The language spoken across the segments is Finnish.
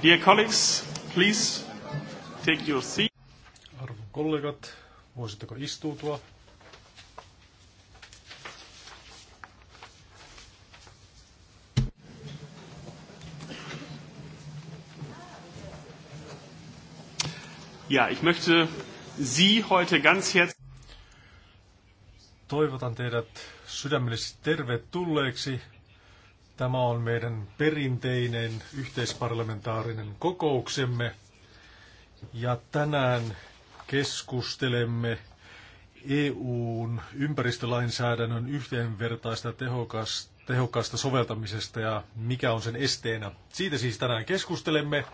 Dear colleagues, please take your seat. Arvon kollegat, voisitteko istuutua? Ja, ich möchte Sie heute ganz herzlich Toivotan teidät sydämellisesti tervetulleeksi Tämä on meidän perinteinen yhteisparlamentaarinen kokouksemme ja tänään keskustelemme EUn ympäristölainsäädännön yhteenvertaista tehokasta tehokkaasta soveltamisesta ja mikä on sen esteenä. Siitä siis tänään keskustelemme.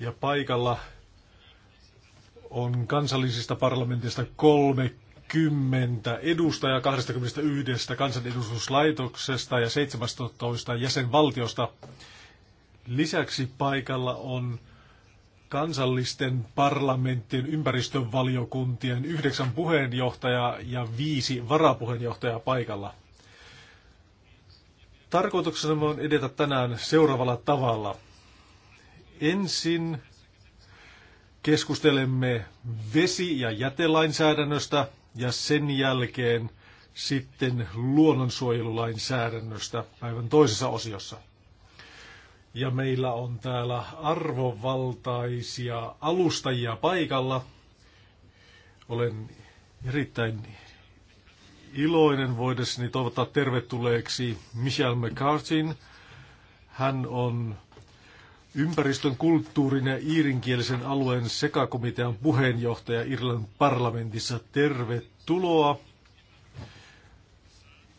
Ja paikalla on kansallisista parlamentista kolme 20 edustajaa 21 kansanedustuslaitoksesta ja 17 jäsenvaltiosta. Lisäksi paikalla on kansallisten parlamenttien ympäristövaliokuntien yhdeksän puheenjohtajaa ja viisi varapuheenjohtajaa paikalla. Tarkoituksena on edetä tänään seuraavalla tavalla. Ensin keskustelemme vesi- ja jätelainsäädännöstä – ja sen jälkeen sitten luonnonsuojelulainsäädännöstä päivän toisessa osiossa. Ja meillä on täällä arvovaltaisia alustajia paikalla. Olen erittäin iloinen voidessani toivottaa tervetulleeksi Michelle McCartin. Hän on Ympäristön, kulttuurin ja iirinkielisen alueen sekakomitean puheenjohtaja Irlannin parlamentissa. Tervetuloa.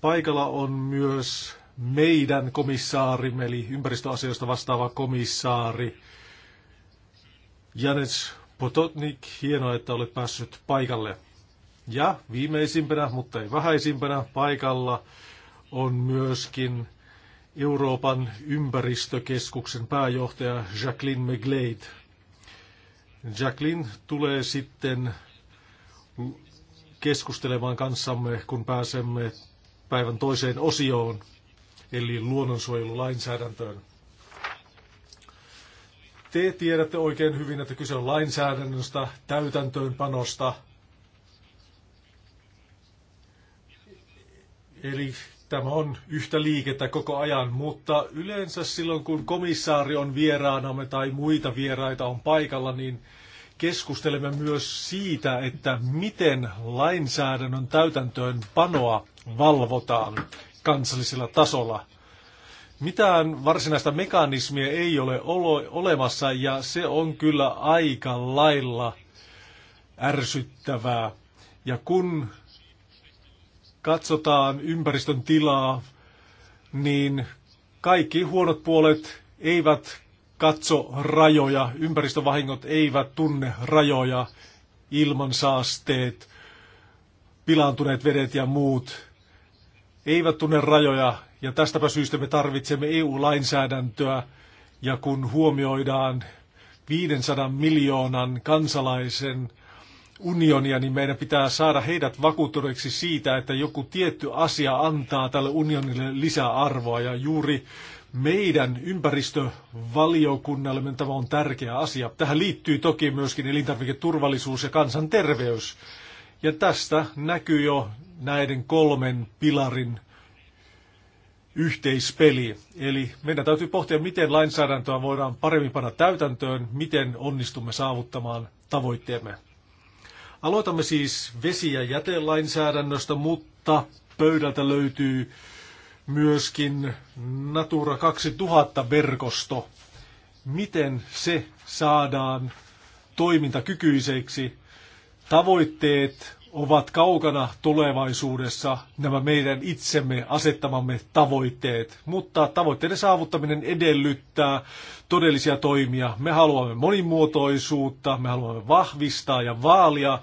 Paikalla on myös meidän komissaari, eli ympäristöasioista vastaava komissaari Janets Pototnik. Hienoa, että olet päässyt paikalle. Ja viimeisimpänä, mutta ei vähäisimpänä, paikalla on myöskin Euroopan ympäristökeskuksen pääjohtaja Jacqueline McGlade. Jacqueline tulee sitten keskustelemaan kanssamme, kun pääsemme päivän toiseen osioon, eli luonnonsuojelulainsäädäntöön. Te tiedätte oikein hyvin, että kyse on lainsäädännöstä, täytäntöönpanosta, eli Tämä on yhtä liikettä koko ajan, mutta yleensä silloin kun komissaari on vieraanamme tai muita vieraita on paikalla, niin keskustelemme myös siitä, että miten lainsäädännön täytäntöön panoa valvotaan kansallisella tasolla. Mitään varsinaista mekanismia ei ole olemassa ja se on kyllä aika lailla ärsyttävää. Ja kun katsotaan ympäristön tilaa, niin kaikki huonot puolet eivät katso rajoja, ympäristövahingot eivät tunne rajoja, ilmansaasteet, pilaantuneet vedet ja muut eivät tunne rajoja, ja tästäpä syystä me tarvitsemme EU-lainsäädäntöä, ja kun huomioidaan 500 miljoonan kansalaisen – unionia, niin meidän pitää saada heidät vakuuttuneeksi siitä, että joku tietty asia antaa tälle unionille lisäarvoa ja juuri meidän ympäristövaliokunnallemme tämä on tärkeä asia. Tähän liittyy toki myöskin elintarviketurvallisuus ja kansanterveys. Ja tästä näkyy jo näiden kolmen pilarin yhteispeli. Eli meidän täytyy pohtia, miten lainsäädäntöä voidaan paremmin panna täytäntöön, miten onnistumme saavuttamaan tavoitteemme. Aloitamme siis vesi- ja jätelainsäädännöstä, mutta pöydältä löytyy myöskin Natura 2000-verkosto. Miten se saadaan toimintakykyiseksi? Tavoitteet ovat kaukana tulevaisuudessa nämä meidän itsemme asettamamme tavoitteet, mutta tavoitteiden saavuttaminen edellyttää todellisia toimia. Me haluamme monimuotoisuutta, me haluamme vahvistaa ja vaalia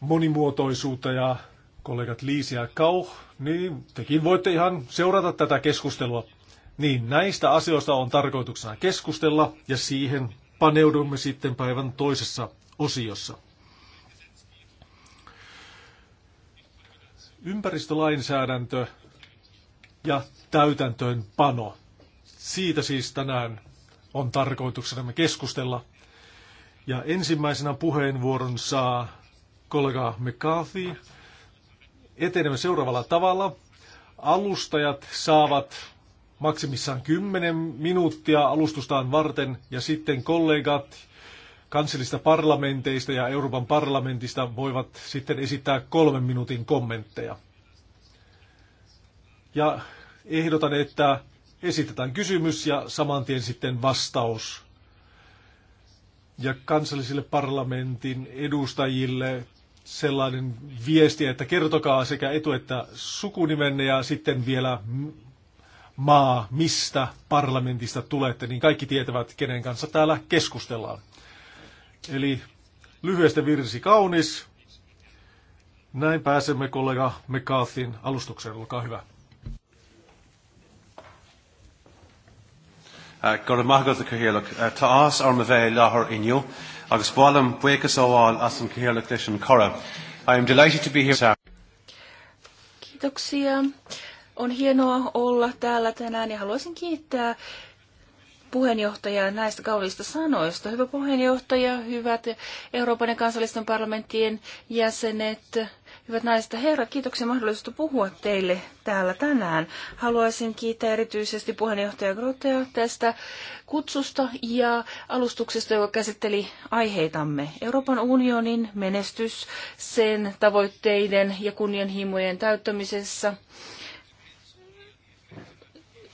monimuotoisuutta ja kollegat Liisi ja Kauh, niin tekin voitte ihan seurata tätä keskustelua. Niin näistä asioista on tarkoituksena keskustella ja siihen paneudumme sitten päivän toisessa osiossa. Ympäristölainsäädäntö ja täytäntöönpano. Siitä siis tänään on tarkoituksena keskustella. Ja ensimmäisenä puheenvuoron saa kollega McCarthy. Etenemme seuraavalla tavalla. Alustajat saavat maksimissaan 10 minuuttia alustustaan varten ja sitten kollegat kansallisista parlamenteista ja Euroopan parlamentista voivat sitten esittää kolmen minuutin kommentteja. Ja ehdotan, että esitetään kysymys ja samantien sitten vastaus. Ja kansallisille parlamentin edustajille sellainen viesti, että kertokaa sekä etu- että sukunimenne ja sitten vielä maa, mistä parlamentista tulette, niin kaikki tietävät, kenen kanssa täällä keskustellaan. Eli lyhyesti virsi kaunis. Näin pääsemme kollega McCarthyn alustukseen. Olkaa hyvä. Gor magad y cyhyrlwg. Taas ar myfe lahor inio, agus bwalam bwekas awal as yn cyhyrlwg leis yn cora. I am delighted to be here. Sir. Kiitoksia. On hienoa olla täällä tänään ja haluaisin kiittää puheenjohtajaa näistä kaulista sanoista. Hyvä puheenjohtaja, hyvät Euroopan ja kansallisten parlamenttien jäsenet, hyvät naiset ja herrat, kiitoksia mahdollisuudesta puhua teille täällä tänään. Haluaisin kiittää erityisesti puheenjohtaja Grotea tästä kutsusta ja alustuksesta, joka käsitteli aiheitamme. Euroopan unionin menestys sen tavoitteiden ja kunnianhimojen täyttämisessä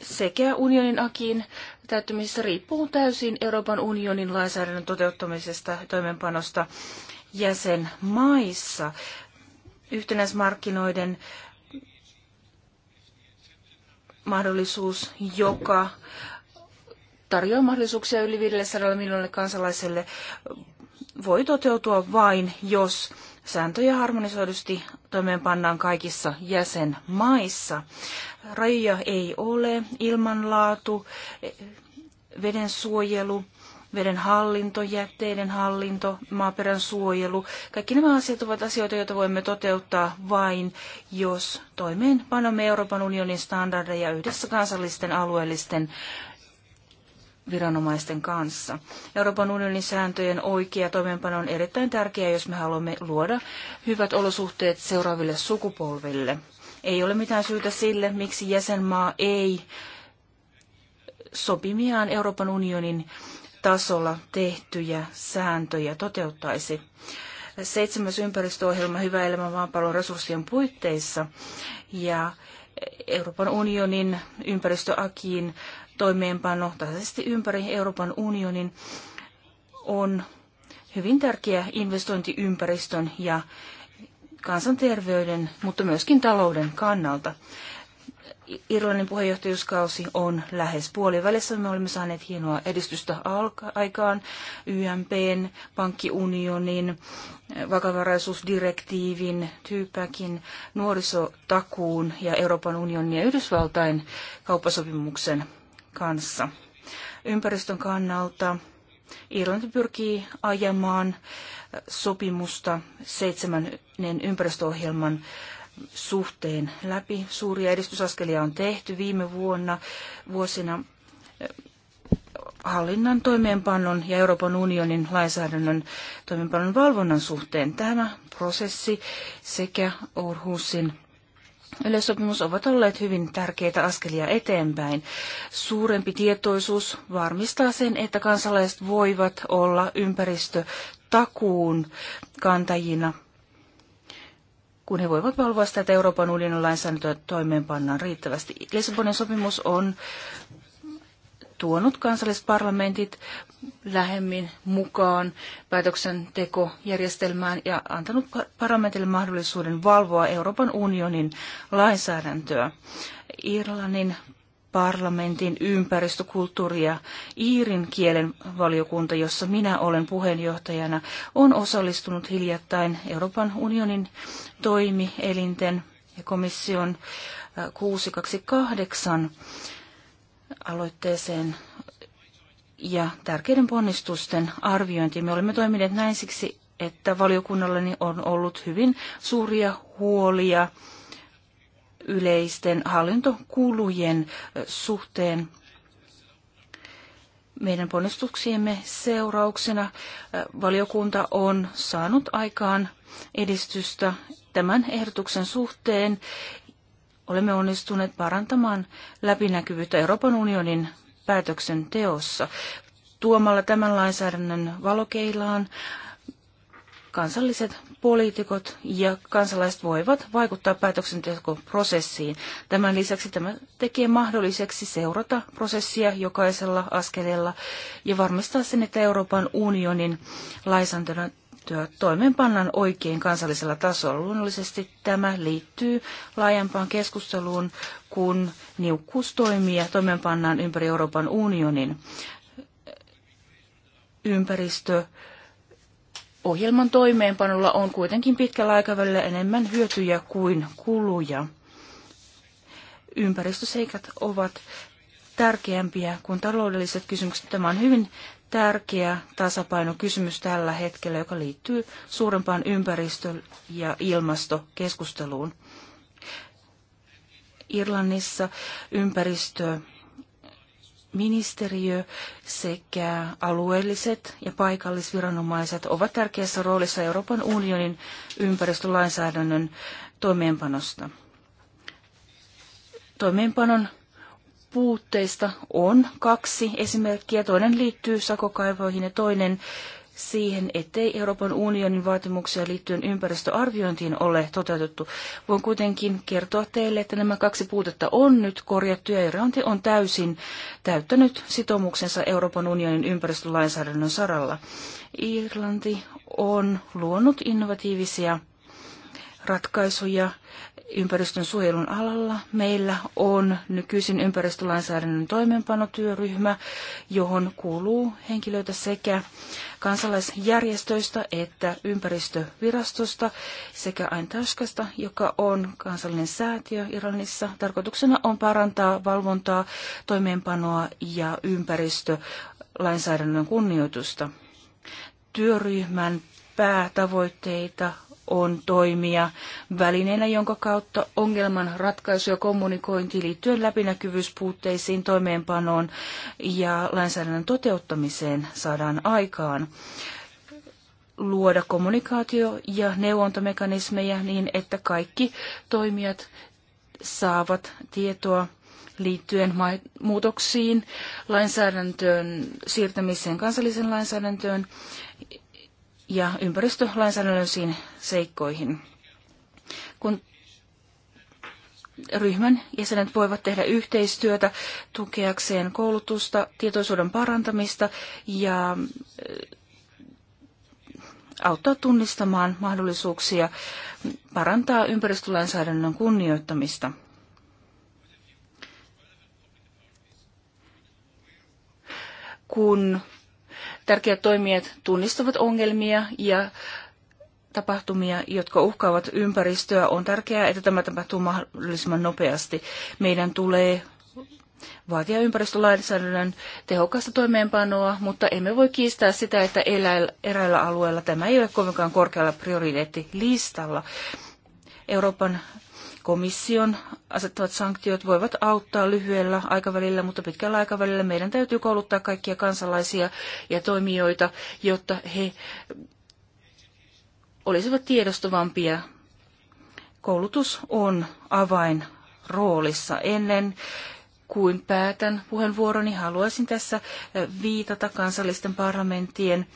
sekä unionin akin täyttymisessä riippuu täysin Euroopan unionin lainsäädännön toteuttamisesta ja toimeenpanosta jäsenmaissa. Yhtenäismarkkinoiden mahdollisuus, joka tarjoaa mahdollisuuksia yli 500 miljoonalle kansalaiselle, voi toteutua vain, jos sääntöjä harmonisoidusti toimeenpannaan kaikissa jäsenmaissa. Rajoja ei ole, ilmanlaatu, veden suojelu, veden hallinto, jätteiden hallinto, maaperän suojelu. Kaikki nämä asiat ovat asioita, joita voimme toteuttaa vain, jos toimeenpanomme Euroopan unionin standardeja yhdessä kansallisten alueellisten viranomaisten kanssa. Euroopan unionin sääntöjen oikea toimeenpano on erittäin tärkeää, jos me haluamme luoda hyvät olosuhteet seuraaville sukupolville. Ei ole mitään syytä sille, miksi jäsenmaa ei sopimiaan Euroopan unionin tasolla tehtyjä sääntöjä toteuttaisi. Seitsemäs ympäristöohjelma Hyvä elämä maapallon resurssien puitteissa ja Euroopan unionin ympäristöakiin toimeenpano tasaisesti ympäri Euroopan unionin on hyvin tärkeä investointiympäristön ja kansanterveyden, mutta myöskin talouden kannalta. Irlannin puheenjohtajuuskausi on lähes puolivälissä. Me olemme saaneet hienoa edistystä aikaan YMPn, pankkiunionin, vakavaraisuusdirektiivin, tyypäkin, nuorisotakuun ja Euroopan unionin ja Yhdysvaltain kauppasopimuksen kanssa. Ympäristön kannalta Irlanti pyrkii ajamaan sopimusta seitsemännen ympäristöohjelman suhteen läpi. Suuria edistysaskelia on tehty viime vuonna, vuosina hallinnan toimeenpannon ja Euroopan unionin lainsäädännön toimeenpannon valvonnan suhteen. Tämä prosessi sekä Orhusin yleissopimus ovat olleet hyvin tärkeitä askelia eteenpäin. Suurempi tietoisuus varmistaa sen, että kansalaiset voivat olla ympäristötakuun kantajina kun he voivat valvoa sitä, että Euroopan unionin lainsäädäntöä toimeenpannaan riittävästi. Lissabonin sopimus on tuonut kansallisparlamentit lähemmin mukaan päätöksentekojärjestelmään ja antanut parlamentille mahdollisuuden valvoa Euroopan unionin lainsäädäntöä. Irlannin parlamentin ympäristö, kulttuuri ja iirin kielen valiokunta, jossa minä olen puheenjohtajana, on osallistunut hiljattain Euroopan unionin toimielinten ja komission 628 äh, aloitteeseen ja tärkeiden ponnistusten arviointi. Me olemme toimineet näin siksi, että valiokunnallani on ollut hyvin suuria huolia yleisten hallintokulujen suhteen. Meidän ponnistuksiemme seurauksena äh, valiokunta on saanut aikaan edistystä tämän ehdotuksen suhteen olemme onnistuneet parantamaan läpinäkyvyyttä Euroopan unionin päätöksenteossa tuomalla tämän lainsäädännön valokeilaan kansalliset poliitikot ja kansalaiset voivat vaikuttaa päätöksentekoprosessiin. Tämän lisäksi tämä tekee mahdolliseksi seurata prosessia jokaisella askeleella ja varmistaa sen, että Euroopan unionin lainsäädäntö lainsäädäntöä toimeenpannaan oikein kansallisella tasolla. Luonnollisesti tämä liittyy laajempaan keskusteluun, kun niukkuustoimia toimeenpannaan ympäri Euroopan unionin ympäristö. Ohjelman toimeenpanolla on kuitenkin pitkällä aikavälillä enemmän hyötyjä kuin kuluja. Ympäristöseikat ovat tärkeämpiä kuin taloudelliset kysymykset. Tämä on hyvin tärkeä tasapainokysymys tällä hetkellä, joka liittyy suurempaan ympäristö- ja ilmastokeskusteluun. Irlannissa ympäristö ministeriö sekä alueelliset ja paikallisviranomaiset ovat tärkeässä roolissa Euroopan unionin ympäristölainsäädännön toimeenpanosta. Toimeenpanon puutteista on kaksi esimerkkiä. Toinen liittyy sakokaivoihin ja toinen siihen, ettei Euroopan unionin vaatimuksia liittyen ympäristöarviointiin ole toteutettu. Voin kuitenkin kertoa teille, että nämä kaksi puutetta on nyt korjattu ja Irlanti on täysin täyttänyt sitoumuksensa Euroopan unionin ympäristölainsäädännön saralla. Irlanti on luonut innovatiivisia ratkaisuja ympäristön suojelun alalla. Meillä on nykyisin ympäristölainsäädännön toimeenpanotyöryhmä, johon kuuluu henkilöitä sekä kansalaisjärjestöistä että ympäristövirastosta sekä Aintaskasta, joka on kansallinen säätiö Iranissa. Tarkoituksena on parantaa valvontaa, toimeenpanoa ja ympäristölainsäädännön kunnioitusta. Työryhmän päätavoitteita on toimia välineenä, jonka kautta ongelman ratkaisu ja kommunikointi liittyen läpinäkyvyyspuutteisiin, toimeenpanoon ja lainsäädännön toteuttamiseen saadaan aikaan luoda kommunikaatio- ja neuvontamekanismeja niin, että kaikki toimijat saavat tietoa liittyen muutoksiin, lainsäädäntöön, siirtämiseen kansalliseen lainsäädäntöön ja ympäristölainsäädännöllisiin seikkoihin. Kun ryhmän jäsenet voivat tehdä yhteistyötä tukeakseen koulutusta, tietoisuuden parantamista ja äh, auttaa tunnistamaan mahdollisuuksia parantaa ympäristölainsäädännön kunnioittamista. Kun tärkeät toimijat tunnistavat ongelmia ja tapahtumia, jotka uhkaavat ympäristöä. On tärkeää, että tämä tapahtuu mahdollisimman nopeasti. Meidän tulee vaatia ympäristölainsäädännön tehokasta toimeenpanoa, mutta emme voi kiistää sitä, että eräillä alueilla tämä ei ole kovinkaan korkealla prioriteettilistalla. Euroopan komission asettavat sanktiot voivat auttaa lyhyellä aikavälillä, mutta pitkällä aikavälillä meidän täytyy kouluttaa kaikkia kansalaisia ja toimijoita, jotta he olisivat tiedostavampia. Koulutus on avain roolissa. Ennen kuin päätän puheenvuoroni, haluaisin tässä viitata kansallisten parlamenttien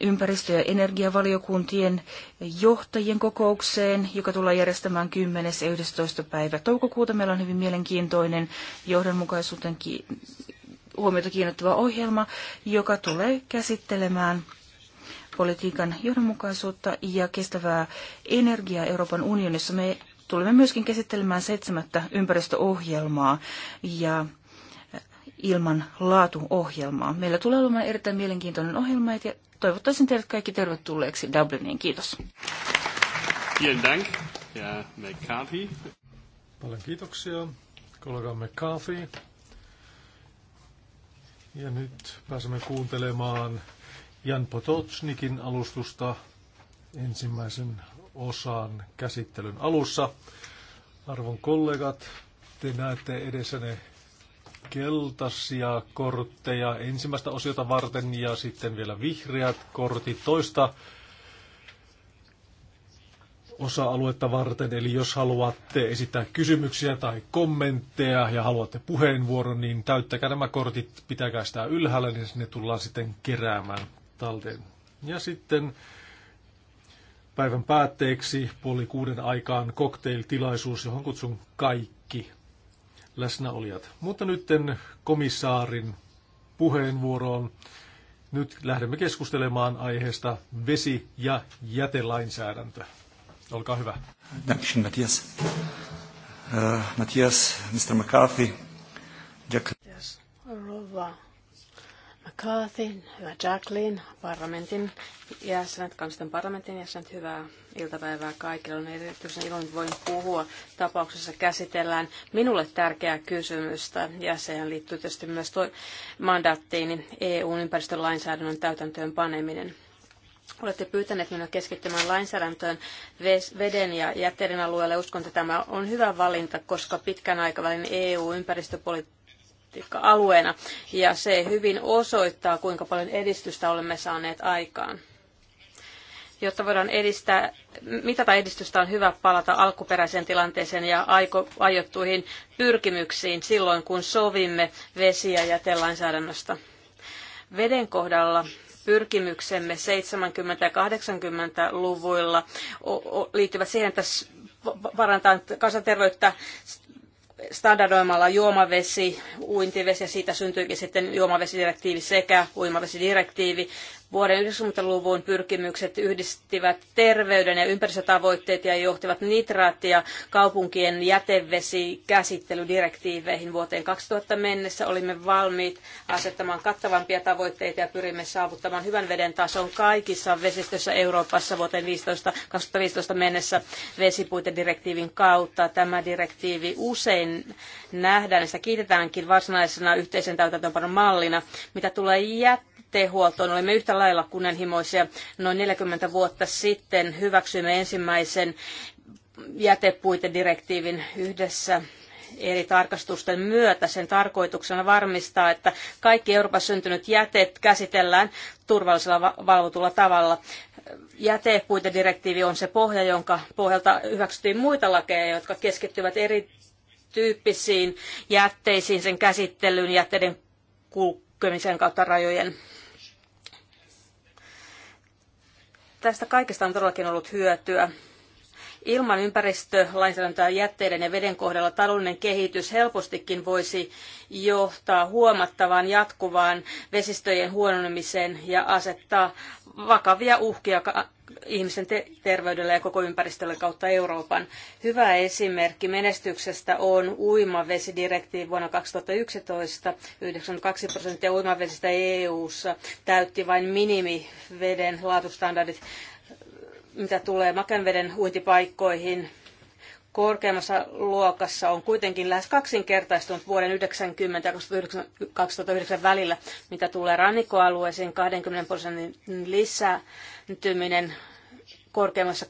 ympäristö- ja energiavaliokuntien johtajien kokoukseen, joka tullaan järjestämään 10. ja 11. päivä toukokuuta. Meillä on hyvin mielenkiintoinen johdonmukaisuuden ki- huomiota kiinnittävä ohjelma, joka tulee käsittelemään politiikan johdonmukaisuutta ja kestävää energiaa Euroopan unionissa. Me tulemme myöskin käsittelemään seitsemättä ympäristöohjelmaa ja ilman laatuohjelmaa. Meillä tulee olemaan erittäin mielenkiintoinen ohjelma ja toivottaisin teidät kaikki tervetulleeksi Dubliniin. Kiitos. Vielen Dank, Herr McCarthy. Paljon kiitoksia, kollega McCarthy. Ja nyt pääsemme kuuntelemaan Jan Potocnikin alustusta ensimmäisen osan käsittelyn alussa. Arvon kollegat, te näette edessäne keltaisia kortteja ensimmäistä osiota varten ja sitten vielä vihreät kortit toista osa-aluetta varten. Eli jos haluatte esittää kysymyksiä tai kommentteja ja haluatte puheenvuoron, niin täyttäkää nämä kortit, pitäkää sitä ylhäällä, niin ne tullaan sitten keräämään talteen. Ja sitten päivän päätteeksi puoli kuuden aikaan cocktailtilaisuus, johon kutsun kaikki läsnäolijat. Mutta nyt komissaarin puheenvuoroon. Nyt lähdemme keskustelemaan aiheesta vesi- ja jätelainsäädäntö. Olkaa hyvä. Dankeschön, Matthias. Uh, äh, Matthias, Mr. McCarthy. Jack. Yes, Rova McCarthy, hyvä Jacqueline, parlamentin jäsenet, kansallisten parlamentin jäsenet, hyvää iltapäivää kaikille. On erityisen iloinen, voin puhua. Tapauksessa käsitellään minulle tärkeää kysymystä ja sehän liittyy tietysti myös toi mandaattiini niin EUn ympäristölainsäädännön täytäntöön paneminen. Olette pyytäneet minua keskittymään lainsäädäntöön veden ja jätteiden alueelle. Uskon, että tämä on hyvä valinta, koska pitkän aikavälin EU-ympäristöpolitiikka politiikka-alueena, ja se hyvin osoittaa, kuinka paljon edistystä olemme saaneet aikaan. Jotta voidaan edistää, mitata edistystä on hyvä palata alkuperäiseen tilanteeseen ja aiko, aiottuihin pyrkimyksiin silloin, kun sovimme vesi- ja jätelainsäädännöstä. Veden kohdalla pyrkimyksemme 70- ja 80-luvuilla liittyvät siihen, että parantaa kansanterveyttä standardoimalla juomavesi, uintivesi ja siitä syntyykin sitten juomavesidirektiivi sekä uimavesidirektiivi. Vuoden 90-luvun pyrkimykset yhdistivät terveyden ja ympäristötavoitteet ja johtivat nitraattia kaupunkien jätevesikäsittelydirektiiveihin. Vuoteen 2000 mennessä olimme valmiit asettamaan kattavampia tavoitteita ja pyrimme saavuttamaan hyvän veden tason kaikissa vesistöissä Euroopassa vuoteen 15, 2015 mennessä vesipuitedirektiivin kautta. Tämä direktiivi usein nähdään ja sitä kiitetäänkin varsinaisena yhteisen täytäntöönpanon mallina, mitä tulee jättää jätehuoltoon olemme yhtä lailla kunnianhimoisia. Noin 40 vuotta sitten hyväksyimme ensimmäisen jätepuitedirektiivin yhdessä eri tarkastusten myötä. Sen tarkoituksena varmistaa, että kaikki Euroopassa syntynyt jäteet käsitellään turvallisella valvotulla tavalla. Jätepuitedirektiivi on se pohja, jonka pohjalta hyväksyttiin muita lakeja, jotka keskittyvät eri jätteisiin, sen käsittelyyn, jätteiden liikkumisen kautta rajojen. Tästä kaikesta on todellakin ollut hyötyä. Ilman ympäristölainsäädäntöä jätteiden ja veden kohdalla taloudellinen kehitys helpostikin voisi johtaa huomattavaan jatkuvaan vesistöjen huononemiseen ja asettaa vakavia uhkia ihmisen te- terveydelle ja koko ympäristölle kautta Euroopan. Hyvä esimerkki menestyksestä on uimavesidirektiivi vuonna 2011. 92 prosenttia uimavesistä EU-ssa täytti vain minimiveden laatustandardit, mitä tulee makenveden uintipaikkoihin. Korkeammassa luokassa on kuitenkin lähes kaksinkertaistunut vuoden 1990 ja 2009 välillä, mitä tulee rannikkoalueisiin 20 prosentin lisää tyminen korkeammassa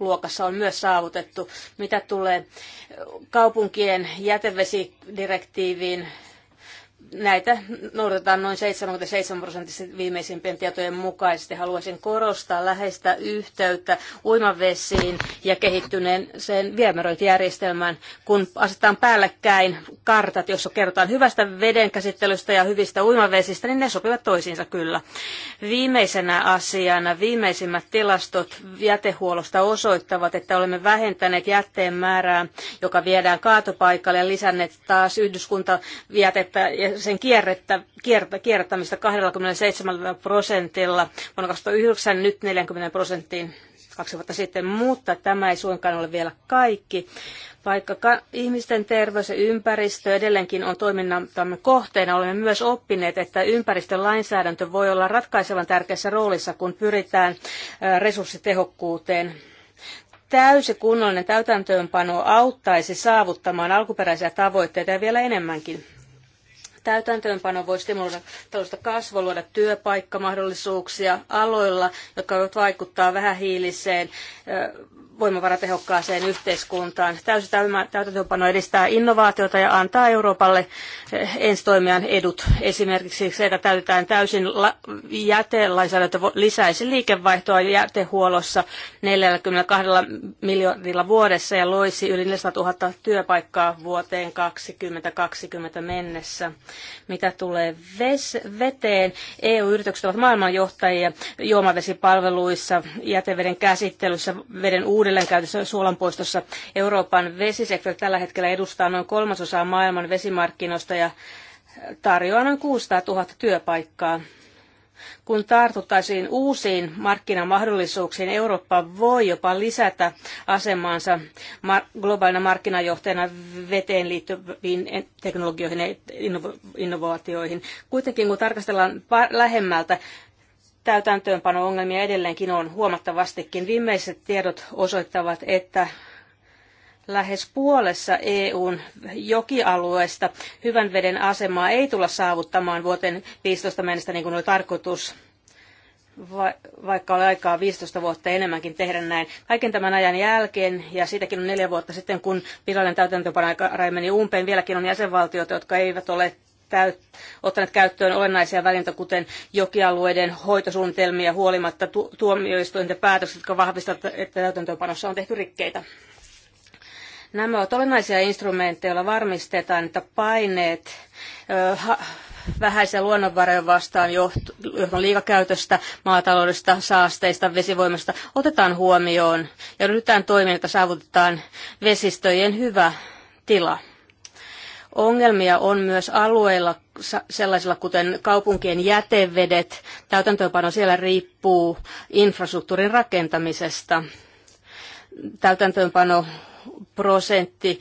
luokassa on myös saavutettu. Mitä tulee kaupunkien jätevesidirektiiviin, näitä noudatetaan noin 77 prosenttisesti viimeisimpien tietojen mukaisesti. Haluaisin korostaa läheistä yhteyttä uimavesiin ja kehittyneen sen viemäröintijärjestelmään, kun asetetaan päällekkäin kartat, joissa kerrotaan hyvästä vedenkäsittelystä ja hyvistä uimavesistä, niin ne sopivat toisiinsa kyllä. Viimeisenä asiana viimeisimmät tilastot jätehuollosta osoittavat, että olemme vähentäneet jätteen määrää, joka viedään kaatopaikalle ja lisänneet taas yhdyskuntajätettä ja sen kierrettä, kiertä, kierrättämistä 27 prosentilla vuonna 2009, nyt 40 prosenttiin kaksi vuotta sitten, mutta tämä ei suinkaan ole vielä kaikki. Vaikka ihmisten terveys ja ympäristö edelleenkin on toimintamme kohteena, olemme myös oppineet, että ympäristön lainsäädäntö voi olla ratkaisevan tärkeässä roolissa, kun pyritään resurssitehokkuuteen täysi kunnollinen täytäntöönpano auttaisi saavuttamaan alkuperäisiä tavoitteita ja vielä enemmänkin. Täytäntöönpano voi stimuloida taloudellista kasvua, luoda työpaikkamahdollisuuksia aloilla, jotka voivat vaikuttaa vähähiiliseen voimavaratehokkaaseen yhteiskuntaan. Täysi täytäntöönpano edistää innovaatiota ja antaa Euroopalle eh, ensitoimijan edut. Esimerkiksi se, että täytetään täysin jätelainsäädäntö lisäisi liikevaihtoa jätehuollossa 42 miljardilla vuodessa ja loisi yli 400 000 työpaikkaa vuoteen 2020 mennessä. Mitä tulee veteen, EU-yritykset ovat maailmanjohtajia juomavesipalveluissa, jäteveden käsittelyssä, veden uudistamisessa, uudelleenkäytössä suolanpoistossa. Euroopan vesisektori tällä hetkellä edustaa noin kolmasosaa maailman vesimarkkinoista ja tarjoaa noin 600 000 työpaikkaa. Kun tartuttaisiin uusiin markkinamahdollisuuksiin, Eurooppa voi jopa lisätä asemaansa globaalina markkinajohtajana veteen liittyviin teknologioihin ja innovaatioihin. Kuitenkin kun tarkastellaan lähemmältä, täytäntöönpano-ongelmia edelleenkin on huomattavastikin. Viimeiset tiedot osoittavat, että lähes puolessa EUn jokialueesta hyvän veden asemaa ei tulla saavuttamaan vuoteen 15 mennessä, niin kuin oli tarkoitus, vaikka oli aikaa 15 vuotta enemmänkin tehdä näin. Kaiken tämän ajan jälkeen, ja siitäkin on neljä vuotta sitten, kun virallinen täytäntöpanaika meni umpeen, vieläkin on jäsenvaltioita, jotka eivät ole täyt, ottaneet käyttöön olennaisia välineitä, kuten jokialueiden hoitosuunnitelmia huolimatta tu- tuomioistuinten päätökset, jotka vahvistavat, että täytäntöönpanossa on tehty rikkeitä. Nämä ovat olennaisia instrumentteja, joilla varmistetaan, että paineet vähäisiä luonnonvaroja vastaan johdon liikakäytöstä, maataloudesta, saasteista, vesivoimasta otetaan huomioon ja ryhdytään toimiin, että saavutetaan vesistöjen hyvä tila. Ongelmia on myös alueilla sellaisilla kuten kaupunkien jätevedet. Täytäntöönpano siellä riippuu infrastruktuurin rakentamisesta. Täytäntöönpano prosentti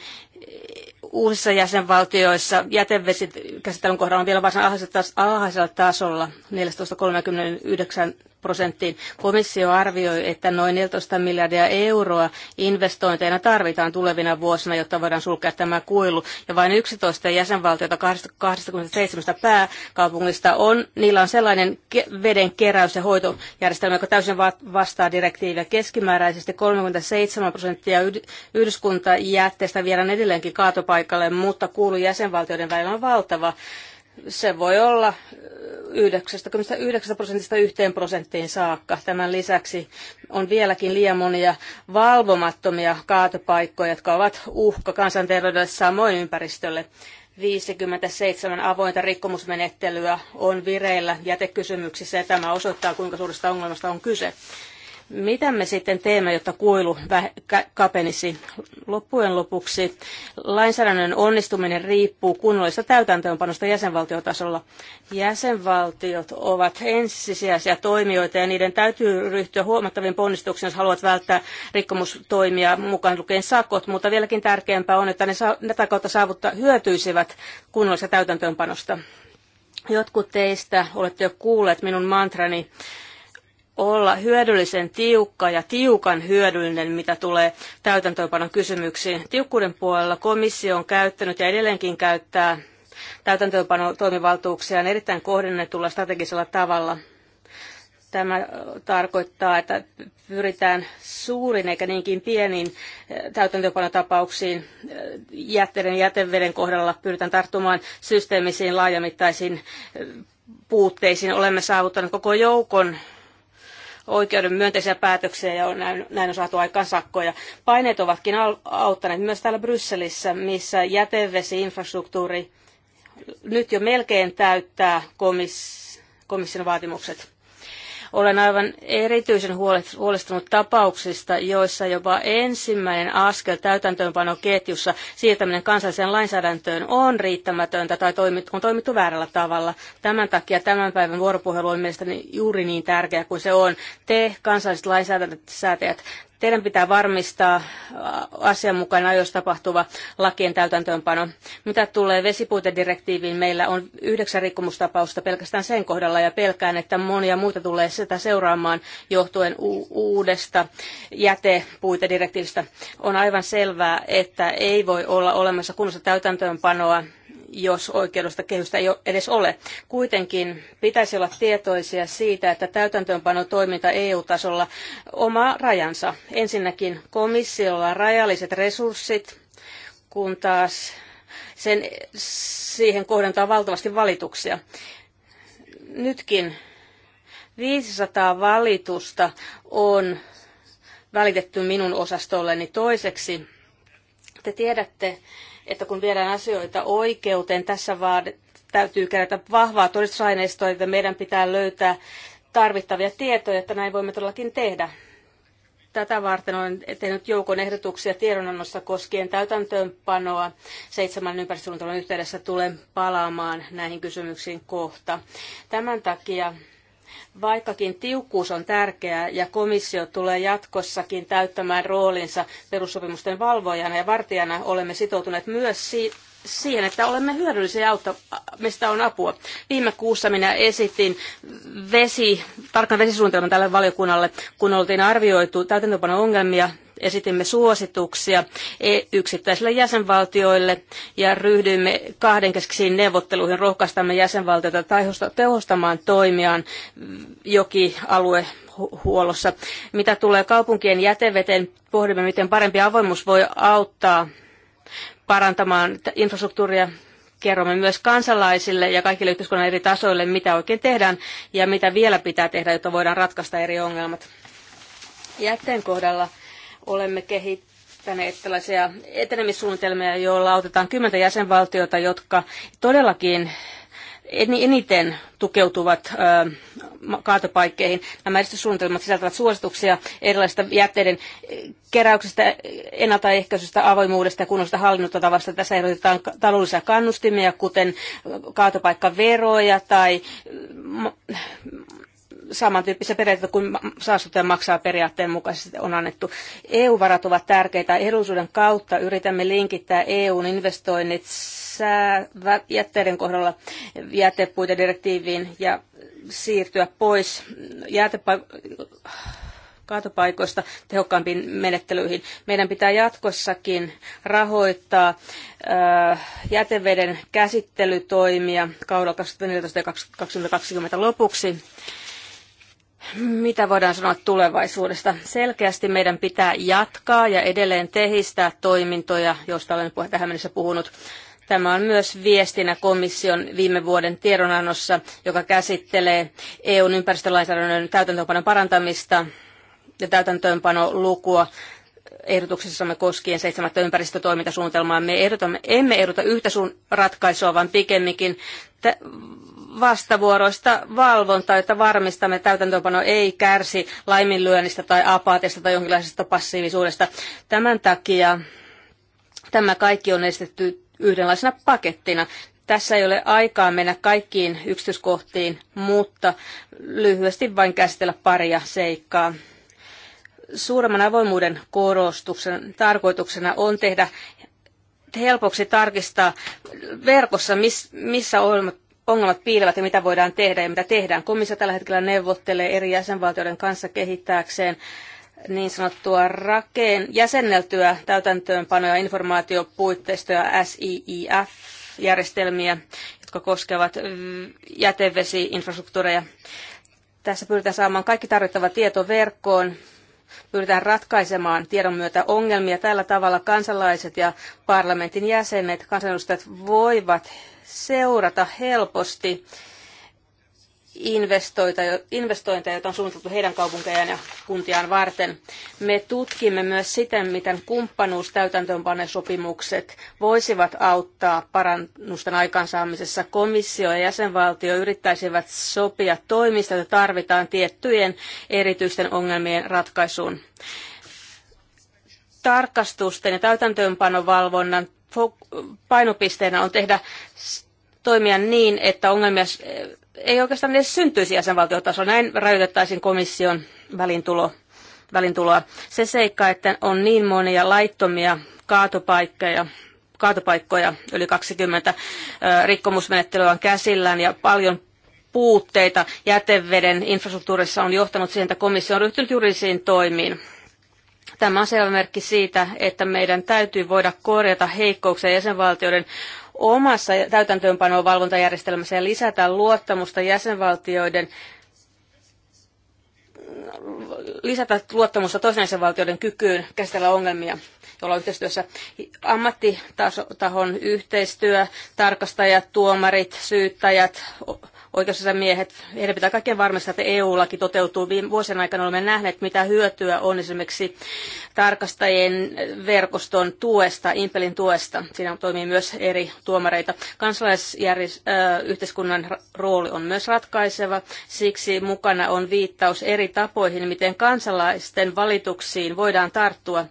uusissa jäsenvaltioissa jätevesit käsittelyn kohdalla on vielä varsin alhaisella tasolla 14,39 prosenttiin. Komissio arvioi, että noin 14 miljardia euroa investointeina tarvitaan tulevina vuosina, jotta voidaan sulkea tämä kuilu. Ja vain 11 jäsenvaltiota 27 pääkaupungista on, niillä on sellainen veden keräys- ja hoitojärjestelmä, joka täysin vastaa direktiiviä. Keskimääräisesti 37 prosenttia yhdyskuntajätteestä viedään edelleenkin kaatopaikalle, mutta kuulu jäsenvaltioiden välillä on valtava se voi olla 99 prosentista yhteen prosenttiin saakka. Tämän lisäksi on vieläkin liian monia valvomattomia kaatopaikkoja, jotka ovat uhka kansanterveydelle samoin ympäristölle. 57 avointa rikkomusmenettelyä on vireillä jätekysymyksissä ja tämä osoittaa, kuinka suuresta ongelmasta on kyse. Mitä me sitten teemme, jotta kuilu kapenisi? Loppujen lopuksi lainsäädännön onnistuminen riippuu kunnollisesta täytäntöönpanosta jäsenvaltiotasolla. Jäsenvaltiot ovat ensisijaisia toimijoita ja niiden täytyy ryhtyä huomattaviin ponnistuksiin, jos haluat välttää rikkomustoimia mukaan lukien sakot, mutta vieläkin tärkeämpää on, että ne tätä kautta saavuttaa hyötyisivät kunnollisesta täytäntöönpanosta. Jotkut teistä olette jo kuulleet minun mantrani olla hyödyllisen tiukka ja tiukan hyödyllinen, mitä tulee täytäntöönpanon kysymyksiin. Tiukkuuden puolella komissio on käyttänyt ja edelleenkin käyttää täytäntöönpano toimivaltuuksia erittäin kohdennetulla strategisella tavalla. Tämä tarkoittaa, että pyritään suurin eikä niinkin pieniin eh, täytäntöönpanotapauksiin eh, jätteiden ja jäteveden kohdalla pyritään tarttumaan systeemisiin laajamittaisiin eh, puutteisiin. Olemme saavuttaneet koko joukon oikeuden myönteisiä päätöksiä ja on näin, näin on saatu aikaan sakkoja. Paineet ovatkin auttaneet myös täällä Brysselissä, missä jätevesiinfrastruktuuri nyt jo melkein täyttää komission vaatimukset. Olen aivan erityisen huolestunut tapauksista, joissa jopa ensimmäinen askel täytäntöönpanoketjussa siirtäminen kansalliseen lainsäädäntöön on riittämätöntä tai on toimittu väärällä tavalla. Tämän takia tämän päivän vuoropuhelu on mielestäni juuri niin tärkeä kuin se on. Te, kansalliset lainsäätäjät, Teidän pitää varmistaa äh, asianmukainen ajoissa tapahtuva lakien täytäntöönpano. Mitä tulee vesipuitedirektiiviin, meillä on yhdeksän rikkomustapausta pelkästään sen kohdalla ja pelkään, että monia muita tulee sitä seuraamaan johtuen uudesta jätepuitedirektiivistä. On aivan selvää, että ei voi olla olemassa kunnossa täytäntöönpanoa jos oikeudellista kehystä ei edes ole. Kuitenkin pitäisi olla tietoisia siitä, että täytäntöönpano toiminta EU-tasolla oma rajansa. Ensinnäkin komissiolla on rajalliset resurssit, kun taas sen, siihen kohdentaa valtavasti valituksia. Nytkin 500 valitusta on välitetty minun osastolleni toiseksi. Te tiedätte, että kun viedään asioita oikeuteen, tässä vaan täytyy kerätä vahvaa todistusaineistoa, että meidän pitää löytää tarvittavia tietoja, että näin voimme todellakin tehdä. Tätä varten olen tehnyt joukon ehdotuksia tiedonannossa koskien täytäntöönpanoa. Seitsemän ympäristösuunnitelman yhteydessä tulen palaamaan näihin kysymyksiin kohta. Tämän takia Vaikkakin tiukkuus on tärkeää ja komissio tulee jatkossakin täyttämään roolinsa perussopimusten valvojana ja vartijana, olemme sitoutuneet myös si- siihen, että olemme hyödyllisiä ja autta, mistä on apua. Viime kuussa minä esitin vesi, tarkan vesisuunnitelman tälle valiokunnalle, kun oltiin arvioitu täytäntöpano ongelmia esitimme suosituksia yksittäisille jäsenvaltioille ja ryhdyimme kahdenkeskisiin neuvotteluihin rohkaistamme jäsenvaltioita tehostamaan toimiaan jokialue huollossa. Mitä tulee kaupunkien jäteveteen, pohdimme, miten parempi avoimuus voi auttaa parantamaan infrastruktuuria kerromme myös kansalaisille ja kaikille yhteiskunnan eri tasoille, mitä oikein tehdään ja mitä vielä pitää tehdä, jotta voidaan ratkaista eri ongelmat. Jätteen kohdalla Olemme kehittäneet tällaisia etenemissuunnitelmia, joilla autetaan kymmentä jäsenvaltiota, jotka todellakin eniten tukeutuvat kaatopaikkeihin. Nämä edistyssuunnitelmat sisältävät suosituksia erilaisista jätteiden keräyksestä, ennaltaehkäisystä, avoimuudesta ja kunnollisesta hallintotavasta. Tässä ehdotetaan taloudellisia kannustimia, kuten kaatopaikkaveroja tai samantyyppistä periaatetta kuin saastuttaja maksaa periaatteen mukaisesti on annettu. EU-varat ovat tärkeitä. Edullisuuden kautta yritämme linkittää EUn investoinnit jätteiden kohdalla jätepuitedirektiiviin ja siirtyä pois jätepa- kaatopaikoista tehokkaampiin menettelyihin. Meidän pitää jatkossakin rahoittaa äh, jäteveden käsittelytoimia kaudella 2014-2020 lopuksi. Mitä voidaan sanoa tulevaisuudesta? Selkeästi meidän pitää jatkaa ja edelleen tehistää toimintoja, joista olen tähän mennessä puhunut. Tämä on myös viestinä komission viime vuoden tiedonannossa, joka käsittelee EUn ympäristölainsäädännön täytäntöönpanon parantamista ja täytäntöönpanolukua ehdotuksessamme koskien seitsemättä ympäristötoimintasuunnitelmaa. Me ehdotamme, emme ehdota yhtä sun ratkaisua, vaan pikemminkin vastavuoroista valvontaa, että varmistamme, että täytäntöönpano ei kärsi laiminlyönnistä tai apaatista tai jonkinlaisesta passiivisuudesta. Tämän takia tämä kaikki on estetty yhdenlaisena pakettina. Tässä ei ole aikaa mennä kaikkiin yksityiskohtiin, mutta lyhyesti vain käsitellä paria seikkaa. Suuremman avoimuuden korostuksen tarkoituksena on tehdä helpoksi tarkistaa verkossa, missä ohjelmat ongelmat piilevät ja mitä voidaan tehdä ja mitä tehdään. Komissio tällä hetkellä neuvottelee eri jäsenvaltioiden kanssa kehittääkseen niin sanottua rakeen jäsenneltyä täytäntöönpanoja informaatiopuitteistoja SIIF-järjestelmiä, jotka koskevat jätevesiinfrastruktuureja. Tässä pyritään saamaan kaikki tarvittava tieto verkkoon, pyritään ratkaisemaan tiedon myötä ongelmia. Tällä tavalla kansalaiset ja parlamentin jäsenet, kansanedustajat voivat seurata helposti investointeja, joita on suunniteltu heidän kaupunkejaan ja kuntiaan varten. Me tutkimme myös sitä, miten kumppanuus sopimukset voisivat auttaa parannusten aikaansaamisessa. Komissio ja jäsenvaltio yrittäisivät sopia toimista, joita tarvitaan tiettyjen erityisten ongelmien ratkaisuun. Tarkastusten ja täytäntöönpanovalvonnan painopisteenä on tehdä toimia niin, että ongelmia ei oikeastaan edes syntyisi jäsenvaltiotasolla. Näin rajoitettaisiin komission välintulo, välintuloa. Se seikka, että on niin monia laittomia kaatopaikkoja, kaatopaikkoja yli 20 rikkomusmenettelyä on käsillään ja paljon puutteita jäteveden infrastruktuurissa on johtanut siihen, että komissio on ryhtynyt juridisiin toimiin Tämä on selvä merkki siitä, että meidän täytyy voida korjata heikkouksia jäsenvaltioiden omassa täytäntöönpanoon valvontajärjestelmässä ja lisätä luottamusta jäsenvaltioiden lisätä luottamusta toisen jäsenvaltioiden kykyyn käsitellä ongelmia, joilla on yhteistyössä ammattitahon yhteistyö, tarkastajat, tuomarit, syyttäjät, oikeusasiamiehet, heidän pitää kaikkien varmistaa, että EU-laki toteutuu. Viime vuosien aikana olemme nähneet, mitä hyötyä on esimerkiksi tarkastajien verkoston tuesta, Impelin tuesta. Siinä toimii myös eri tuomareita. Kansalaisyhteiskunnan rooli on myös ratkaiseva. Siksi mukana on viittaus eri tapoihin, miten kansalaisten valituksiin voidaan tarttua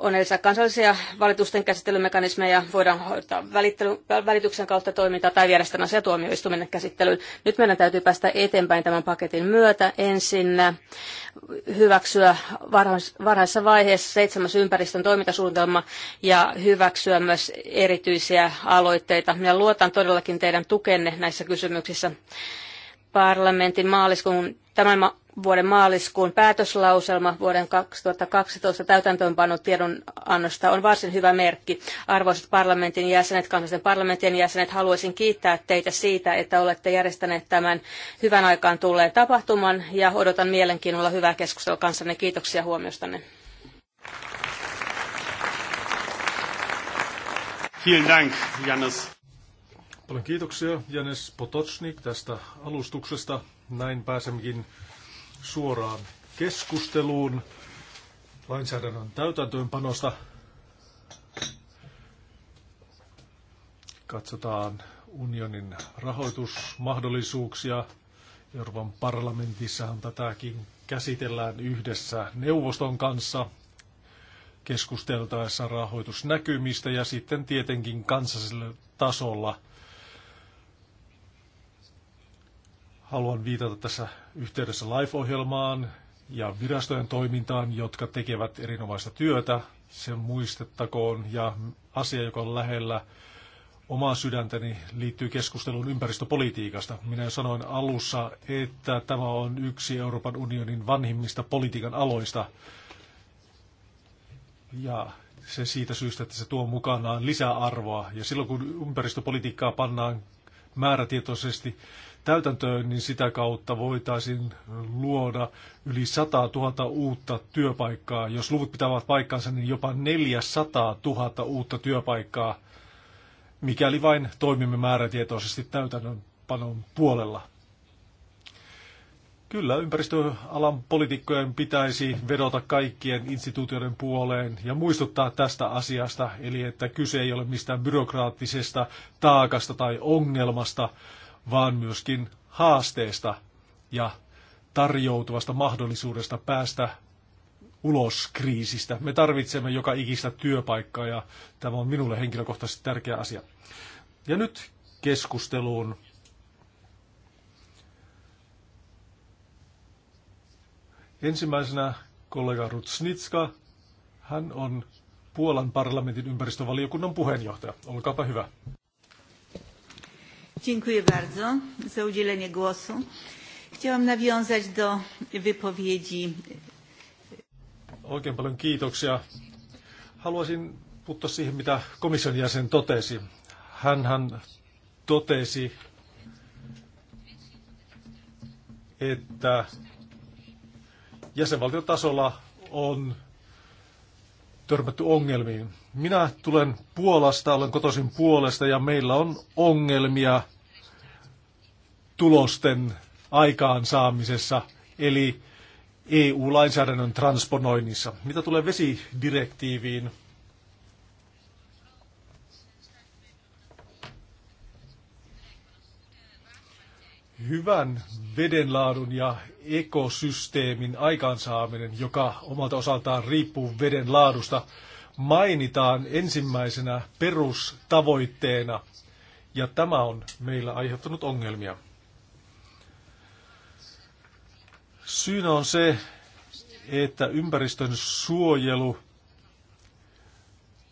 on edessä kansallisia valitusten käsittelymekanismeja, voidaan hoitaa välityksen kautta toimintaa tai viedä sitten asia tuomioistuimen käsittelyyn. Nyt meidän täytyy päästä eteenpäin tämän paketin myötä. Ensin hyväksyä varhaisessa vaiheessa seitsemäs ympäristön toimintasuunnitelma ja hyväksyä myös erityisiä aloitteita. Minä luotan todellakin teidän tukenne näissä kysymyksissä parlamentin maaliskuun, tämän ma- vuoden maaliskuun päätöslauselma vuoden 2012 täytäntöönpanon tiedonannosta on varsin hyvä merkki. Arvoisat parlamentin jäsenet, kansallisten parlamenttien jäsenet, haluaisin kiittää teitä siitä, että olette järjestäneet tämän hyvän aikaan tulleen tapahtuman ja odotan mielenkiinnolla hyvää keskustelua kanssanne. Kiitoksia huomiostanne. Dank, Jannes. Paljon kiitoksia Janes Potocnik tästä alustuksesta. Näin pääsemmekin suoraan keskusteluun lainsäädännön täytäntöönpanosta. Katsotaan unionin rahoitusmahdollisuuksia. Euroopan parlamentissahan tätäkin käsitellään yhdessä neuvoston kanssa keskusteltaessa rahoitusnäkymistä ja sitten tietenkin kansallisella tasolla – Haluan viitata tässä yhteydessä life ohjelmaan ja virastojen toimintaan, jotka tekevät erinomaista työtä. Sen muistettakoon ja asia, joka on lähellä omaa sydäntäni, liittyy keskusteluun ympäristöpolitiikasta. Minä sanoin alussa, että tämä on yksi Euroopan unionin vanhimmista politiikan aloista. Ja se siitä syystä, että se tuo mukanaan lisäarvoa. Ja silloin kun ympäristöpolitiikkaa pannaan määrätietoisesti täytäntöön, niin sitä kautta voitaisiin luoda yli 100 000 uutta työpaikkaa. Jos luvut pitävät paikkansa, niin jopa 400 000 uutta työpaikkaa, mikäli vain toimimme määrätietoisesti täytännönpanon puolella. Kyllä, ympäristöalan poliitikkojen pitäisi vedota kaikkien instituutioiden puoleen ja muistuttaa tästä asiasta, eli että kyse ei ole mistään byrokraattisesta taakasta tai ongelmasta, vaan myöskin haasteesta ja tarjoutuvasta mahdollisuudesta päästä ulos kriisistä. Me tarvitsemme joka ikistä työpaikkaa ja tämä on minulle henkilökohtaisesti tärkeä asia. Ja nyt keskusteluun. Ensimmäisenä kollega Rutsnitska. Hän on Puolan parlamentin ympäristövaliokunnan puheenjohtaja. Olkaapa hyvä. Chciałam nawiązać do wypowiedzi. Oikein paljon kiitoksia. Haluaisin puuttua siihen, mitä komission jäsen totesi. Hänhän totesi, että jäsenvaltiotasolla on törmätty ongelmiin. Minä tulen Puolasta, olen kotoisin Puolesta ja meillä on ongelmia tulosten aikaansaamisessa, eli EU-lainsäädännön transponoinnissa. Mitä tulee vesidirektiiviin, hyvän vedenlaadun ja ekosysteemin aikaansaaminen, joka omalta osaltaan riippuu vedenlaadusta, mainitaan ensimmäisenä perustavoitteena, ja tämä on meillä aiheuttanut ongelmia. Syynä on se, että ympäristön suojelu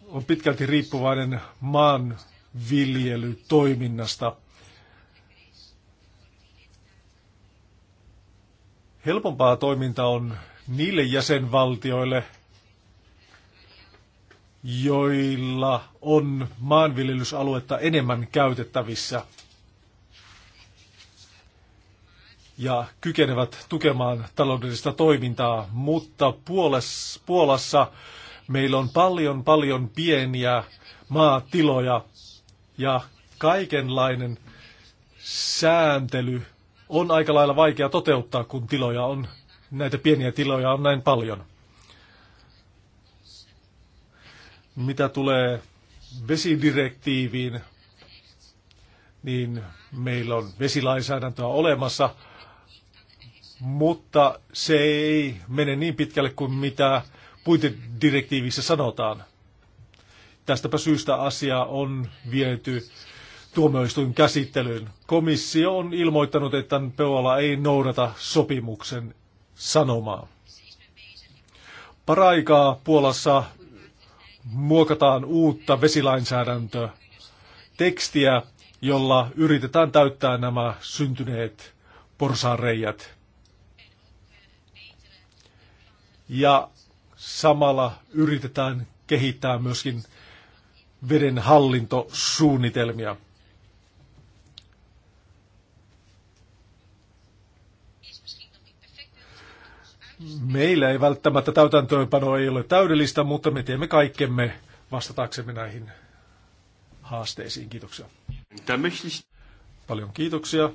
on pitkälti riippuvainen maanviljelytoiminnasta. Helpompaa toiminta on niille jäsenvaltioille, joilla on maanviljelysaluetta enemmän käytettävissä – ja kykenevät tukemaan taloudellista toimintaa, mutta Puolessa, Puolassa meillä on paljon paljon pieniä maatiloja ja kaikenlainen sääntely on aika lailla vaikea toteuttaa, kun tiloja on, näitä pieniä tiloja on näin paljon. Mitä tulee vesidirektiiviin, niin meillä on vesilainsäädäntöä olemassa, mutta se ei mene niin pitkälle kuin mitä puitedirektiivissä sanotaan. Tästäpä syystä asia on viety tuomioistuin käsittelyyn. Komissio on ilmoittanut, että Peola ei noudata sopimuksen sanomaa. Paraikaa Puolassa muokataan uutta vesilainsäädäntöä tekstiä, jolla yritetään täyttää nämä syntyneet porsaanreijät. ja samalla yritetään kehittää myöskin veden hallintosuunnitelmia. Meillä ei välttämättä täytäntöönpano ei ole täydellistä, mutta me teemme kaikkemme vastataksemme näihin haasteisiin. Kiitoksia. Paljon kiitoksia.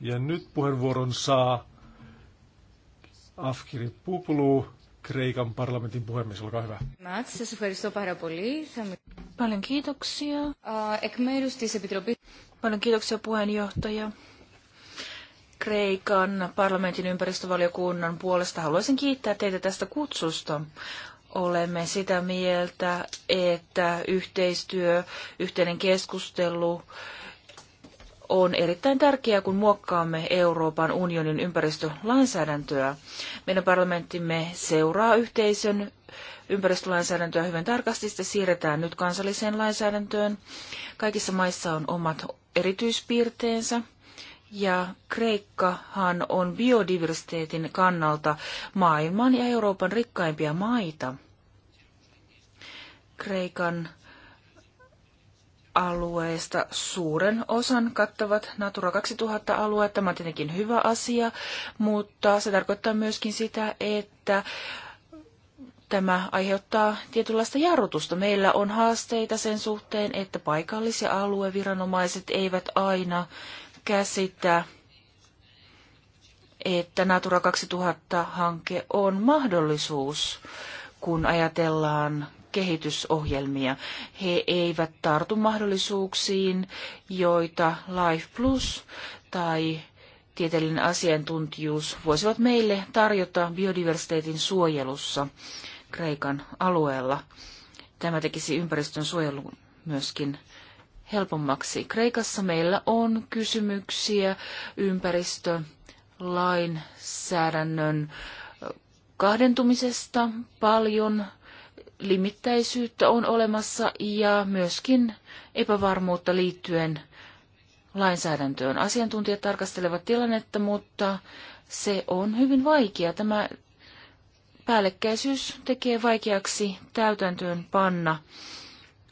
Ja nyt puheenvuoron saa Afkiri Pupulu, Kreikan parlamentin puhemies, olkaa hyvä. Paljon kiitoksia. Paljon kiitoksia puheenjohtaja. Kreikan parlamentin ympäristövaliokunnan puolesta haluaisin kiittää teitä tästä kutsusta. Olemme sitä mieltä, että yhteistyö, yhteinen keskustelu on erittäin tärkeää, kun muokkaamme Euroopan unionin ympäristölainsäädäntöä. Meidän parlamenttimme seuraa yhteisön ympäristölainsäädäntöä hyvin tarkasti. Sitä siirretään nyt kansalliseen lainsäädäntöön. Kaikissa maissa on omat erityispiirteensä. Ja Kreikkahan on biodiversiteetin kannalta maailman ja Euroopan rikkaimpia maita. Kreikan alueista suuren osan kattavat Natura 2000-alueet. Tämä on tietenkin hyvä asia, mutta se tarkoittaa myöskin sitä, että tämä aiheuttaa tietynlaista jarrutusta. Meillä on haasteita sen suhteen, että paikallis- ja alueviranomaiset eivät aina käsitä, että Natura 2000-hanke on mahdollisuus, kun ajatellaan kehitysohjelmia. He eivät tartu mahdollisuuksiin, joita Life Plus tai tieteellinen asiantuntijuus voisivat meille tarjota biodiversiteetin suojelussa Kreikan alueella. Tämä tekisi ympäristön suojelun myöskin helpommaksi. Kreikassa meillä on kysymyksiä ympäristölainsäädännön kahdentumisesta paljon limittäisyyttä on olemassa ja myöskin epävarmuutta liittyen lainsäädäntöön. Asiantuntijat tarkastelevat tilannetta, mutta se on hyvin vaikea. Tämä päällekkäisyys tekee vaikeaksi täytäntöön panna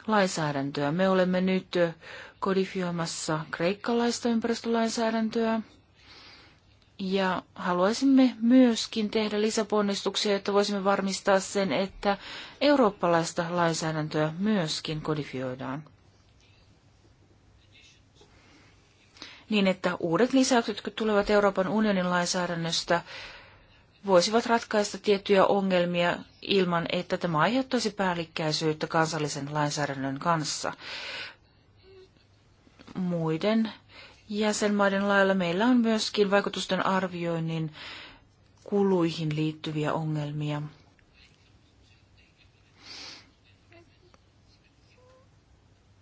lainsäädäntöä. Me olemme nyt kodifioimassa kreikkalaista ympäristölainsäädäntöä. Ja haluaisimme myöskin tehdä lisäponnistuksia, että voisimme varmistaa sen, että eurooppalaista lainsäädäntöä myöskin kodifioidaan. Niin, että uudet lisäykset, jotka tulevat Euroopan unionin lainsäädännöstä, voisivat ratkaista tiettyjä ongelmia ilman, että tämä aiheuttaisi päällikkäisyyttä kansallisen lainsäädännön kanssa. Muiden jäsenmaiden lailla meillä on myöskin vaikutusten arvioinnin kuluihin liittyviä ongelmia.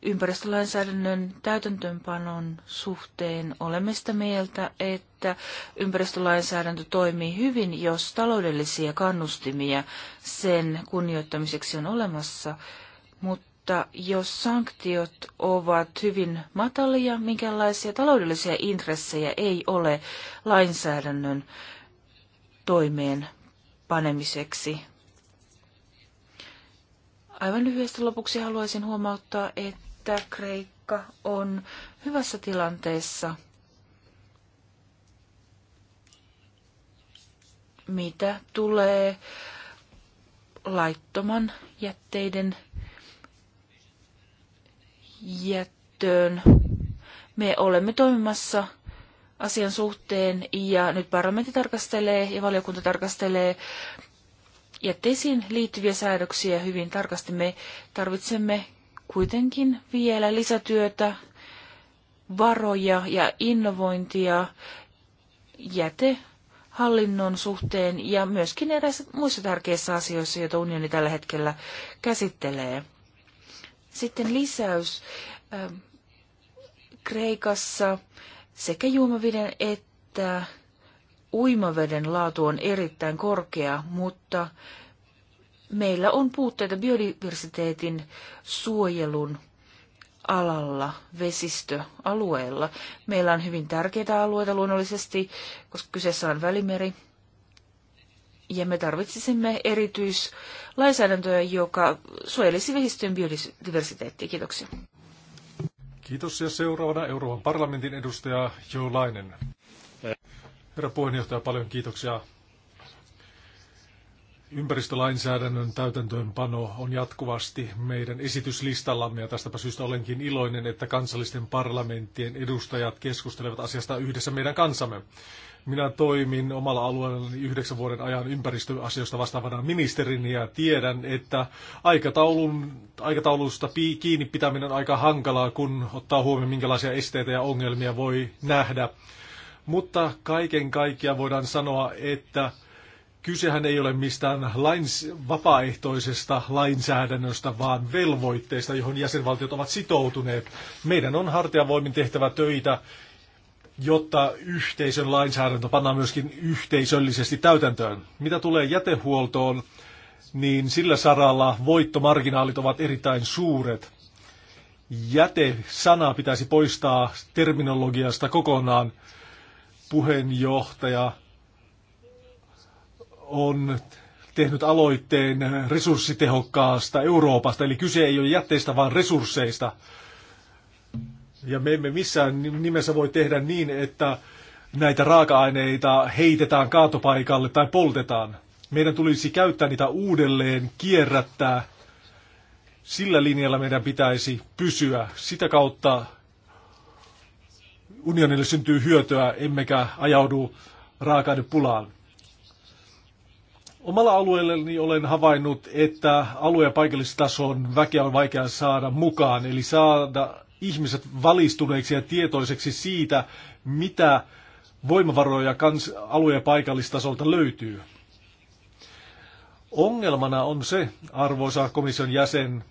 Ympäristölainsäädännön täytäntöönpanon suhteen olemme sitä mieltä, että ympäristölainsäädäntö toimii hyvin, jos taloudellisia kannustimia sen kunnioittamiseksi on olemassa, mutta mutta jos sanktiot ovat hyvin matalia, minkälaisia taloudellisia intressejä ei ole lainsäädännön toimeen panemiseksi. Aivan lyhyesti lopuksi haluaisin huomauttaa, että Kreikka on hyvässä tilanteessa, mitä tulee laittoman jätteiden jättöön. Me olemme toimimassa asian suhteen ja nyt parlamentti tarkastelee ja valiokunta tarkastelee jätteisiin liittyviä säädöksiä hyvin tarkasti. Me tarvitsemme kuitenkin vielä lisätyötä, varoja ja innovointia jätehallinnon suhteen ja myöskin eräissä muissa tärkeissä asioissa, joita unioni tällä hetkellä käsittelee. Sitten lisäys ähm, Kreikassa sekä juomaveden että uimaveden laatu on erittäin korkea, mutta meillä on puutteita biodiversiteetin suojelun alalla, vesistöalueella. Meillä on hyvin tärkeitä alueita luonnollisesti, koska kyseessä on välimeri, ja me tarvitsisimme erityislainsäädäntöä, joka suojelisi vesistöjen biodiversiteettiä. Kiitoksia. Kiitos ja seuraavana Euroopan parlamentin edustaja Jo Lainen. Herra puheenjohtaja, paljon kiitoksia. Ympäristölainsäädännön täytäntöönpano on jatkuvasti meidän esityslistallamme ja tästäpä syystä olenkin iloinen, että kansallisten parlamenttien edustajat keskustelevat asiasta yhdessä meidän kanssamme. Minä toimin omalla alueellani yhdeksän vuoden ajan ympäristöasioista vastaavana ministerin ja tiedän, että aikataulun, aikataulusta kiinni pitäminen on aika hankalaa, kun ottaa huomioon, minkälaisia esteitä ja ongelmia voi nähdä. Mutta kaiken kaikkiaan voidaan sanoa, että kysehän ei ole mistään lains, vapaaehtoisesta lainsäädännöstä, vaan velvoitteista, johon jäsenvaltiot ovat sitoutuneet. Meidän on hartiavoimin tehtävä töitä jotta yhteisön lainsäädäntö pannaan myöskin yhteisöllisesti täytäntöön. Mitä tulee jätehuoltoon, niin sillä saralla voittomarginaalit ovat erittäin suuret. Jäte-sana pitäisi poistaa terminologiasta kokonaan. Puheenjohtaja on tehnyt aloitteen resurssitehokkaasta Euroopasta, eli kyse ei ole jätteistä, vaan resursseista. Ja me emme missään nimessä voi tehdä niin, että näitä raaka-aineita heitetään kaatopaikalle tai poltetaan. Meidän tulisi käyttää niitä uudelleen, kierrättää. Sillä linjalla meidän pitäisi pysyä. Sitä kautta unionille syntyy hyötyä, emmekä ajaudu raaka pulaan. Omalla alueellani olen havainnut, että alue- ja paikallistason väkeä on vaikea saada mukaan, eli saada ihmiset valistuneiksi ja tietoiseksi siitä, mitä voimavaroja kans, alue- ja paikallistasolta löytyy. Ongelmana on se, arvoisa komission jäsen,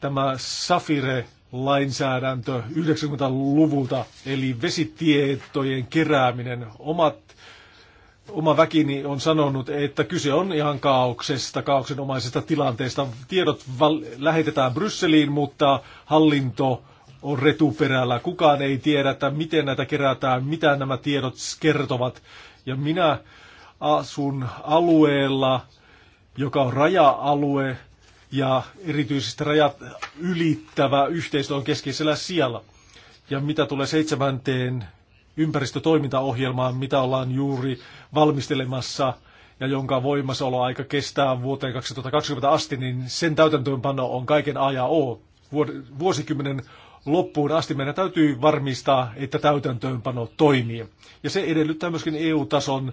tämä Safire-lainsäädäntö 90-luvulta, eli vesitietojen kerääminen. Omat oma väkini on sanonut, että kyse on ihan kaauksesta, kaauksenomaisesta tilanteesta. Tiedot val- lähetetään Brysseliin, mutta hallinto on retuperällä. Kukaan ei tiedä, että miten näitä kerätään, mitä nämä tiedot kertovat. Ja minä asun alueella, joka on raja-alue ja erityisesti rajat ylittävä yhteistyö on keskeisellä sijalla. Ja mitä tulee seitsemänteen ympäristötoimintaohjelmaan, mitä ollaan juuri valmistelemassa ja jonka voimassaoloaika kestää vuoteen 2020 asti, niin sen täytäntöönpano on kaiken A ja O. Vuosikymmenen loppuun asti meidän täytyy varmistaa, että täytäntöönpano toimii. Ja se edellyttää myöskin EU-tason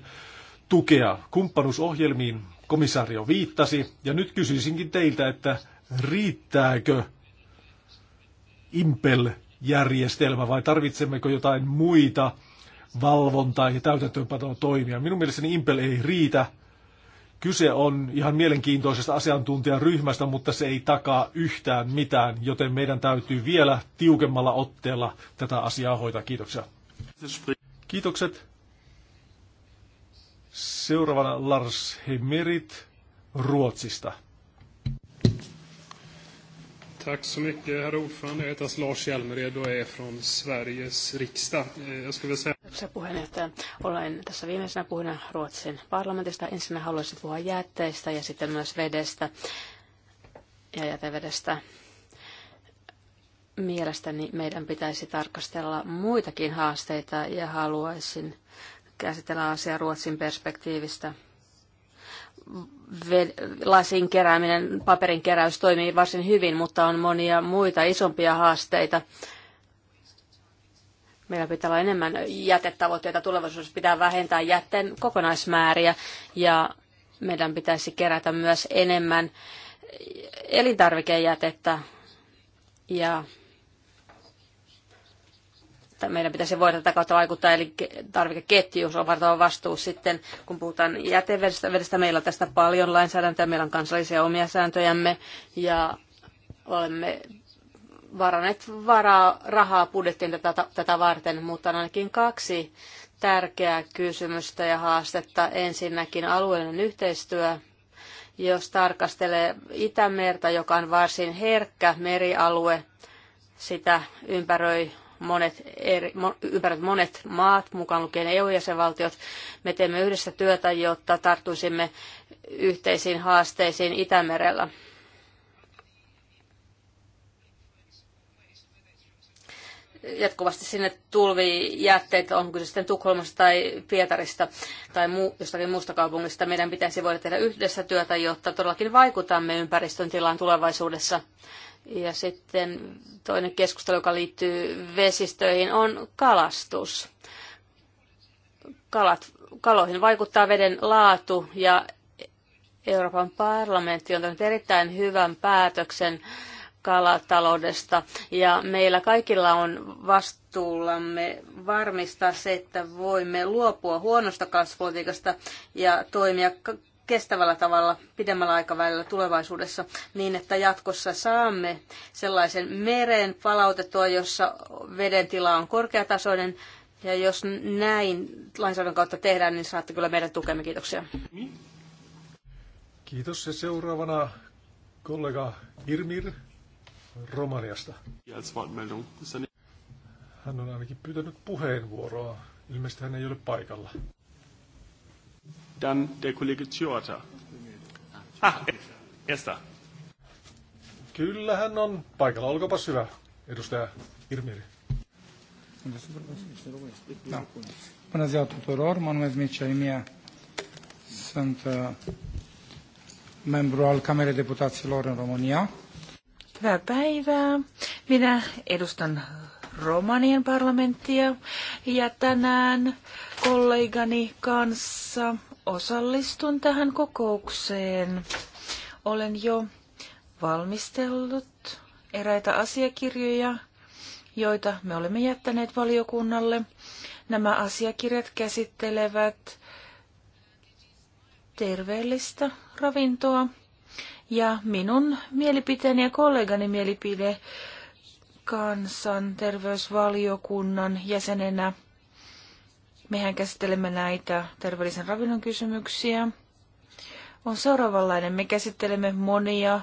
tukea. Kumppanuusohjelmiin komissaario viittasi, ja nyt kysyisinkin teiltä, että riittääkö Impel järjestelmä vai tarvitsemmeko jotain muita valvontaa ja täytäntöönpanoa toimia. Minun mielestäni Impel ei riitä. Kyse on ihan mielenkiintoisesta asiantuntijaryhmästä, mutta se ei takaa yhtään mitään, joten meidän täytyy vielä tiukemmalla otteella tätä asiaa hoitaa. Kiitoksia. Kiitokset. Seuraavana Lars Hemerit Ruotsista. Tack så mycket, herr ordförande. Jag heter Lars Hjälmered och är från Sveriges riksdag. Eh, jag skulle säga... Arvoisa puheenjohtaja, olen tässä viimeisenä puhuna Ruotsin parlamentista. Ensin haluaisin puhua jäätteistä ja sitten myös vedestä ja jätevedestä. Mielestäni meidän pitäisi tarkastella muitakin haasteita ja haluaisin käsitellä asiaa Ruotsin perspektiivistä lasin kerääminen, paperin keräys toimii varsin hyvin, mutta on monia muita isompia haasteita. Meillä pitää olla enemmän jätetavoitteita. Tulevaisuudessa pitää vähentää jätteen kokonaismääriä ja meidän pitäisi kerätä myös enemmän elintarvikejätettä ja meidän pitäisi voida tätä kautta vaikuttaa, eli tarvikeketjuus on vartava vastuu sitten, kun puhutaan jätevedestä. Vedestä meillä on tästä paljon lainsäädäntöä, meillä on kansallisia omia sääntöjämme ja olemme varanneet varaa, rahaa budjettiin tätä, tätä varten, mutta on ainakin kaksi tärkeää kysymystä ja haastetta. Ensinnäkin alueellinen yhteistyö, jos tarkastelee Itämerta, joka on varsin herkkä merialue, sitä ympäröi monet eri, ympäröt monet maat, mukaan lukien EU-jäsenvaltiot. Me teemme yhdessä työtä, jotta tarttuisimme yhteisiin haasteisiin Itämerellä. jatkuvasti sinne tulvii jätteet, on kyse sitten Tukholmasta tai Pietarista tai muu, jostakin muusta kaupungista. Meidän pitäisi voida tehdä yhdessä työtä, jotta todellakin vaikutamme ympäristön tilaan tulevaisuudessa. Ja sitten toinen keskustelu, joka liittyy vesistöihin, on kalastus. Kalat, kaloihin vaikuttaa veden laatu ja Euroopan parlamentti on tehnyt erittäin hyvän päätöksen kalataloudesta ja meillä kaikilla on vastuullamme varmistaa se, että voimme luopua huonosta kalastuspolitiikasta ja toimia kestävällä tavalla pidemmällä aikavälillä tulevaisuudessa niin, että jatkossa saamme sellaisen meren palautettua, jossa veden tila on korkeatasoinen. Ja jos näin lainsäädännön kautta tehdään, niin saatte kyllä meidän tukemme. Kiitoksia. Kiitos. Ja seuraavana kollega Irmir Romaniasta. Hän on ainakin pyytänyt puheenvuoroa. Ilmeisesti hän ei ole paikalla. Dann der Kollege Ciotta. Ah, Esta. Kyllä hän on paikalla. Olkapas hyvä, edustaja Irmiri. Da. Bună ziua tuturor, mă numesc Mircea Imie, sunt uh, membru al Camerei Deputaților în România. Hyvää päivää. Minä edustan Romanian parlamenttia ja tänään kollegani kanssa osallistun tähän kokoukseen. Olen jo valmistellut eräitä asiakirjoja, joita me olemme jättäneet valiokunnalle. Nämä asiakirjat käsittelevät terveellistä ravintoa ja minun mielipiteeni ja kollegani mielipide kansanterveysvaliokunnan jäsenenä – Mehän käsittelemme näitä terveellisen ravinnon kysymyksiä. On seuraavanlainen. Me käsittelemme monia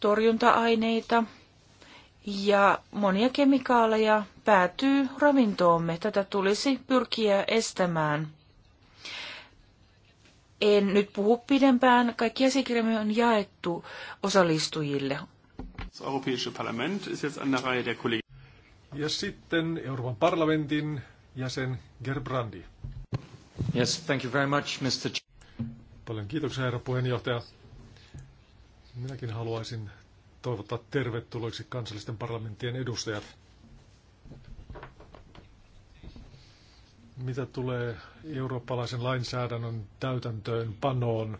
torjunta-aineita ja monia kemikaaleja päätyy ravintoomme. Tätä tulisi pyrkiä estämään. En nyt puhu pidempään. Kaikki asiakirjamme on jaettu osallistujille. Ja sitten Euroopan parlamentin jäsen Gerbrandi. Yes, thank you very much, Mr. Paljon kiitoksia, herra puheenjohtaja. Minäkin haluaisin toivottaa tervetulleeksi kansallisten parlamenttien edustajat. Mitä tulee eurooppalaisen lainsäädännön täytäntöön panoon,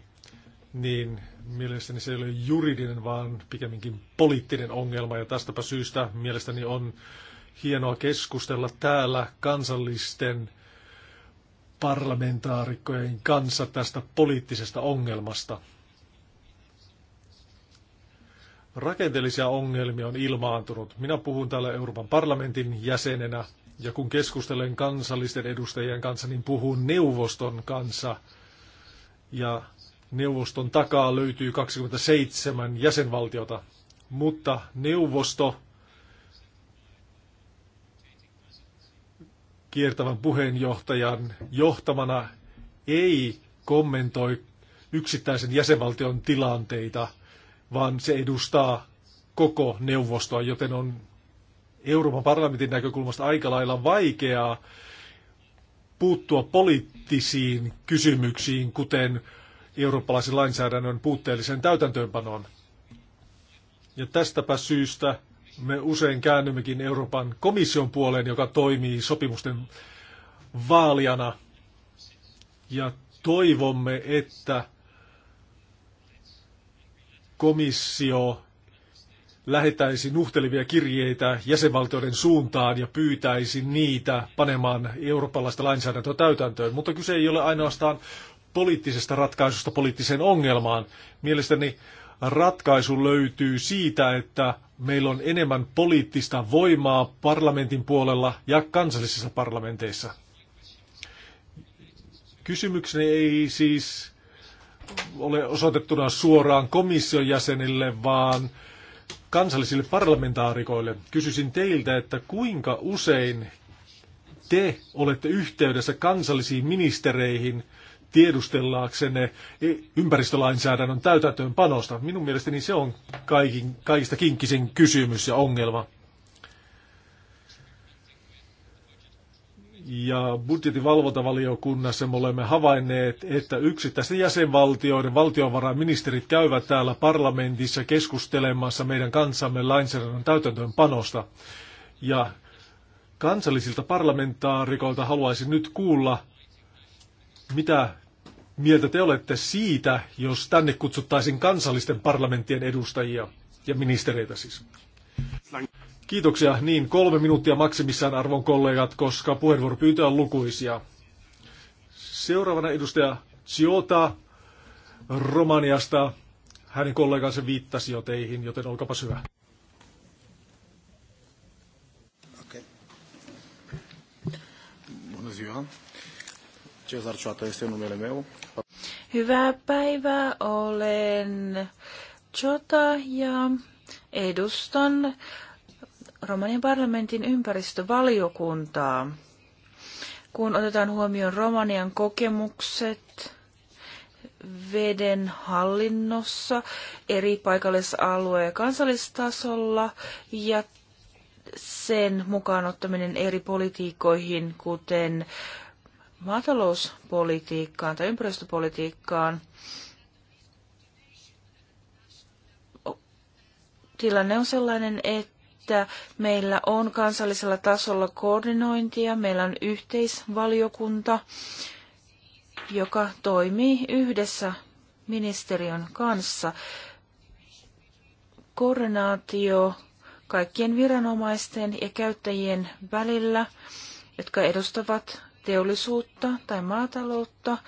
niin mielestäni se ei ole juridinen, vaan pikemminkin poliittinen ongelma. Ja tästäpä syystä mielestäni on hienoa keskustella täällä kansallisten parlamentaarikkojen kanssa tästä poliittisesta ongelmasta. Rakenteellisia ongelmia on ilmaantunut. Minä puhun täällä Euroopan parlamentin jäsenenä ja kun keskustelen kansallisten edustajien kanssa, niin puhun neuvoston kanssa. Ja neuvoston takaa löytyy 27 jäsenvaltiota, mutta neuvosto kiertävän puheenjohtajan johtamana ei kommentoi yksittäisen jäsenvaltion tilanteita, vaan se edustaa koko neuvostoa, joten on Euroopan parlamentin näkökulmasta aika lailla vaikeaa puuttua poliittisiin kysymyksiin, kuten eurooppalaisen lainsäädännön puutteelliseen täytäntöönpanoon. Ja tästäpä syystä me usein käännymmekin Euroopan komission puoleen, joka toimii sopimusten vaalijana. Ja toivomme, että komissio lähettäisi nuhtelivia kirjeitä jäsenvaltioiden suuntaan ja pyytäisi niitä panemaan eurooppalaista lainsäädäntöä täytäntöön. Mutta kyse ei ole ainoastaan poliittisesta ratkaisusta poliittiseen ongelmaan. Mielestäni ratkaisu löytyy siitä, että meillä on enemmän poliittista voimaa parlamentin puolella ja kansallisissa parlamenteissa. Kysymykseni ei siis ole osoitettuna suoraan komission jäsenille, vaan kansallisille parlamentaarikoille. Kysyisin teiltä, että kuinka usein te olette yhteydessä kansallisiin ministereihin – tiedustellaaksenne e, ympäristölainsäädännön täytäntöönpanosta? Minun mielestäni se on kaikin, kaikista kinkkisin kysymys ja ongelma. Ja budjetin valvontavaliokunnassa me olemme havainneet, että yksittäisten jäsenvaltioiden valtiovarainministerit käyvät täällä parlamentissa keskustelemassa meidän kanssamme lainsäädännön täytäntöönpanosta. Ja kansallisilta parlamentaarikoilta haluaisin nyt kuulla, mitä mieltä te olette siitä, jos tänne kutsuttaisiin kansallisten parlamenttien edustajia ja ministereitä siis? Kiitoksia. Niin, kolme minuuttia maksimissaan arvon kollegat, koska puheenvuoropyyntöjä on lukuisia. Seuraavana edustaja Ciota Romaniasta. Hänen kollegansa viittasi jo teihin, joten olkapa hyvä. Okay. Bună Cesar este numele meu. Hyvää päivää, olen Chota ja edustan Romanian parlamentin ympäristövaliokuntaa. Kun otetaan huomioon Romanian kokemukset veden hallinnossa eri paikallisalue- ja kansallistasolla ja sen mukaan ottaminen eri politiikoihin, kuten maatalouspolitiikkaan tai ympäristöpolitiikkaan, tilanne on sellainen, että meillä on kansallisella tasolla koordinointia, meillä on yhteisvaliokunta, joka toimii yhdessä ministeriön kanssa. Koordinaatio kaikkien viranomaisten ja käyttäjien välillä, jotka edustavat teollisuutta tai maataloutta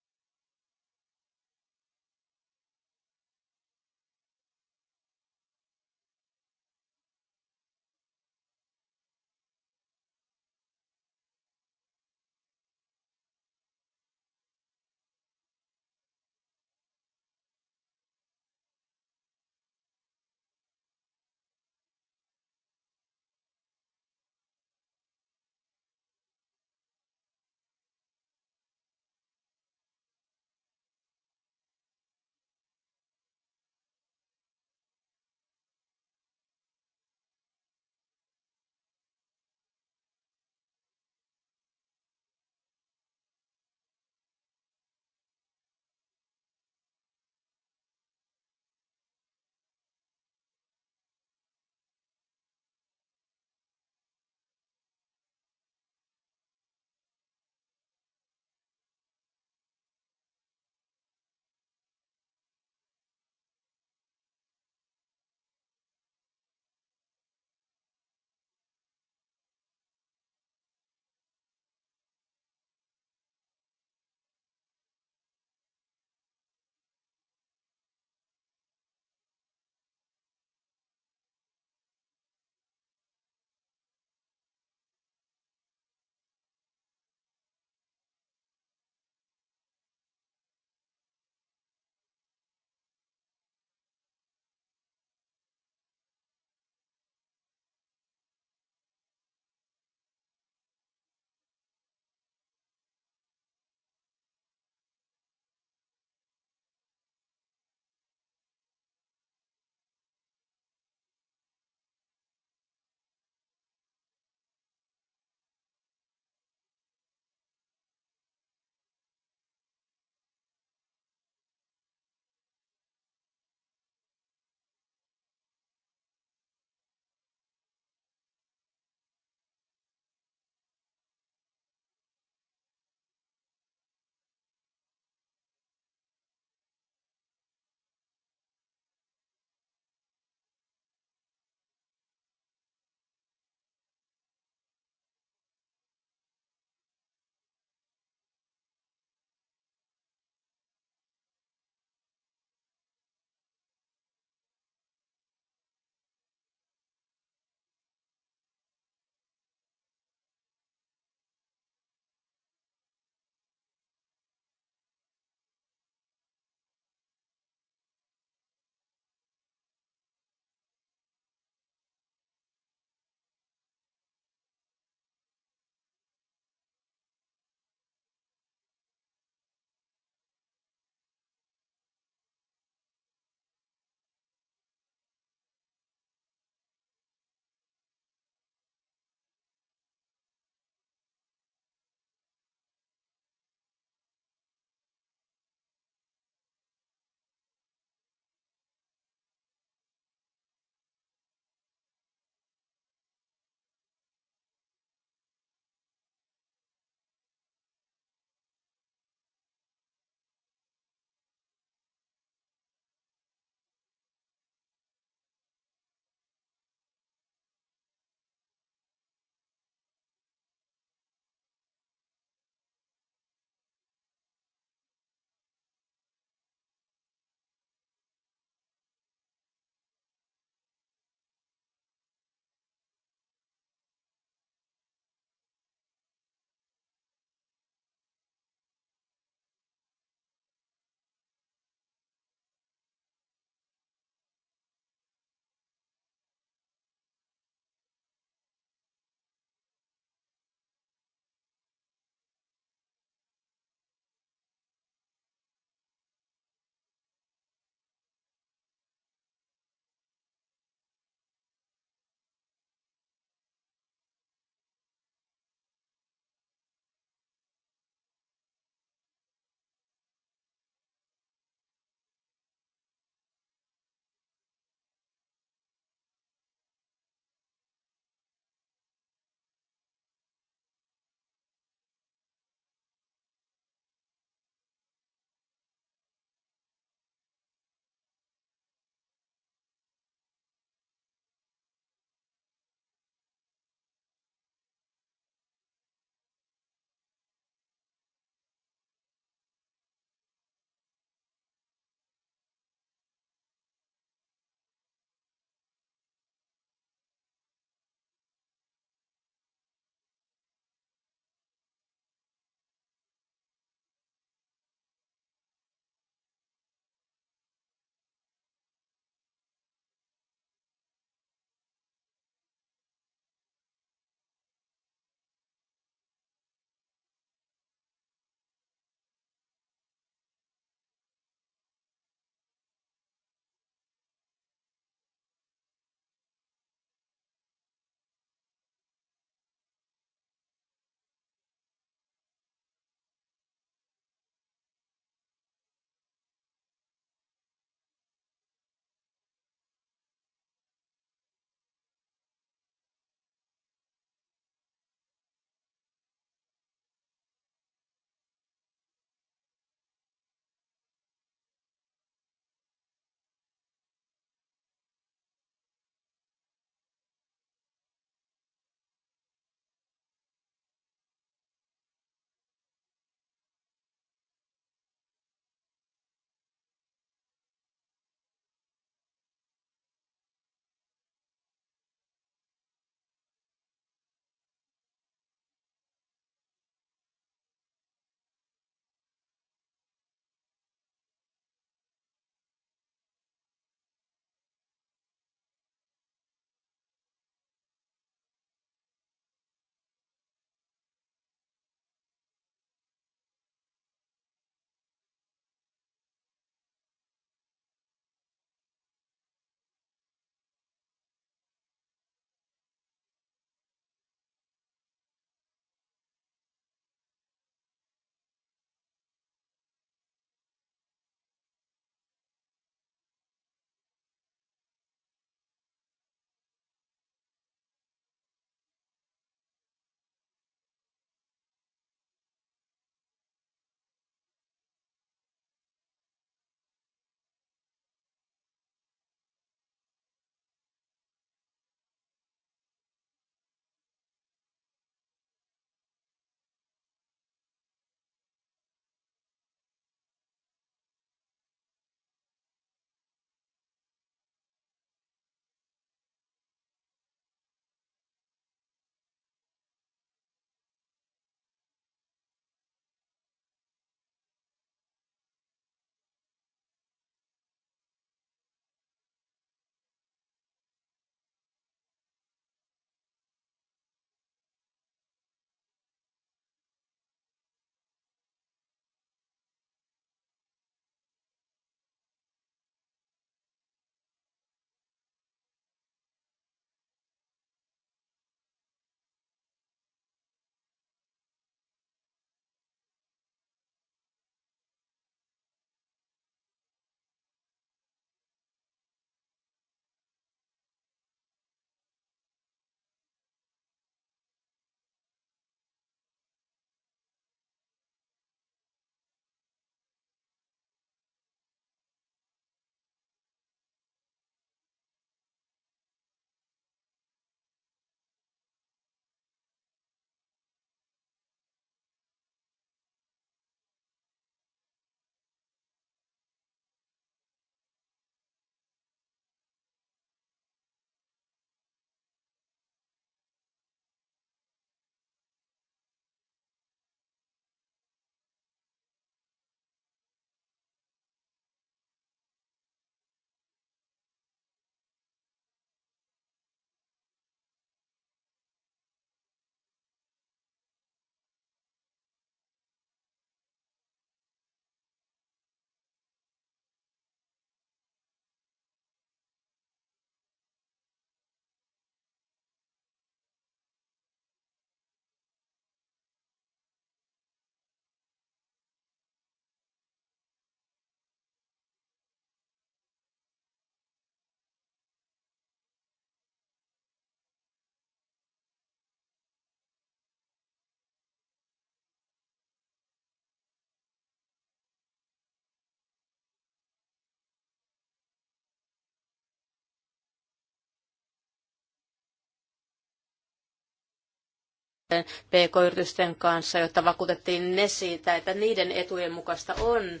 PK-yritysten kanssa, jotta vakuutettiin ne siitä, että niiden etujen mukaista on,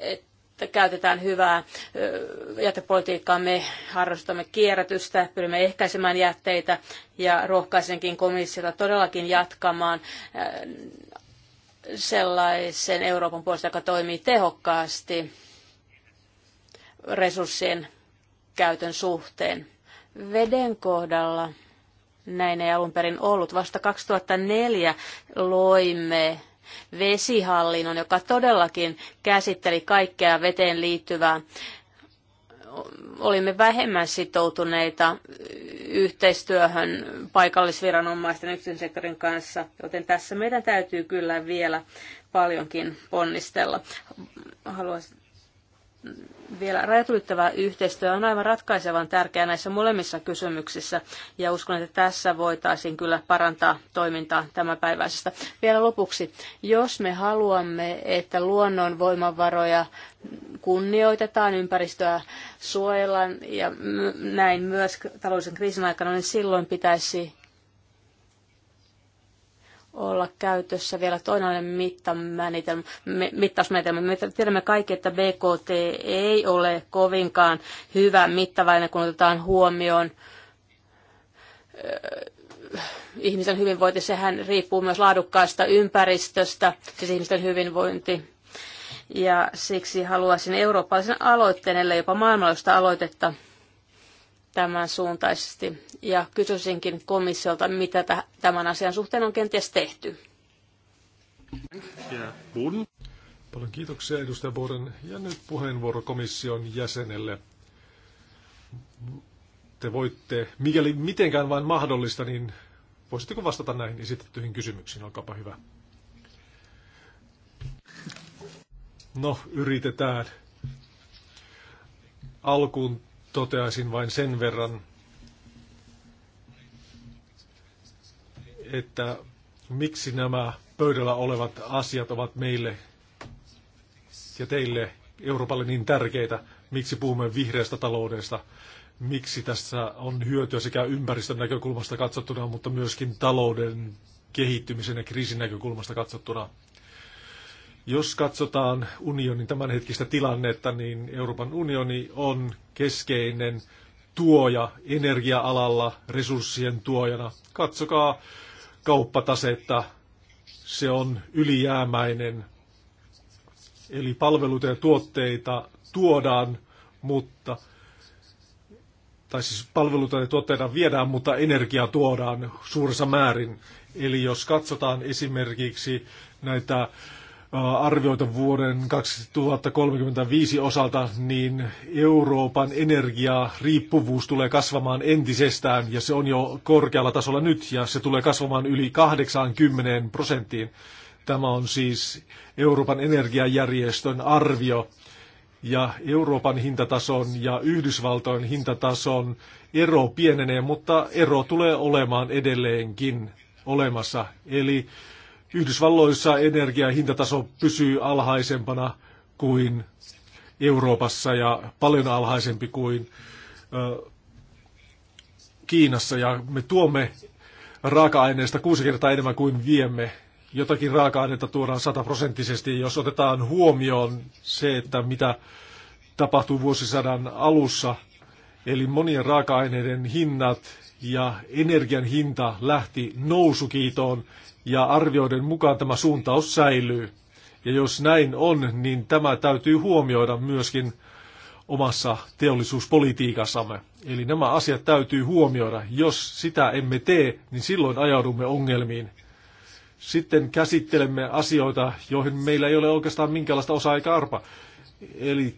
että käytetään hyvää jätepolitiikkaa. Me harrastamme kierrätystä, pyrimme ehkäisemään jätteitä ja rohkaisenkin komissiota todellakin jatkamaan sellaisen Euroopan puolesta, joka toimii tehokkaasti resurssien käytön suhteen. Veden kohdalla näin ei alun perin ollut. Vasta 2004 loimme vesihallinnon, joka todellakin käsitteli kaikkea veteen liittyvää. Olimme vähemmän sitoutuneita yhteistyöhön paikallisviranomaisten yksityisen kanssa, joten tässä meidän täytyy kyllä vielä paljonkin ponnistella. Haluaisin vielä rajatylittävä yhteistyö on aivan ratkaisevan tärkeää näissä molemmissa kysymyksissä, ja uskon, että tässä voitaisiin kyllä parantaa toimintaa tämänpäiväisestä. Vielä lopuksi, jos me haluamme, että luonnon voimavaroja kunnioitetaan, ympäristöä suojellaan ja näin myös taloudellisen kriisin aikana, niin silloin pitäisi olla käytössä vielä toinen mittausmenetelmä. Me tiedämme kaikki, että BKT ei ole kovinkaan hyvä mittavainen, kun otetaan huomioon ihmisen hyvinvointi. Sehän riippuu myös laadukkaasta ympäristöstä, siis ihmisten hyvinvointi. Ja siksi haluaisin eurooppalaisen aloitteen, ellei jopa maailmanlaajuista aloitetta – tämän suuntaisesti. Ja kysyisinkin komissiolta, mitä tämän asian suhteen on kenties tehty. Paljon kiitoksia edustaja Boren. Ja nyt puheenvuoro komission jäsenelle. Te voitte, mikäli mitenkään vain mahdollista, niin voisitteko vastata näihin esitettyihin kysymyksiin? Olkaapa hyvä. No, yritetään. Alkuun toteaisin vain sen verran, että miksi nämä pöydällä olevat asiat ovat meille ja teille Euroopalle niin tärkeitä, miksi puhumme vihreästä taloudesta, miksi tässä on hyötyä sekä ympäristön näkökulmasta katsottuna, mutta myöskin talouden kehittymisen ja kriisin näkökulmasta katsottuna. Jos katsotaan unionin tämänhetkistä tilannetta, niin Euroopan unioni on keskeinen tuoja energia-alalla, resurssien tuojana. Katsokaa kauppatasetta, se on ylijäämäinen. Eli palveluita ja tuotteita tuodaan, mutta tai siis palveluita ja tuotteita viedään, mutta energiaa tuodaan suuressa määrin. Eli jos katsotaan esimerkiksi näitä arvioita vuoden 2035 osalta, niin Euroopan energiariippuvuus tulee kasvamaan entisestään ja se on jo korkealla tasolla nyt ja se tulee kasvamaan yli 80 prosenttiin. Tämä on siis Euroopan energiajärjestön arvio ja Euroopan hintatason ja Yhdysvaltojen hintatason ero pienenee, mutta ero tulee olemaan edelleenkin olemassa. Eli Yhdysvalloissa energian hintataso pysyy alhaisempana kuin Euroopassa ja paljon alhaisempi kuin ö, Kiinassa. Ja me tuomme raaka aineesta kuusi kertaa enemmän kuin viemme. Jotakin raaka-ainetta tuodaan sataprosenttisesti. Jos otetaan huomioon se, että mitä tapahtuu vuosisadan alussa, eli monien raaka-aineiden hinnat ja energian hinta lähti nousukiitoon, ja arvioiden mukaan tämä suuntaus säilyy. Ja jos näin on, niin tämä täytyy huomioida myöskin omassa teollisuuspolitiikassamme. Eli nämä asiat täytyy huomioida. Jos sitä emme tee, niin silloin ajaudumme ongelmiin. Sitten käsittelemme asioita, joihin meillä ei ole oikeastaan minkäänlaista osaa eikä arpa. Eli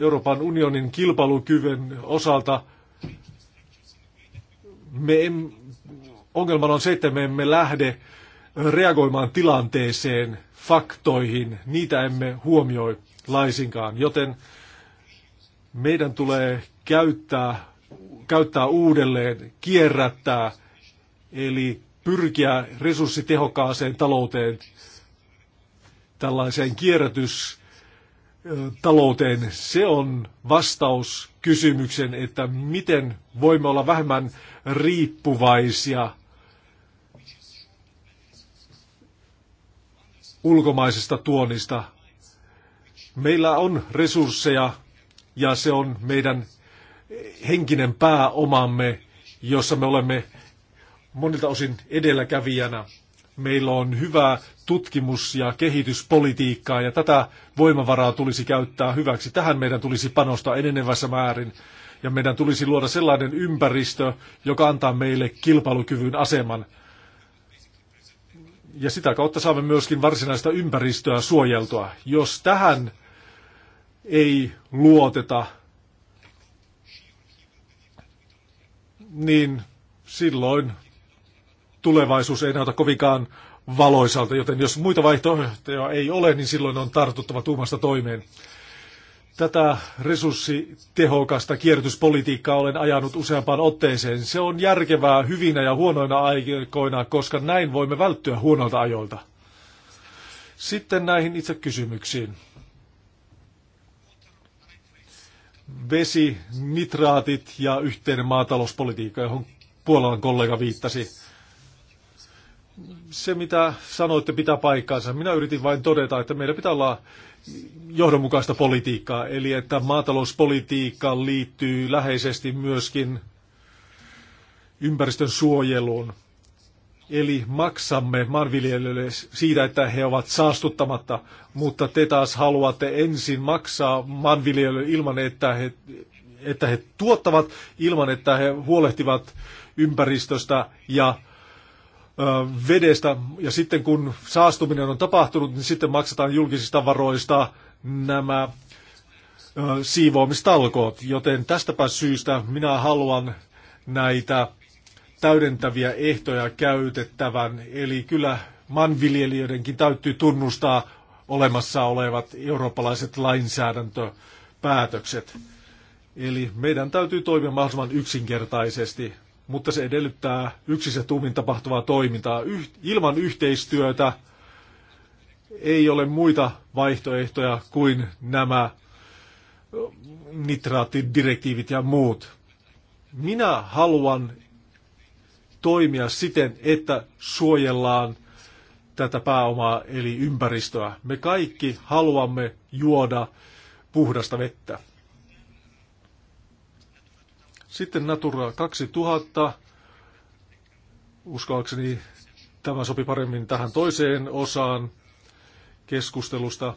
Euroopan unionin kilpailukyvyn osalta me em, ongelman on se, että me emme lähde reagoimaan tilanteeseen, faktoihin, niitä emme huomioi laisinkaan, joten meidän tulee käyttää, käyttää uudelleen, kierrättää, eli pyrkiä resurssitehokkaaseen talouteen, tällaiseen kierrätystalouteen. Se on vastaus kysymykseen, että miten voimme olla vähemmän riippuvaisia ulkomaisesta tuonnista. Meillä on resursseja ja se on meidän henkinen pääomamme, jossa me olemme monilta osin edelläkävijänä. Meillä on hyvää tutkimus- ja kehityspolitiikkaa ja tätä voimavaraa tulisi käyttää hyväksi. Tähän meidän tulisi panostaa enenevässä määrin ja meidän tulisi luoda sellainen ympäristö, joka antaa meille kilpailukyvyn aseman – ja sitä kautta saamme myöskin varsinaista ympäristöä suojeltua. Jos tähän ei luoteta, niin silloin tulevaisuus ei näytä kovinkaan valoisalta, joten jos muita vaihtoehtoja ei ole, niin silloin on tartuttava tuumasta toimeen. Tätä resurssitehokasta kierrätyspolitiikkaa olen ajanut useampaan otteeseen. Se on järkevää hyvinä ja huonoina aikoina, koska näin voimme välttyä huonolta ajoilta. Sitten näihin itse kysymyksiin. Vesi, nitraatit ja yhteinen maatalouspolitiikka, johon Puolan kollega viittasi se, mitä sanoitte, pitää paikkaansa. Minä yritin vain todeta, että meillä pitää olla johdonmukaista politiikkaa, eli että maatalouspolitiikka liittyy läheisesti myöskin ympäristön suojeluun. Eli maksamme maanviljelijöille siitä, että he ovat saastuttamatta, mutta te taas haluatte ensin maksaa maanviljelijöille ilman, että he, että he tuottavat, ilman, että he huolehtivat ympäristöstä ja vedestä ja sitten kun saastuminen on tapahtunut, niin sitten maksetaan julkisista varoista nämä siivoamistalkoot, joten tästäpä syystä minä haluan näitä täydentäviä ehtoja käytettävän, eli kyllä manviljelijöidenkin täytyy tunnustaa olemassa olevat eurooppalaiset lainsäädäntöpäätökset. Eli meidän täytyy toimia mahdollisimman yksinkertaisesti mutta se edellyttää yksissä tuumin tapahtuvaa toimintaa. Yht, ilman yhteistyötä ei ole muita vaihtoehtoja kuin nämä nitraattidirektiivit ja muut. Minä haluan toimia siten, että suojellaan tätä pääomaa eli ympäristöä. Me kaikki haluamme juoda puhdasta vettä. Sitten Natura 2000. Uskoakseni tämä sopi paremmin tähän toiseen osaan keskustelusta.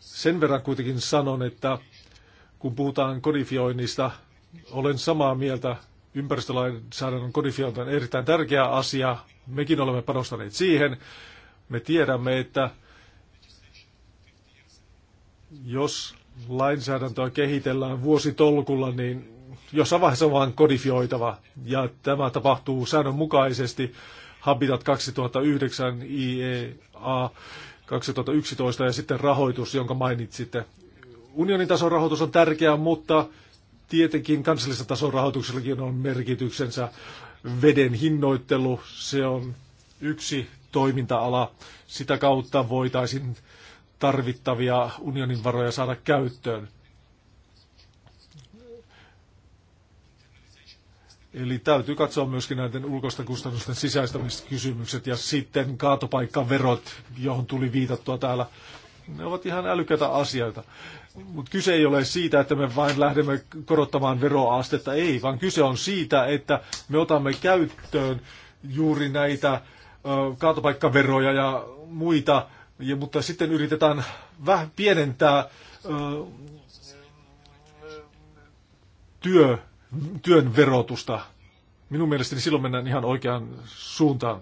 Sen verran kuitenkin sanon, että kun puhutaan kodifioinnista, olen samaa mieltä. Ympäristölainsäädännön kodifiointi on erittäin tärkeä asia. Mekin olemme panostaneet siihen. Me tiedämme, että jos lainsäädäntöä kehitellään vuositolkulla, niin jossain vaiheessa vaan kodifioitava. Ja tämä tapahtuu säännönmukaisesti Habitat 2009, IEA 2011 ja sitten rahoitus, jonka mainitsitte. Unionin tason rahoitus on tärkeää, mutta tietenkin kansallisella tason rahoituksellakin on merkityksensä. Veden hinnoittelu, se on yksi toiminta-ala. Sitä kautta voitaisiin tarvittavia unionin varoja saada käyttöön. Eli täytyy katsoa myöskin näiden ulkoisten kustannusten sisäistämiskysymykset ja sitten kaatopaikkaverot, johon tuli viitattua täällä. Ne ovat ihan älykätä asioita. Mutta kyse ei ole siitä, että me vain lähdemme korottamaan veroastetta, ei, vaan kyse on siitä, että me otamme käyttöön juuri näitä kaatopaikkaveroja ja muita, ja, mutta sitten yritetään vähän pienentää ö, työ työn verotusta. Minun mielestäni silloin mennään ihan oikeaan suuntaan.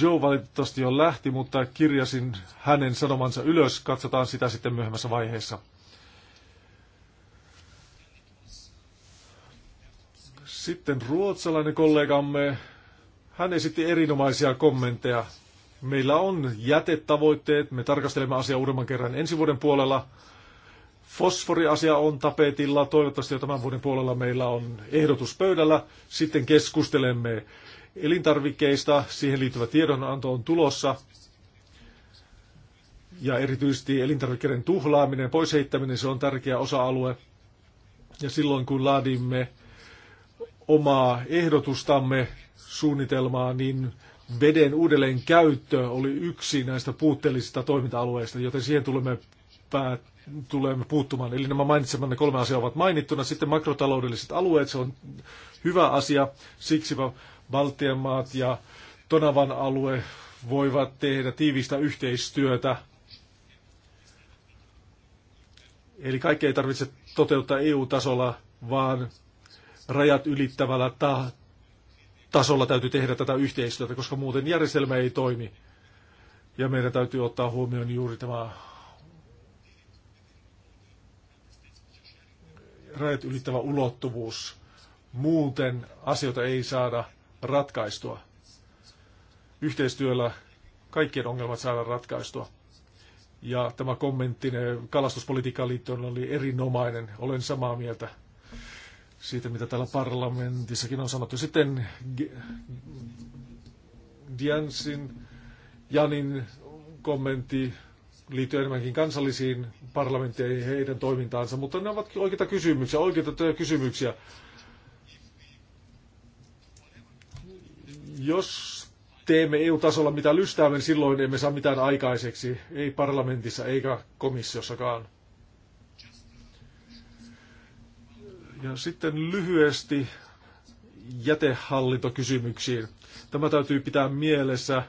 Joe valitettavasti jo lähti, mutta kirjasin hänen sanomansa ylös. Katsotaan sitä sitten myöhemmässä vaiheessa. Sitten ruotsalainen kollegamme, hän esitti erinomaisia kommentteja. Meillä on jätetavoitteet, me tarkastelemme asiaa uudemman kerran ensi vuoden puolella. Fosforiasia on tapetilla. Toivottavasti jo tämän vuoden puolella meillä on ehdotus pöydällä. Sitten keskustelemme elintarvikkeista. Siihen liittyvä tiedonanto on tulossa. Ja erityisesti elintarvikkeiden tuhlaaminen, poisheittäminen, se on tärkeä osa-alue. Ja silloin kun laadimme omaa ehdotustamme suunnitelmaa, niin veden uudelleen käyttö oli yksi näistä puutteellisista toiminta-alueista, joten siihen tulemme päät- tulemme puuttumaan. Eli nämä mainitsemanne kolme asiaa ovat mainittuna. Sitten makrotaloudelliset alueet, se on hyvä asia. Siksi Baltian maat ja Tonavan alue voivat tehdä tiivistä yhteistyötä. Eli kaikkea ei tarvitse toteuttaa EU-tasolla, vaan rajat ylittävällä ta- tasolla täytyy tehdä tätä yhteistyötä, koska muuten järjestelmä ei toimi. Ja meidän täytyy ottaa huomioon juuri tämä rajat ylittävä ulottuvuus. Muuten asioita ei saada ratkaistua. Yhteistyöllä kaikkien ongelmat saada ratkaistua. Ja tämä kommentti kalastuspolitiikan liittyen oli erinomainen. Olen samaa mieltä siitä, mitä täällä parlamentissakin on sanottu. Sitten Diansin, Janin kommentti liittyy enemmänkin kansallisiin parlamentteihin ja heidän toimintaansa, mutta ne ovat oikeita kysymyksiä, oikeita kysymyksiä. Jos teemme EU-tasolla mitä lystäämme, niin silloin emme saa mitään aikaiseksi, ei parlamentissa eikä komissiossakaan. Ja sitten lyhyesti jätehallintokysymyksiin. Tämä täytyy pitää mielessä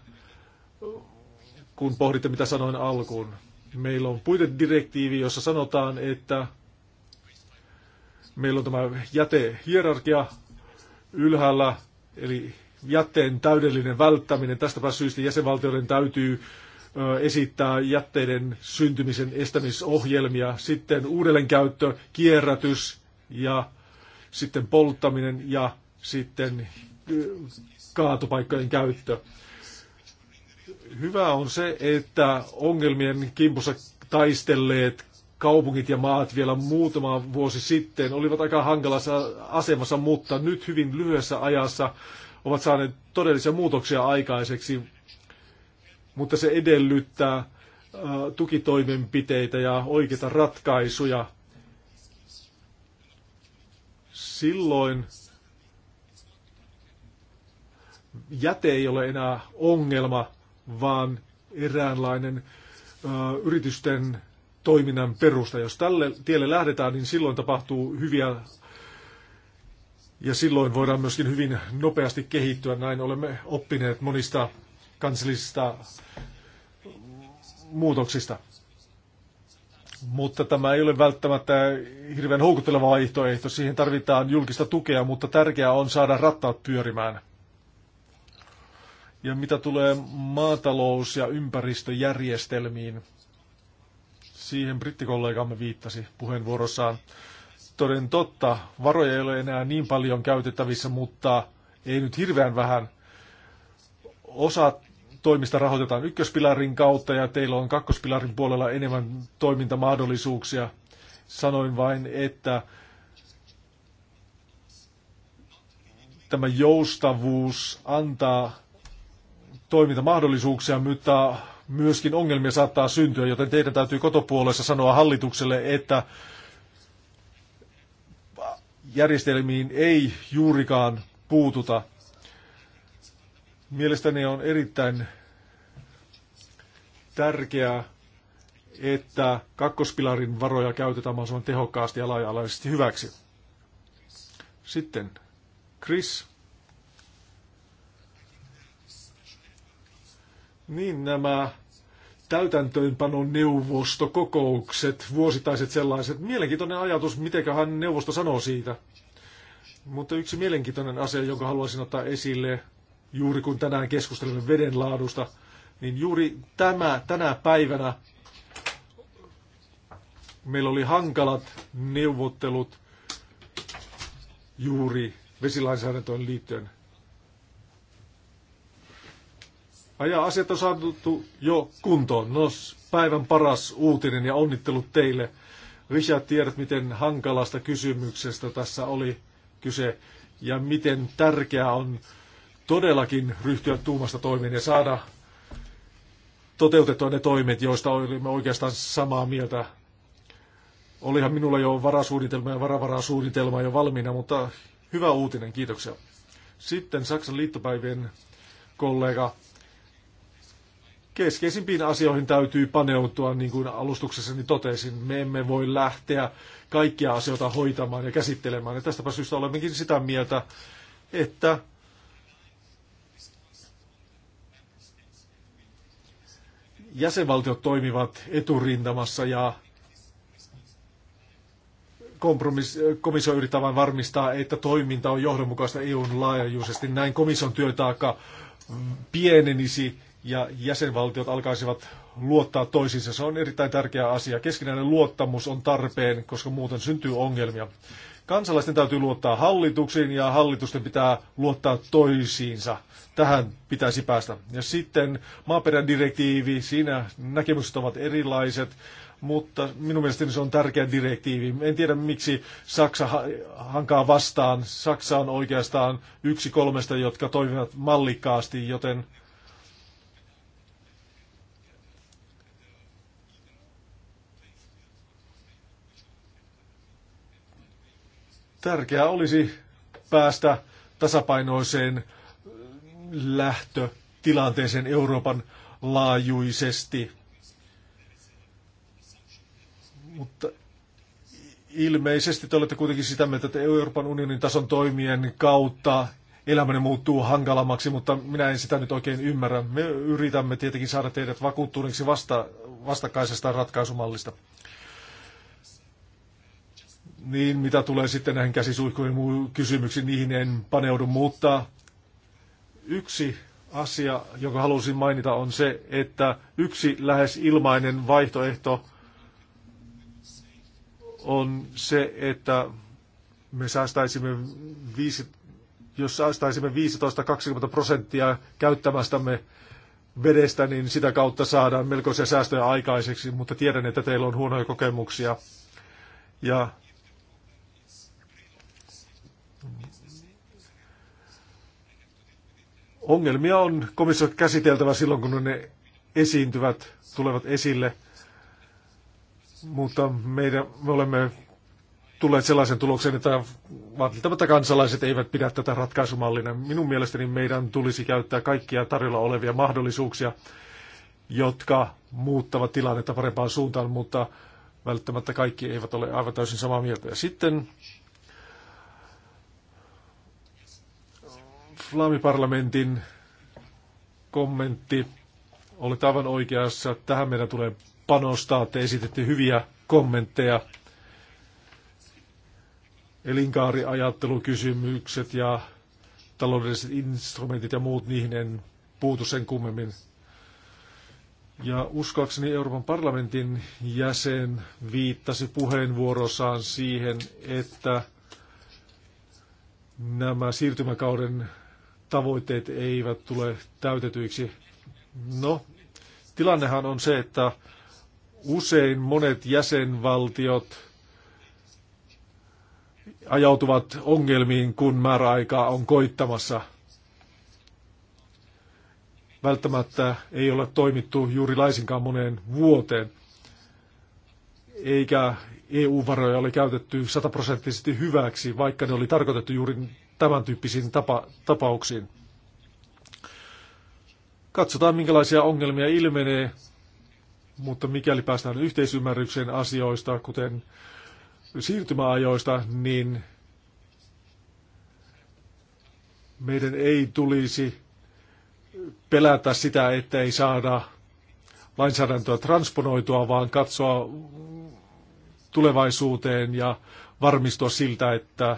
kun pohditte mitä sanoin alkuun. Niin meillä on puitedirektiivi, jossa sanotaan, että meillä on tämä jätehierarkia ylhäällä, eli jätteen täydellinen välttäminen. tästä syystä jäsenvaltioiden täytyy esittää jätteiden syntymisen estämisohjelmia, sitten uudelleenkäyttö, kierrätys ja sitten polttaminen ja sitten kaatopaikkojen käyttö. Hyvä on se, että ongelmien kimpussa taistelleet kaupungit ja maat vielä muutama vuosi sitten olivat aika hankalassa asemassa, mutta nyt hyvin lyhyessä ajassa ovat saaneet todellisia muutoksia aikaiseksi, mutta se edellyttää äh, tukitoimenpiteitä ja oikeita ratkaisuja. Silloin jäte ei ole enää ongelma, vaan eräänlainen ö, yritysten toiminnan perusta. Jos tälle tielle lähdetään, niin silloin tapahtuu hyviä ja silloin voidaan myöskin hyvin nopeasti kehittyä. Näin olemme oppineet monista kansallisista muutoksista. Mutta tämä ei ole välttämättä hirveän houkutteleva vaihtoehto. Siihen tarvitaan julkista tukea, mutta tärkeää on saada rattaat pyörimään. Ja mitä tulee maatalous- ja ympäristöjärjestelmiin, siihen brittikollegamme viittasi puheenvuorossaan. Toden totta, varoja ei ole enää niin paljon käytettävissä, mutta ei nyt hirveän vähän. Osa toimista rahoitetaan ykköspilarin kautta ja teillä on kakkospilarin puolella enemmän toimintamahdollisuuksia. Sanoin vain, että tämä joustavuus antaa toimintamahdollisuuksia, mutta myöskin ongelmia saattaa syntyä, joten teidän täytyy kotopuolessa sanoa hallitukselle, että järjestelmiin ei juurikaan puututa. Mielestäni on erittäin tärkeää, että kakkospilarin varoja käytetään mahdollisimman tehokkaasti ja laaja-alaisesti hyväksi. Sitten Chris. Niin nämä täytäntöönpanon neuvostokokoukset, vuosittaiset sellaiset. Mielenkiintoinen ajatus, mitenköhän neuvosto sanoo siitä. Mutta yksi mielenkiintoinen asia, jonka haluaisin ottaa esille, juuri kun tänään keskustelemme vedenlaadusta, niin juuri tämä, tänä päivänä meillä oli hankalat neuvottelut juuri vesilainsäädäntöön liittyen. Aja-asiat on saatu jo kuntoon. No, päivän paras uutinen ja onnittelut teille. Richard, tiedät, miten hankalasta kysymyksestä tässä oli kyse ja miten tärkeää on todellakin ryhtyä tuumasta toimeen ja saada toteutettua ne toimet, joista olimme oikeastaan samaa mieltä. Olihan minulla jo varasuunnitelma ja varavarasuunnitelma jo valmiina, mutta hyvä uutinen, kiitoksia. Sitten Saksan liittopäivien kollega keskeisimpiin asioihin täytyy paneutua, niin kuin alustuksessani totesin. Me emme voi lähteä kaikkia asioita hoitamaan ja käsittelemään. Ja tästäpä syystä olemmekin sitä mieltä, että jäsenvaltiot toimivat eturintamassa ja kompromiss, komissio yrittää vain varmistaa, että toiminta on johdonmukaista EUn laajuisesti. Näin komission työtaakka pienenisi ja jäsenvaltiot alkaisivat luottaa toisiinsa. Se on erittäin tärkeä asia. Keskinäinen luottamus on tarpeen, koska muuten syntyy ongelmia. Kansalaisten täytyy luottaa hallituksiin ja hallitusten pitää luottaa toisiinsa. Tähän pitäisi päästä. Ja sitten maaperän direktiivi, siinä näkemykset ovat erilaiset, mutta minun mielestäni se on tärkeä direktiivi. En tiedä miksi Saksa hankaa vastaan. Saksa on oikeastaan yksi kolmesta, jotka toimivat mallikkaasti, joten Tärkeää olisi päästä tasapainoiseen lähtötilanteeseen Euroopan laajuisesti. Mutta ilmeisesti te olette kuitenkin sitä mieltä, että Euroopan unionin tason toimien kautta elämäni muuttuu hankalammaksi, mutta minä en sitä nyt oikein ymmärrä. Me yritämme tietenkin saada teidät vakuuttuneeksi vasta, vastakkaisesta ratkaisumallista. Niin, mitä tulee sitten näihin käsisuihkuihin ja muihin kysymyksiin, niihin en paneudu, mutta yksi asia, jonka halusin mainita, on se, että yksi lähes ilmainen vaihtoehto on se, että me säästäisimme viisi, jos säästäisimme 15-20 prosenttia käyttämästämme vedestä, niin sitä kautta saadaan melkoisia säästöjä aikaiseksi, mutta tiedän, että teillä on huonoja kokemuksia. Ja Ongelmia on komissio käsiteltävä silloin, kun ne esiintyvät, tulevat esille, mutta meidän, me olemme tulleet sellaisen tulokseen, että välttämättä kansalaiset eivät pidä tätä ratkaisumallina. Minun mielestäni meidän tulisi käyttää kaikkia tarjolla olevia mahdollisuuksia, jotka muuttavat tilannetta parempaan suuntaan, mutta välttämättä kaikki eivät ole aivan täysin samaa mieltä. Ja sitten Flaamiparlamentin kommentti. Olet aivan oikeassa. Tähän meidän tulee panostaa. Te esitette hyviä kommentteja. Elinkaariajattelukysymykset ja taloudelliset instrumentit ja muut, niihin en puutu sen kummemmin. Ja uskoakseni Euroopan parlamentin jäsen viittasi puheenvuorossaan siihen, että nämä siirtymäkauden tavoitteet eivät tule täytetyiksi. No, tilannehan on se, että usein monet jäsenvaltiot ajautuvat ongelmiin, kun määräaika on koittamassa. Välttämättä ei ole toimittu juuri laisinkaan moneen vuoteen, eikä EU-varoja ole käytetty sataprosenttisesti hyväksi, vaikka ne oli tarkoitettu juuri tämän tyyppisiin tapa, tapauksiin. Katsotaan, minkälaisia ongelmia ilmenee, mutta mikäli päästään yhteisymmärrykseen asioista, kuten siirtymäajoista, niin meidän ei tulisi pelätä sitä, että ei saada lainsäädäntöä transponoitua, vaan katsoa tulevaisuuteen ja varmistua siltä, että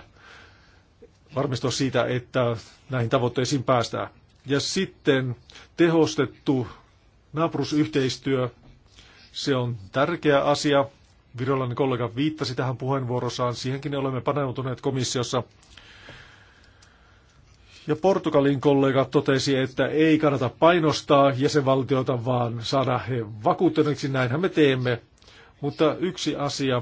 varmistua siitä, että näihin tavoitteisiin päästään. Ja sitten tehostettu naapurusyhteistyö, se on tärkeä asia. Virolainen kollega viittasi tähän puheenvuorossaan. Siihenkin olemme paneutuneet komissiossa. Ja Portugalin kollega totesi, että ei kannata painostaa jäsenvaltiota, vaan saada he vakuuttuneeksi. Näinhän me teemme. Mutta yksi asia,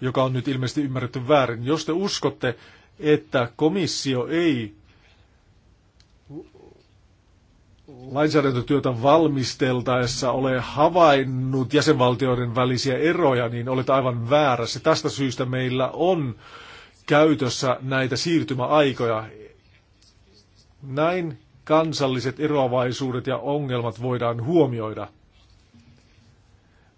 joka on nyt ilmeisesti ymmärretty väärin. Jos te uskotte, että komissio ei lainsäädäntötyötä valmisteltaessa ole havainnut jäsenvaltioiden välisiä eroja, niin olet aivan väärässä. Tästä syystä meillä on käytössä näitä siirtymäaikoja. Näin kansalliset eroavaisuudet ja ongelmat voidaan huomioida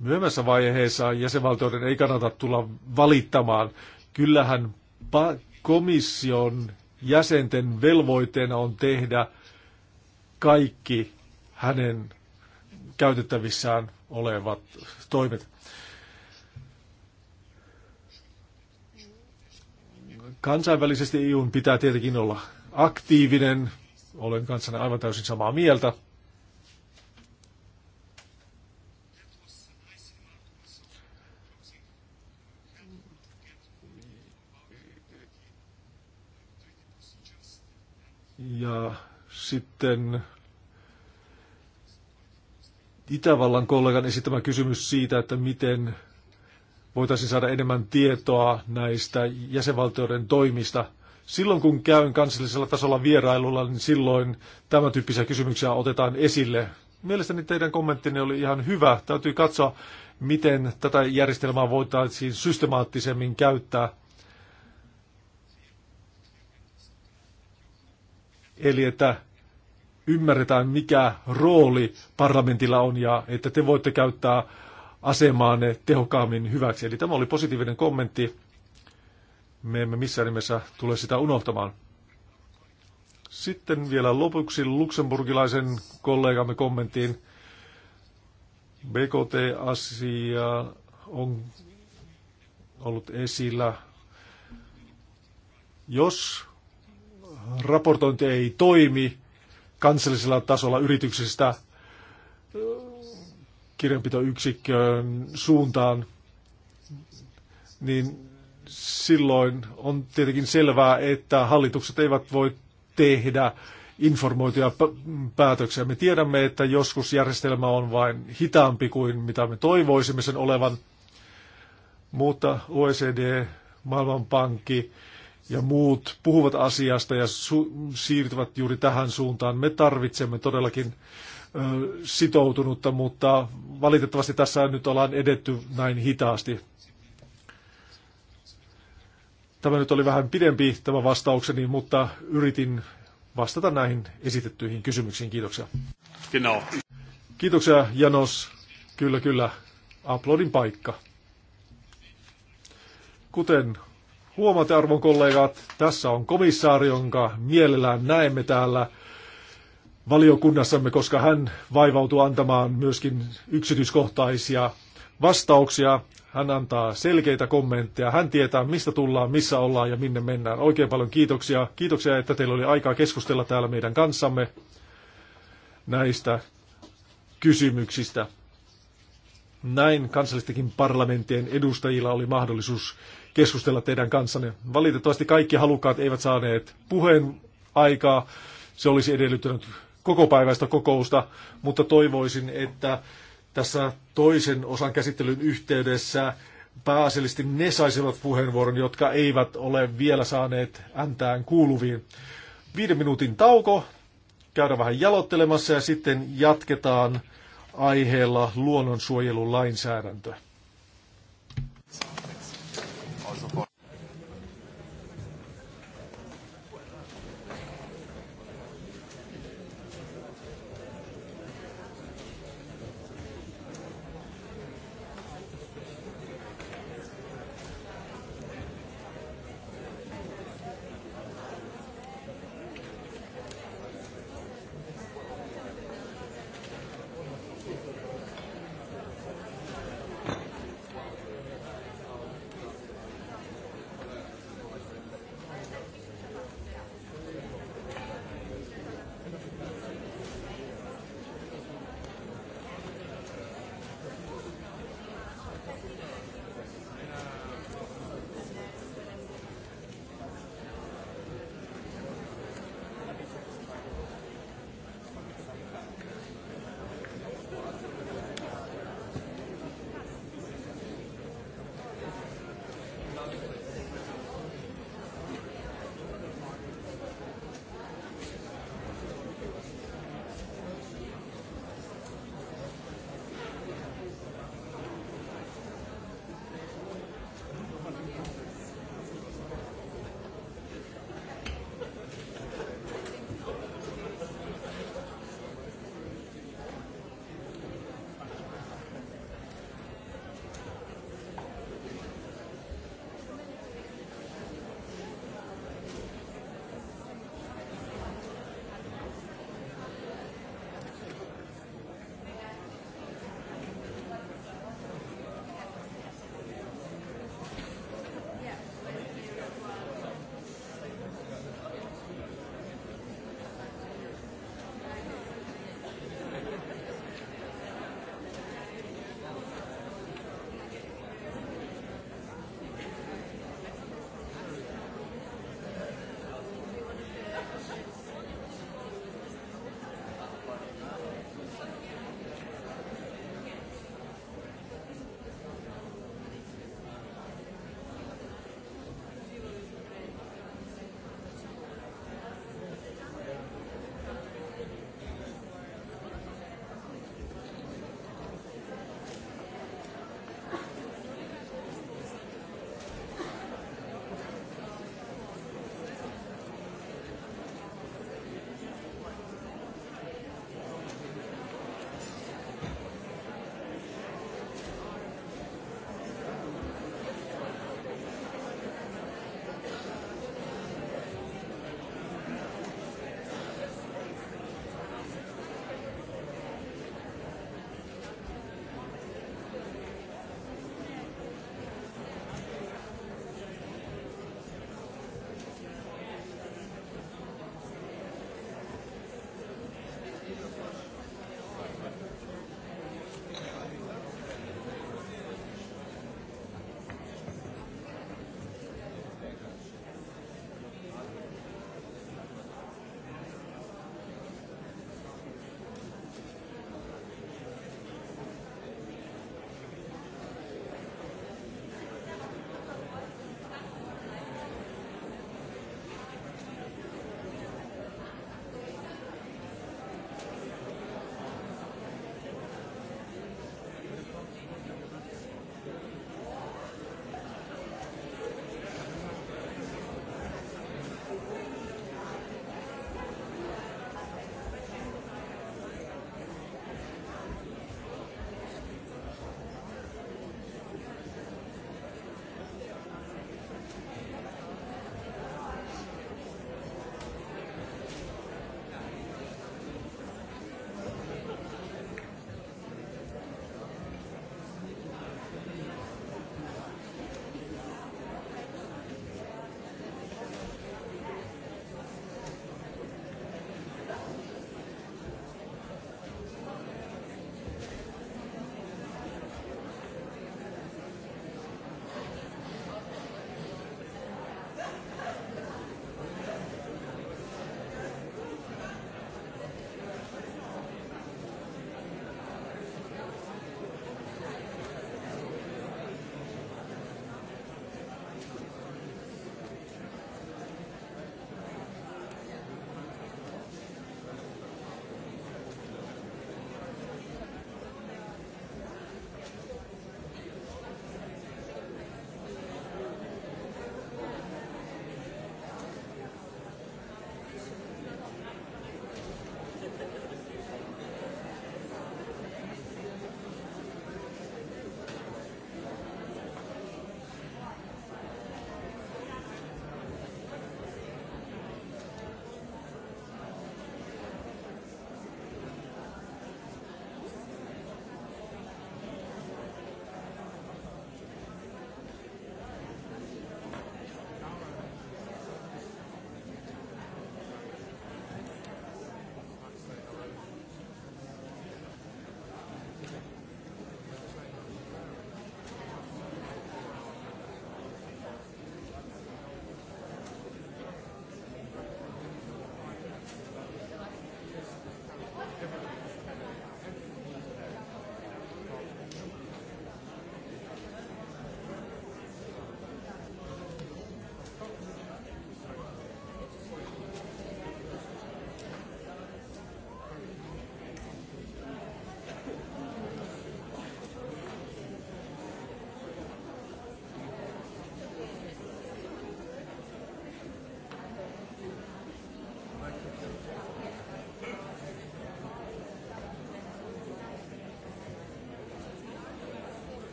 myöhemmässä vaiheessa jäsenvaltioiden ei kannata tulla valittamaan. Kyllähän komission jäsenten velvoitteena on tehdä kaikki hänen käytettävissään olevat toimet. Kansainvälisesti EU pitää tietenkin olla aktiivinen. Olen kanssani aivan täysin samaa mieltä. Ja sitten Itävallan kollegan esittämä kysymys siitä, että miten voitaisiin saada enemmän tietoa näistä jäsenvaltioiden toimista. Silloin kun käyn kansallisella tasolla vierailulla, niin silloin tämä tyyppisiä kysymyksiä otetaan esille. Mielestäni teidän kommenttinne oli ihan hyvä. Täytyy katsoa, miten tätä järjestelmää voitaisiin systemaattisemmin käyttää. Eli että ymmärretään, mikä rooli parlamentilla on ja että te voitte käyttää asemaanne tehokkaammin hyväksi. Eli tämä oli positiivinen kommentti. Me emme missään nimessä tule sitä unohtamaan. Sitten vielä lopuksi luksemburgilaisen kollegamme kommenttiin. BKT-asia on ollut esillä. Jos raportointi ei toimi kansallisella tasolla yrityksistä kirjanpitoyksikköön suuntaan, niin silloin on tietenkin selvää, että hallitukset eivät voi tehdä informoituja päätöksiä. Me tiedämme, että joskus järjestelmä on vain hitaampi kuin mitä me toivoisimme sen olevan, mutta OECD, Maailmanpankki, ja muut puhuvat asiasta ja siirtyvät juuri tähän suuntaan. Me tarvitsemme todellakin ö, sitoutunutta, mutta valitettavasti tässä nyt ollaan edetty näin hitaasti. Tämä nyt oli vähän pidempi tämä vastaukseni, mutta yritin vastata näihin esitettyihin kysymyksiin. Kiitoksia. Genau. Kiitoksia Janos. Kyllä, kyllä. Aplodin paikka. Kuten Huomaatte arvon kollegat, tässä on komissaari, jonka mielellään näemme täällä valiokunnassamme, koska hän vaivautuu antamaan myöskin yksityiskohtaisia vastauksia. Hän antaa selkeitä kommentteja. Hän tietää, mistä tullaan, missä ollaan ja minne mennään. Oikein paljon kiitoksia. Kiitoksia, että teillä oli aikaa keskustella täällä meidän kanssamme näistä kysymyksistä. Näin kansallistakin parlamenttien edustajilla oli mahdollisuus keskustella teidän kanssanne. Valitettavasti kaikki halukkaat eivät saaneet puheen aikaa. Se olisi edellyttänyt koko päiväistä kokousta, mutta toivoisin, että tässä toisen osan käsittelyn yhteydessä pääasiallisesti ne saisivat puheenvuoron, jotka eivät ole vielä saaneet äntään kuuluviin. Viiden minuutin tauko, käydä vähän jalottelemassa ja sitten jatketaan aiheella luonnonsuojelun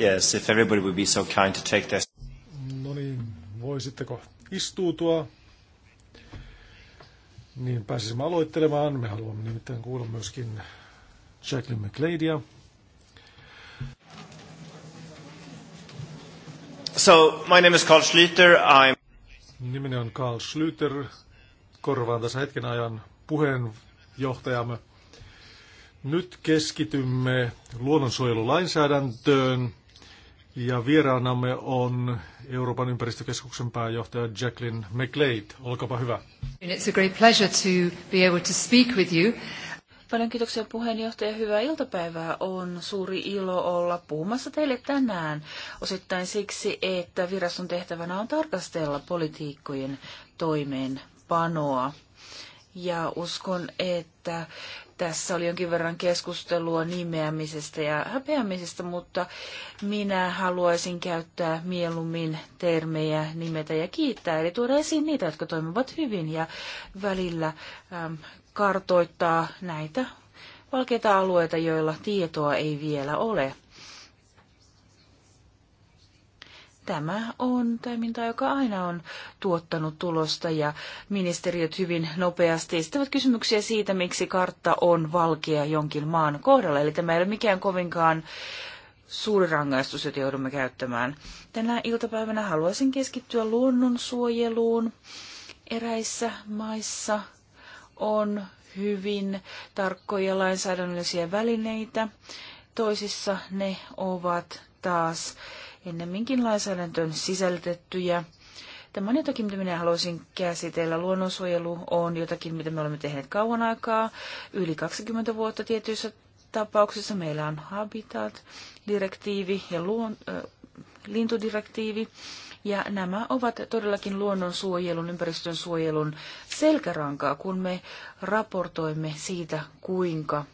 Yes, if everybody would be so kind to take this. No niin, voisitteko istuutua? Niin pääsisimme aloittelemaan. Me haluamme nimittäin kuulla myöskin Jacqueline McLeodia. So, my name is Carl Schlüter. I'm... Nimeni on Carl Schlüter. Korvaan tässä hetken ajan puheenjohtajamme. Nyt keskitymme luonnonsuojelulainsäädäntöön ja vieraanamme on Euroopan ympäristökeskuksen pääjohtaja Jacqueline McLeod. Olkaapa hyvä. It's a great pleasure to be able to speak with you. Paljon kiitoksia puheenjohtaja. Hyvää iltapäivää. On suuri ilo olla puhumassa teille tänään. Osittain siksi, että viraston tehtävänä on tarkastella politiikkojen toimeenpanoa. Ja uskon, että tässä oli jonkin verran keskustelua nimeämisestä ja häpeämisestä, mutta minä haluaisin käyttää mieluummin termejä, nimetä ja kiittää. Eli tuoda esiin niitä, jotka toimivat hyvin ja välillä ähm, kartoittaa näitä valkeita alueita, joilla tietoa ei vielä ole. tämä on toiminta, joka aina on tuottanut tulosta ja ministeriöt hyvin nopeasti esittävät kysymyksiä siitä, miksi kartta on valkea jonkin maan kohdalla. Eli tämä ei ole mikään kovinkaan suuri rangaistus, jota joudumme käyttämään. Tänä iltapäivänä haluaisin keskittyä luonnonsuojeluun. Eräissä maissa on hyvin tarkkoja lainsäädännöllisiä välineitä. Toisissa ne ovat taas ennemminkin lainsäädäntöön sisältettyjä. Tämä on jotakin, mitä minä haluaisin käsitellä. Luonnonsuojelu on jotakin, mitä me olemme tehneet kauan aikaa, yli 20 vuotta tietyissä tapauksissa. Meillä on Habitat-direktiivi ja luon, äh, lintudirektiivi. Ja nämä ovat todellakin luonnonsuojelun, ympäristön suojelun selkärankaa, kun me raportoimme siitä, kuinka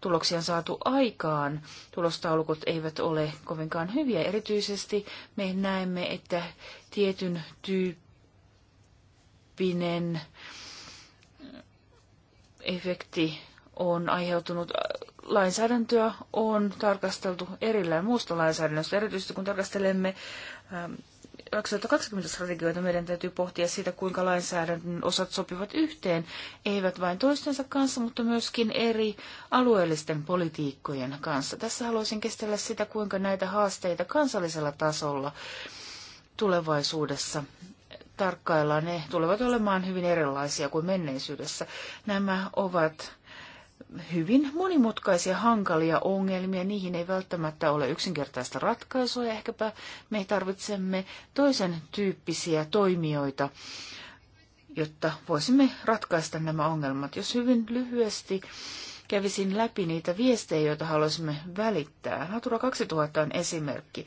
tuloksia on saatu aikaan. Tulostaulukot eivät ole kovinkaan hyviä. Erityisesti me näemme, että tietyn tyyppinen efekti on aiheutunut, lainsäädäntöä on tarkasteltu erillään muusta lainsäädännöstä, erityisesti kun tarkastelemme ähm, 2020 strategioita meidän täytyy pohtia siitä, kuinka lainsäädännön osat sopivat yhteen, eivät vain toistensa kanssa, mutta myöskin eri alueellisten politiikkojen kanssa. Tässä haluaisin kestellä sitä, kuinka näitä haasteita kansallisella tasolla tulevaisuudessa tarkkaillaan. Ne tulevat olemaan hyvin erilaisia kuin menneisyydessä. Nämä ovat hyvin monimutkaisia, hankalia ongelmia. Niihin ei välttämättä ole yksinkertaista ratkaisua. Ehkäpä me tarvitsemme toisen tyyppisiä toimijoita, jotta voisimme ratkaista nämä ongelmat. Jos hyvin lyhyesti kävisin läpi niitä viestejä, joita haluaisimme välittää. Natura 2000 on esimerkki.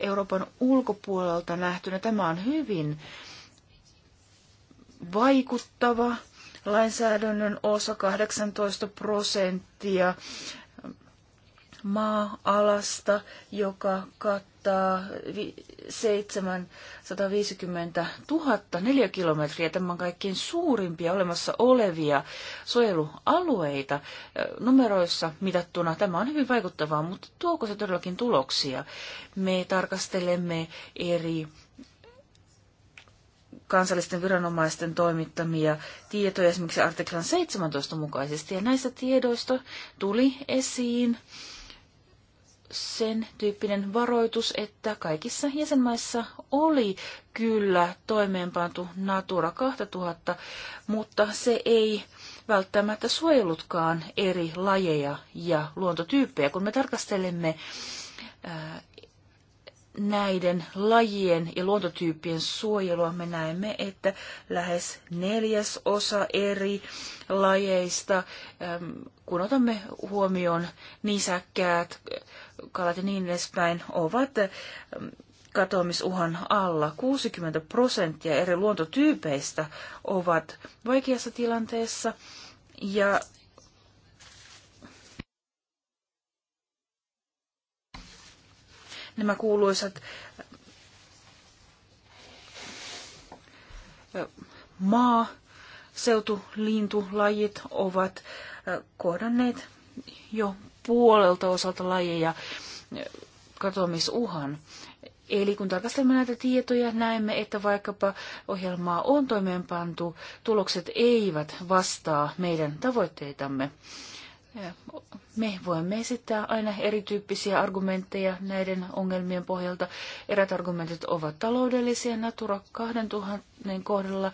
Euroopan ulkopuolelta nähtynä tämä on hyvin vaikuttava lainsäädännön osa 18 prosenttia maa-alasta, joka kattaa 750 000 neliökilometriä. Tämä on kaikkein suurimpia olemassa olevia suojelualueita numeroissa mitattuna. Tämä on hyvin vaikuttavaa, mutta tuoko se todellakin tuloksia? Me tarkastelemme eri kansallisten viranomaisten toimittamia tietoja esimerkiksi artiklan 17 mukaisesti. Ja näistä tiedoista tuli esiin sen tyyppinen varoitus, että kaikissa jäsenmaissa oli kyllä toimeenpantu Natura 2000, mutta se ei välttämättä suojellutkaan eri lajeja ja luontotyyppejä. Kun me tarkastelemme näiden lajien ja luontotyyppien suojelua me näemme, että lähes neljäs osa eri lajeista, ähm, kun otamme huomioon nisäkkäät, kalat ja niin edespäin, ovat ähm, katoamisuhan alla. 60 prosenttia eri luontotyypeistä ovat vaikeassa tilanteessa ja nämä kuuluisat maa, lajit ovat kohdanneet jo puolelta osalta lajeja katoamisuhan. Eli kun tarkastelemme näitä tietoja, näemme, että vaikkapa ohjelmaa on toimeenpantu, tulokset eivät vastaa meidän tavoitteitamme me voimme esittää aina erityyppisiä argumentteja näiden ongelmien pohjalta. Erät argumentit ovat taloudellisia. Natura 2000 kohdalla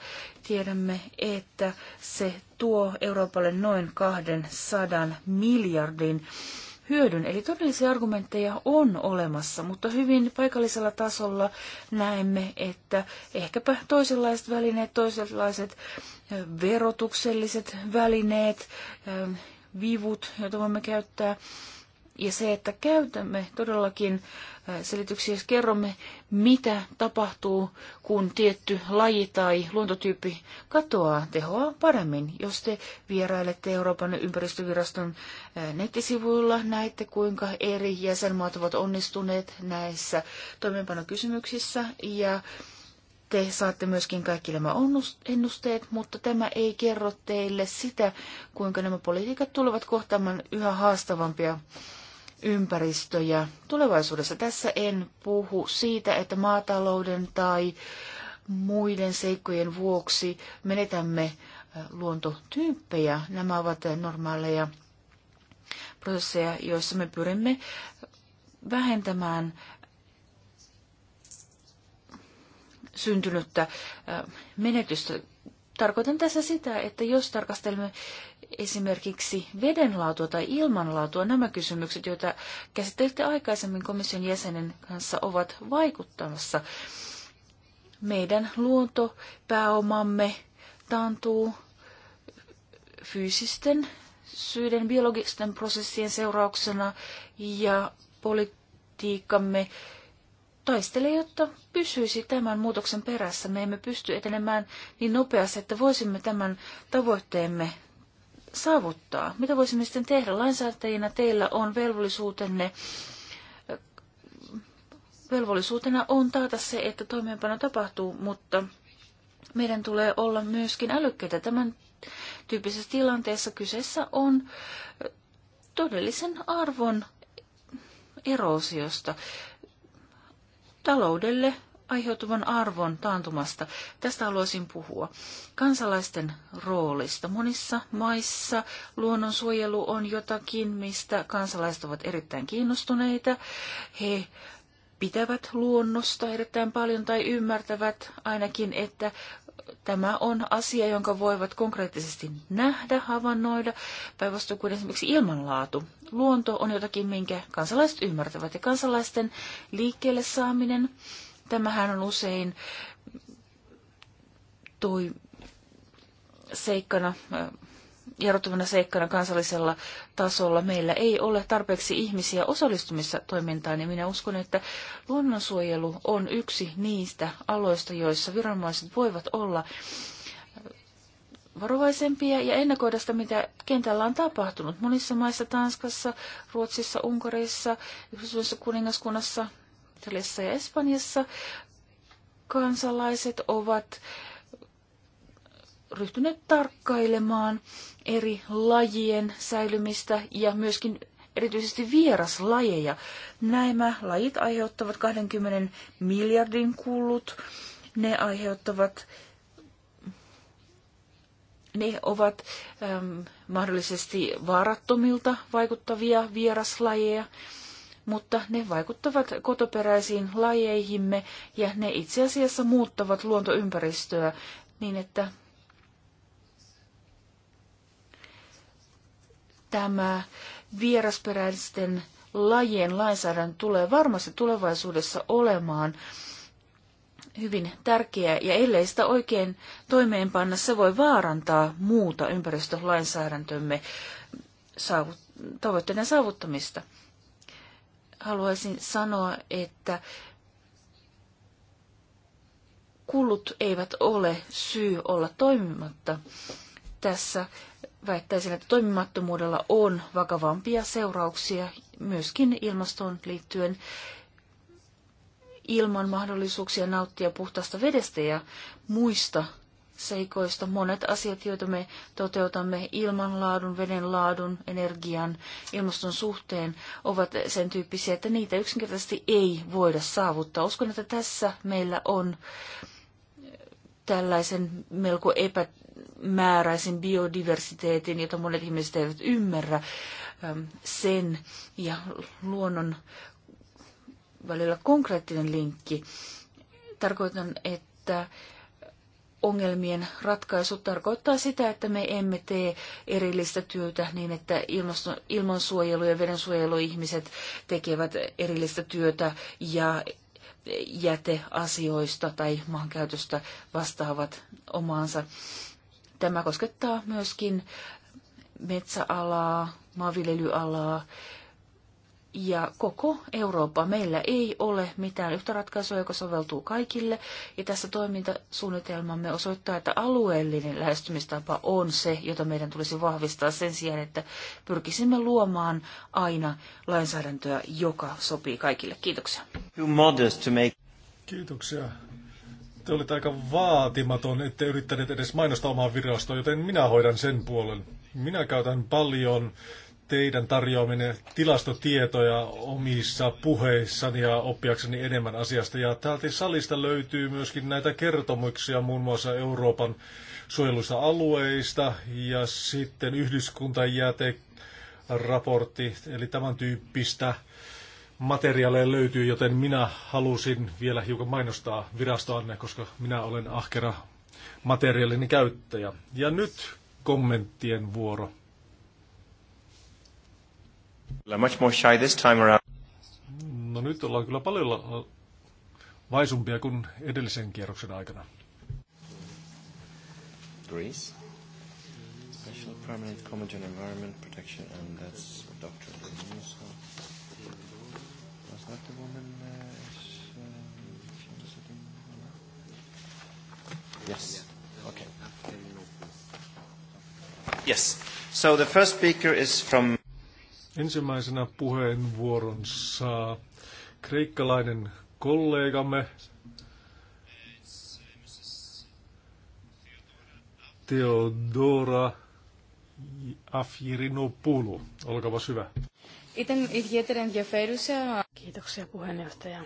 tiedämme, että se tuo Euroopalle noin 200 miljardin hyödyn. Eli todellisia argumentteja on olemassa, mutta hyvin paikallisella tasolla näemme, että ehkäpä toisenlaiset välineet, toisenlaiset verotukselliset välineet, vivut, joita voimme käyttää. Ja se, että käytämme todellakin äh, selityksiä, jos kerromme, mitä tapahtuu, kun tietty laji tai luontotyyppi katoaa tehoa paremmin. Jos te vierailette Euroopan ympäristöviraston äh, nettisivuilla, näette, kuinka eri jäsenmaat ovat onnistuneet näissä toimeenpanokysymyksissä ja kysymyksissä te saatte myöskin kaikki nämä ennusteet, mutta tämä ei kerro teille sitä, kuinka nämä politiikat tulevat kohtaamaan yhä haastavampia ympäristöjä tulevaisuudessa. Tässä en puhu siitä, että maatalouden tai muiden seikkojen vuoksi menetämme luontotyyppejä. Nämä ovat normaaleja prosesseja, joissa me pyrimme vähentämään syntynyttä menetystä. Tarkoitan tässä sitä, että jos tarkastelemme esimerkiksi vedenlaatua tai ilmanlaatua, nämä kysymykset, joita käsittelitte aikaisemmin komission jäsenen kanssa, ovat vaikuttamassa. Meidän luontopääomamme taantuu fyysisten syiden biologisten prosessien seurauksena ja politiikkamme taistele, jotta pysyisi tämän muutoksen perässä. Me emme pysty etenemään niin nopeasti, että voisimme tämän tavoitteemme saavuttaa. Mitä voisimme sitten tehdä? Lainsäätäjinä teillä on velvollisuutenne velvollisuutena on taata se, että toimeenpano tapahtuu, mutta meidän tulee olla myöskin älykkäitä. Tämän tyyppisessä tilanteessa kyseessä on todellisen arvon erosiosta taloudelle aiheutuvan arvon taantumasta. Tästä haluaisin puhua. Kansalaisten roolista. Monissa maissa luonnonsuojelu on jotakin, mistä kansalaiset ovat erittäin kiinnostuneita. He pitävät luonnosta erittäin paljon tai ymmärtävät ainakin, että tämä on asia, jonka voivat konkreettisesti nähdä, havainnoida, päinvastoin kuin esimerkiksi ilmanlaatu. Luonto on jotakin, minkä kansalaiset ymmärtävät, ja kansalaisten liikkeelle saaminen, tämähän on usein toi seikkana jarruttavana seikkana kansallisella tasolla. Meillä ei ole tarpeeksi ihmisiä osallistumissa toimintaan ja minä uskon, että luonnonsuojelu on yksi niistä aloista, joissa viranomaiset voivat olla varovaisempia ja ennakoida sitä, mitä kentällä on tapahtunut. Monissa maissa, Tanskassa, Ruotsissa, Unkarissa, Yhdysvalloissa kuningaskunnassa, Italiassa ja Espanjassa kansalaiset ovat ryhtyneet tarkkailemaan eri lajien säilymistä ja myöskin erityisesti vieraslajeja. Nämä lajit aiheuttavat 20 miljardin kulut. Ne aiheuttavat ne ovat ähm, mahdollisesti vaarattomilta vaikuttavia vieraslajeja, mutta ne vaikuttavat kotoperäisiin lajeihimme ja ne itse asiassa muuttavat luontoympäristöä niin, että tämä vierasperäisten lajien lainsäädäntö tulee varmasti tulevaisuudessa olemaan hyvin tärkeä, ja ellei sitä oikein toimeenpanna, se voi vaarantaa muuta ympäristölainsäädäntömme saavut- tavoitteiden saavuttamista. Haluaisin sanoa, että kulut eivät ole syy olla toimimatta tässä väittäisin, että toimimattomuudella on vakavampia seurauksia myöskin ilmastoon liittyen ilman mahdollisuuksia nauttia puhtaasta vedestä ja muista seikoista. Monet asiat, joita me toteutamme ilmanlaadun, veden laadun, energian, ilmaston suhteen, ovat sen tyyppisiä, että niitä yksinkertaisesti ei voida saavuttaa. Uskon, että tässä meillä on tällaisen melko epä määräisen biodiversiteetin, jota monet ihmiset eivät ymmärrä, ähm, sen ja luonnon välillä konkreettinen linkki. Tarkoitan, että ongelmien ratkaisu tarkoittaa sitä, että me emme tee erillistä työtä niin, että ilmansuojelu ja vedensuojelu ihmiset tekevät erillistä työtä ja jäteasioista tai maankäytöstä vastaavat omaansa. Tämä koskettaa myöskin metsäalaa, maanviljelyalaa ja koko Eurooppa. Meillä ei ole mitään yhtä ratkaisua, joka soveltuu kaikille. Ja tässä toimintasuunnitelmamme osoittaa, että alueellinen lähestymistapa on se, jota meidän tulisi vahvistaa sen sijaan, että pyrkisimme luomaan aina lainsäädäntöä, joka sopii kaikille. Kiitoksia. Kiitoksia te olette aika vaatimaton, ette yrittäneet edes mainostaa omaa virastoa, joten minä hoidan sen puolen. Minä käytän paljon teidän tarjoaminen tilastotietoja omissa puheissani ja oppiakseni enemmän asiasta. Ja täältä salista löytyy myöskin näitä kertomuksia muun muassa Euroopan suojeluista alueista ja sitten yhdyskuntajäte raportti, eli tämän tyyppistä materiaaleja löytyy, joten minä halusin vielä hiukan mainostaa virastoanne, koska minä olen ahkera materiaalinen käyttäjä. Ja nyt kommenttien vuoro. Much more shy this time around. No nyt ollaan kyllä paljon vaisumpia kuin edellisen kierroksen aikana. Greece. Special Permanent Comment on Environment Protection and that's Dr. Yes. Okay. Yes. So the first speaker is from... Ensimmäisenä puheenvuoron saa kreikkalainen kollegamme Theodora Afirinopoulou. Olkaa hyvä. Ήταν ιδιαίτερα ενδιαφέρουσα. Κοίταξε, puheenjohtaja.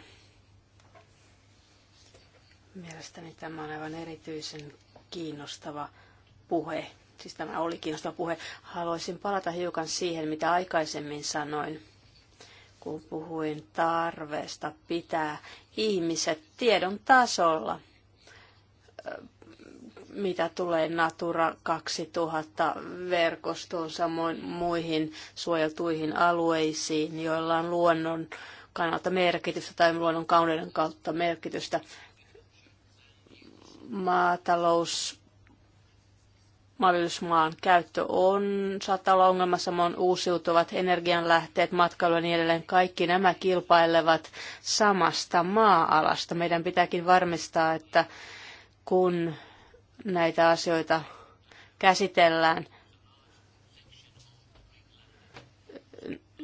Mielestäni tämä on aivan erityisen kiinnostava puhe. Siis tämä oli kiinnostava puhe. Haluaisin palata hiukan siihen, mitä aikaisemmin sanoin, kun puhuin tarveesta pitää ihmiset tiedon tasolla, mitä tulee Natura 2000 verkostoon, samoin muihin suojeltuihin alueisiin, joilla on luonnon kannalta merkitystä tai luonnon kauneuden kautta merkitystä maatalous, maanviljelysmaan käyttö on, saattaa olla ongelma, samoin uusiutuvat energianlähteet, matkailu ja niin edelleen. Kaikki nämä kilpailevat samasta maa-alasta. Meidän pitääkin varmistaa, että kun näitä asioita käsitellään –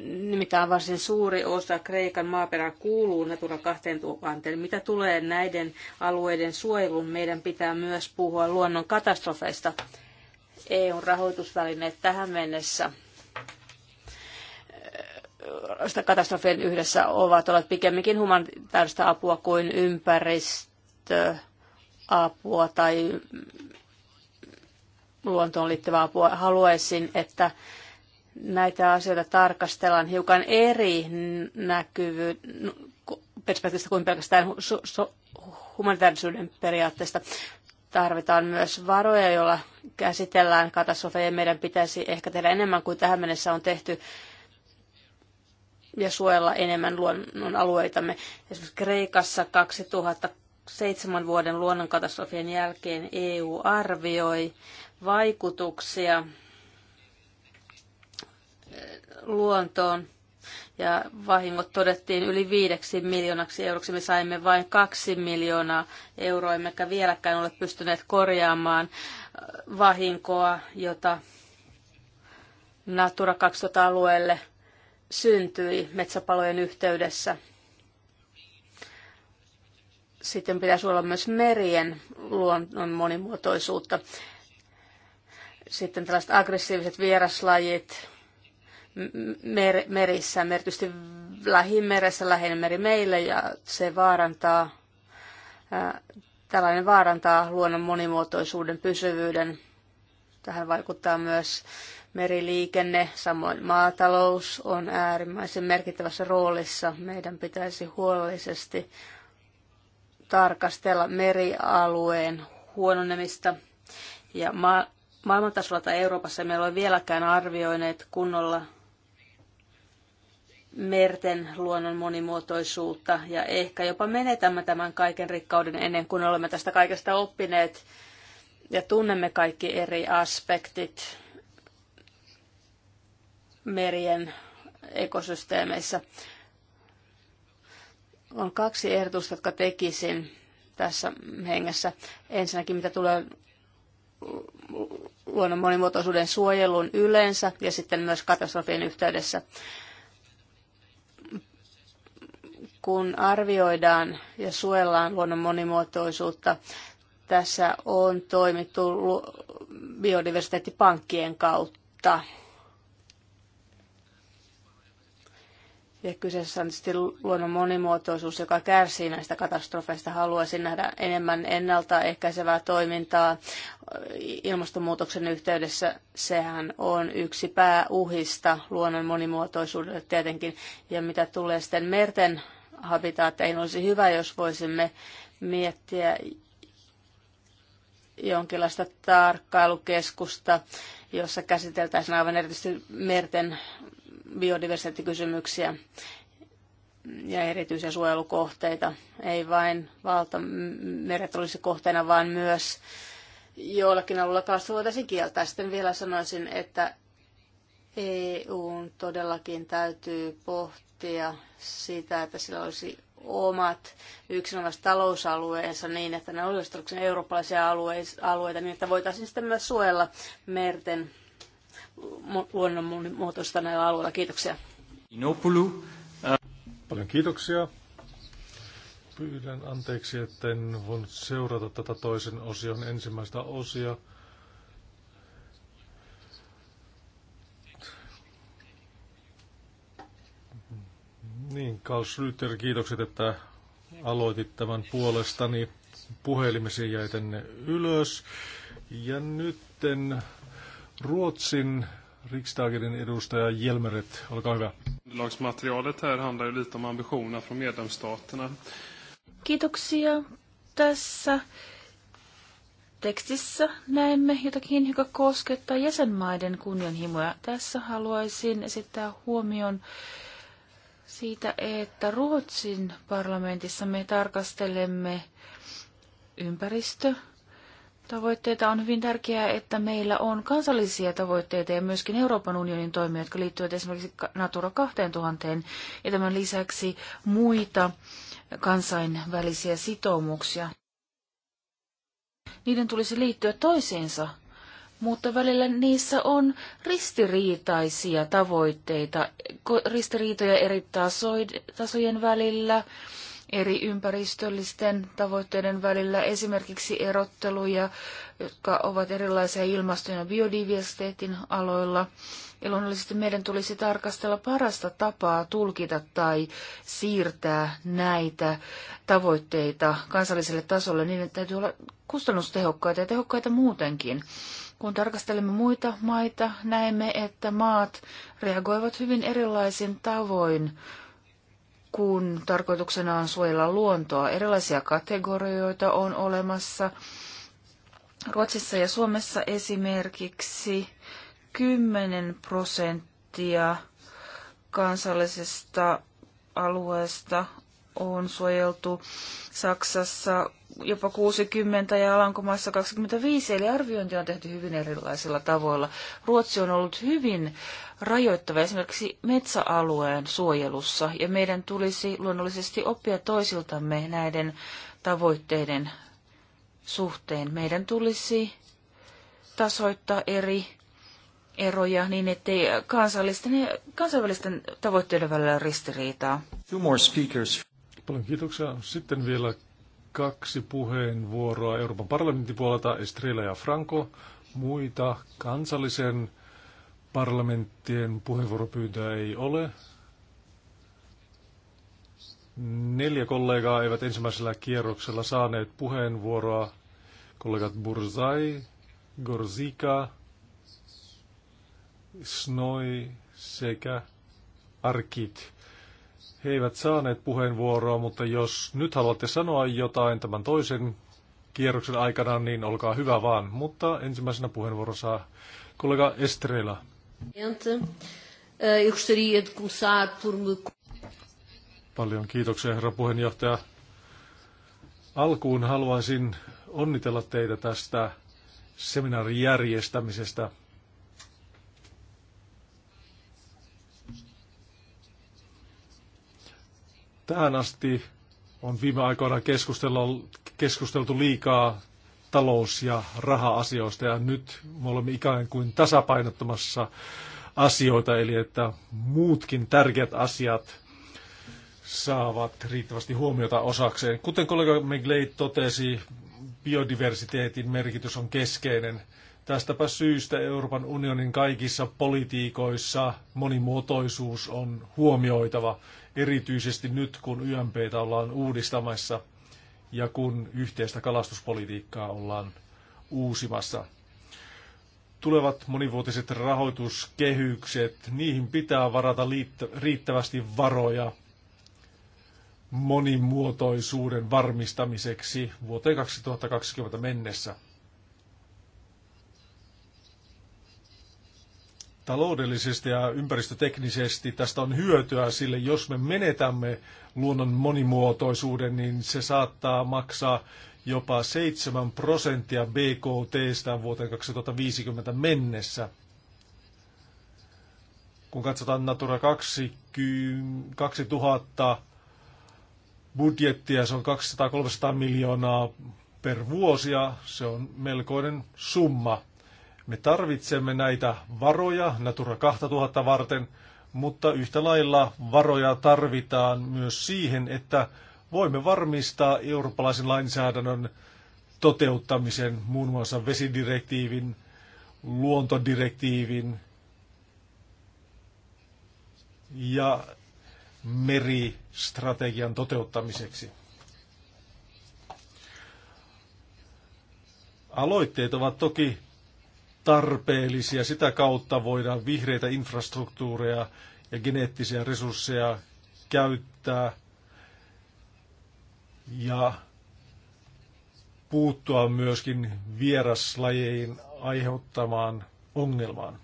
nimittäin varsin suuri osa Kreikan maaperää kuuluu Natura 2000. Mitä tulee näiden alueiden suojeluun, meidän pitää myös puhua luonnon katastrofeista. EUn rahoitusvälineet tähän mennessä sitä katastrofien yhdessä ovat olleet pikemminkin humanitaarista apua kuin ympäristöapua tai luontoon liittyvää apua. Haluaisin, että näitä asioita tarkastellaan hiukan eri näkyvyyden perspektiivistä kuin pelkästään so- humanitaarisuuden periaatteesta. Tarvitaan myös varoja, joilla käsitellään katastrofeja. Meidän pitäisi ehkä tehdä enemmän kuin tähän mennessä on tehty ja suojella enemmän luonnon alueitamme. Esimerkiksi Kreikassa 2007 vuoden luonnonkatastrofien jälkeen EU arvioi vaikutuksia luontoon ja vahingot todettiin yli viideksi miljoonaksi euroksi. Me saimme vain kaksi miljoonaa euroa, emmekä vieläkään ole pystyneet korjaamaan äh, vahinkoa, jota Natura 2000-alueelle syntyi metsäpalojen yhteydessä. Sitten pitäisi olla myös merien luonnon monimuotoisuutta. Sitten tällaiset aggressiiviset vieraslajit, mer- merissä, erityisesti lähimeressä, läheinen meri meille, ja se vaarantaa, ää, tällainen vaarantaa luonnon monimuotoisuuden pysyvyyden. Tähän vaikuttaa myös meriliikenne, samoin maatalous on äärimmäisen merkittävässä roolissa. Meidän pitäisi huolellisesti tarkastella merialueen huononemista ja ma- maailmantasolla tai Euroopassa meillä ole vieläkään arvioineet kunnolla merten luonnon monimuotoisuutta ja ehkä jopa menetämme tämän kaiken rikkauden ennen kuin olemme tästä kaikesta oppineet ja tunnemme kaikki eri aspektit merien ekosysteemeissä. On kaksi ehdotusta, jotka tekisin tässä hengessä. Ensinnäkin, mitä tulee luonnon monimuotoisuuden suojeluun yleensä ja sitten myös katastrofien yhteydessä kun arvioidaan ja suojellaan luonnon monimuotoisuutta, tässä on toimittu biodiversiteettipankkien kautta. Ja kyseessä on tietysti luonnon monimuotoisuus, joka kärsii näistä katastrofeista. Haluaisin nähdä enemmän ennaltaehkäisevää toimintaa ilmastonmuutoksen yhteydessä. Sehän on yksi pääuhista luonnon monimuotoisuudelle tietenkin. Ja mitä tulee sitten merten habitaatteihin. Olisi hyvä, jos voisimme miettiä jonkinlaista tarkkailukeskusta, jossa käsiteltäisiin aivan erityisesti merten biodiversiteettikysymyksiä ja erityisiä suojelukohteita. Ei vain valtameret olisi kohteena, vaan myös joillakin alueilla kalastus voitaisiin kieltää. Sitten vielä sanoisin, että EU todellakin täytyy pohtia pohtia sitä, että sillä olisi omat yksinomaiset talousalueensa niin, että ne olisivat eurooppalaisia alueita, niin että voitaisiin sitten myös suojella merten luonnon näillä alueilla. Kiitoksia. Inopulu. Äh. Paljon kiitoksia. Pyydän anteeksi, että en voinut seurata tätä toisen osion ensimmäistä osia. Niin, Karl Schlüter, kiitokset, että aloitit tämän puolestani. Puhelimesi jäi tänne ylös. Ja nyt Ruotsin riksdagen edustaja Jelmeret, olkaa hyvä. Lagsmateriaalet här handlar ju lite om ambitionerna från medlemsstaterna. Kiitoksia. Tässä tekstissä näemme jotakin, joka koskettaa jäsenmaiden kunnianhimoja. Tässä haluaisin esittää huomion siitä, että Ruotsin parlamentissa me tarkastelemme ympäristötavoitteita. On hyvin tärkeää, että meillä on kansallisia tavoitteita ja myöskin Euroopan unionin toimia, jotka liittyvät esimerkiksi Natura 2000 ja tämän lisäksi muita kansainvälisiä sitoumuksia. Niiden tulisi liittyä toisiinsa mutta välillä niissä on ristiriitaisia tavoitteita, ristiriitoja eri tasojen välillä, eri ympäristöllisten tavoitteiden välillä, esimerkiksi erotteluja, jotka ovat erilaisia ilmasto- ja biodiversiteetin aloilla. Ja luonnollisesti meidän tulisi tarkastella parasta tapaa tulkita tai siirtää näitä tavoitteita kansalliselle tasolle. Niiden täytyy olla kustannustehokkaita ja tehokkaita muutenkin. Kun tarkastelemme muita maita, näemme, että maat reagoivat hyvin erilaisin tavoin, kun tarkoituksena on suojella luontoa. Erilaisia kategorioita on olemassa. Ruotsissa ja Suomessa esimerkiksi 10 prosenttia kansallisesta alueesta on suojeltu Saksassa jopa 60 ja Alankomaissa 25, eli arviointi on tehty hyvin erilaisilla tavoilla. Ruotsi on ollut hyvin rajoittava esimerkiksi metsäalueen suojelussa, ja meidän tulisi luonnollisesti oppia toisiltamme näiden tavoitteiden suhteen. Meidän tulisi tasoittaa eri eroja niin, ettei kansallisten ja kansainvälisten tavoitteiden välillä ristiriitaa. Two more speakers. Paljon kiitoksia. Sitten vielä kaksi puheenvuoroa Euroopan parlamentin puolelta, Estrella ja Franco. Muita kansallisen parlamenttien puheenvuoropyyntöä ei ole. Neljä kollegaa eivät ensimmäisellä kierroksella saaneet puheenvuoroa. Kollegat Burzai, Gorzika, Snoi sekä Arkit. He eivät saaneet puheenvuoroa, mutta jos nyt haluatte sanoa jotain tämän toisen kierroksen aikana, niin olkaa hyvä vaan. Mutta ensimmäisenä puheenvuoro saa kollega Estrela. Eh, Paljon kiitoksia, herra puheenjohtaja. Alkuun haluaisin onnitella teitä tästä seminaarin järjestämisestä. Tähän asti on viime aikoina keskusteltu liikaa talous- ja raha-asioista ja nyt me olemme ikään kuin tasapainottamassa asioita, eli että muutkin tärkeät asiat saavat riittävästi huomiota osakseen. Kuten kollega McGlade totesi, biodiversiteetin merkitys on keskeinen Tästäpä syystä Euroopan unionin kaikissa politiikoissa monimuotoisuus on huomioitava, erityisesti nyt kun YMPtä ollaan uudistamassa ja kun yhteistä kalastuspolitiikkaa ollaan uusimassa. Tulevat monivuotiset rahoituskehykset, niihin pitää varata riittävästi varoja monimuotoisuuden varmistamiseksi vuoteen 2020 mennessä. taloudellisesti ja ympäristöteknisesti tästä on hyötyä, sille jos me menetämme luonnon monimuotoisuuden, niin se saattaa maksaa jopa 7 prosenttia BKTstä vuoteen 2050 mennessä. Kun katsotaan Natura 2000 budjettia, se on 200-300 miljoonaa per vuosi ja se on melkoinen summa. Me tarvitsemme näitä varoja Natura 2000 varten, mutta yhtä lailla varoja tarvitaan myös siihen, että voimme varmistaa eurooppalaisen lainsäädännön toteuttamisen, muun muassa vesidirektiivin, luontodirektiivin ja meristrategian toteuttamiseksi. Aloitteet ovat toki tarpeellisia. Sitä kautta voidaan vihreitä infrastruktuureja ja geneettisiä resursseja käyttää ja puuttua myöskin vieraslajeihin aiheuttamaan ongelmaan.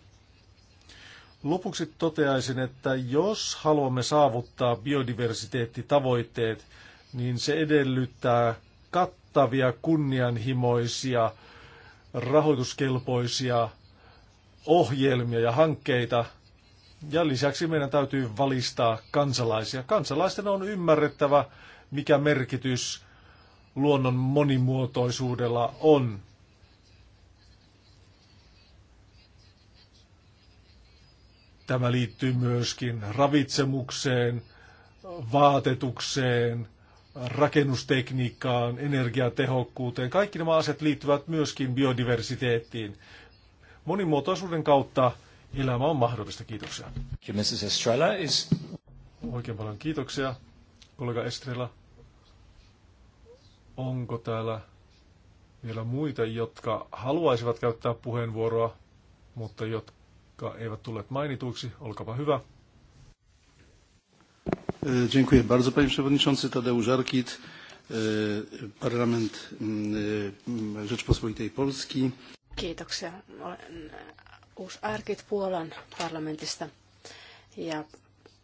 Lopuksi toteaisin, että jos haluamme saavuttaa biodiversiteettitavoitteet, niin se edellyttää kattavia kunnianhimoisia rahoituskelpoisia ohjelmia ja hankkeita. Ja lisäksi meidän täytyy valistaa kansalaisia. Kansalaisten on ymmärrettävä, mikä merkitys luonnon monimuotoisuudella on. Tämä liittyy myöskin ravitsemukseen, vaatetukseen – rakennustekniikkaan, energiatehokkuuteen. Kaikki nämä asiat liittyvät myöskin biodiversiteettiin. Monimuotoisuuden kautta elämä on mahdollista. Kiitoksia. Mrs. Estrella is... Oikein paljon kiitoksia, kollega Estrella. Onko täällä vielä muita, jotka haluaisivat käyttää puheenvuoroa, mutta jotka eivät tulleet mainituiksi? Olkapa hyvä. E, dziękuję bardzo panie przewodniczący. Tadeusz Arkit, e, Parlament mm, e, Rzeczpospolitej Polski. Kiitoksia. Olen Uus Arkit Puolan parlamentista ja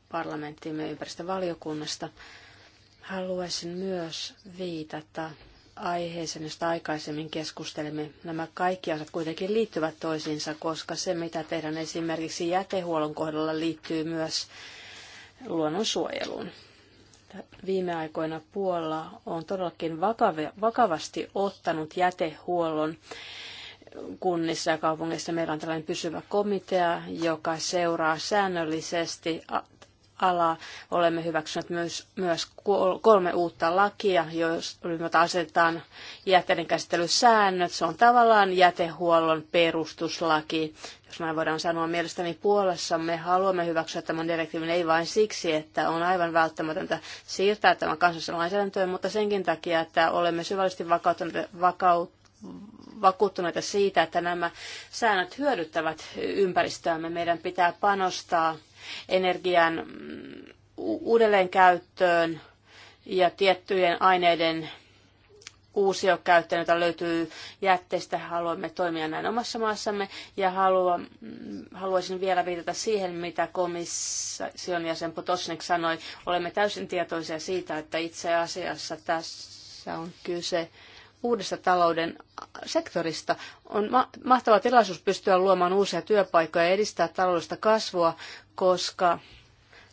parlamenttimme ympäristövaliokunnasta. Haluaisin myös viitata aiheeseen, josta aikaisemmin keskustelimme. Nämä kaikki asiat kuitenkin liittyvät toisiinsa, koska se, mitä tehdään esimerkiksi jätehuollon kohdalla, liittyy myös luonnonsuojeluun. Viime aikoina Puola on todellakin vakavasti ottanut jätehuollon kunnissa ja kaupungeissa meillä on tällainen pysyvä komitea, joka seuraa säännöllisesti alaa. Olemme hyväksyneet myös, myös kolme uutta lakia, joilla asetetaan jäteiden käsittelysäännöt. Se on tavallaan jätehuollon perustuslaki, jos näin voidaan sanoa. Mielestäni Puolassa me haluamme hyväksyä tämän direktiivin ei vain siksi, että on aivan välttämätöntä siirtää tämän kansallisen lainsäädäntöön, mutta senkin takia, että olemme syvällisesti vakautuneita, vakaut, vakuuttuneita siitä, että nämä säännöt hyödyttävät ympäristöämme. Meidän pitää panostaa energian mm, uudelleenkäyttöön ja tiettyjen aineiden uusiokäyttöön, jota löytyy jätteistä. Haluamme toimia näin omassa maassamme ja mm, haluaisin vielä viitata siihen, mitä komission jäsen Potosnik sanoi. Olemme täysin tietoisia siitä, että itse asiassa tässä on kyse uudesta talouden sektorista. On ma- mahtava tilaisuus pystyä luomaan uusia työpaikkoja ja edistää taloudellista kasvua, koska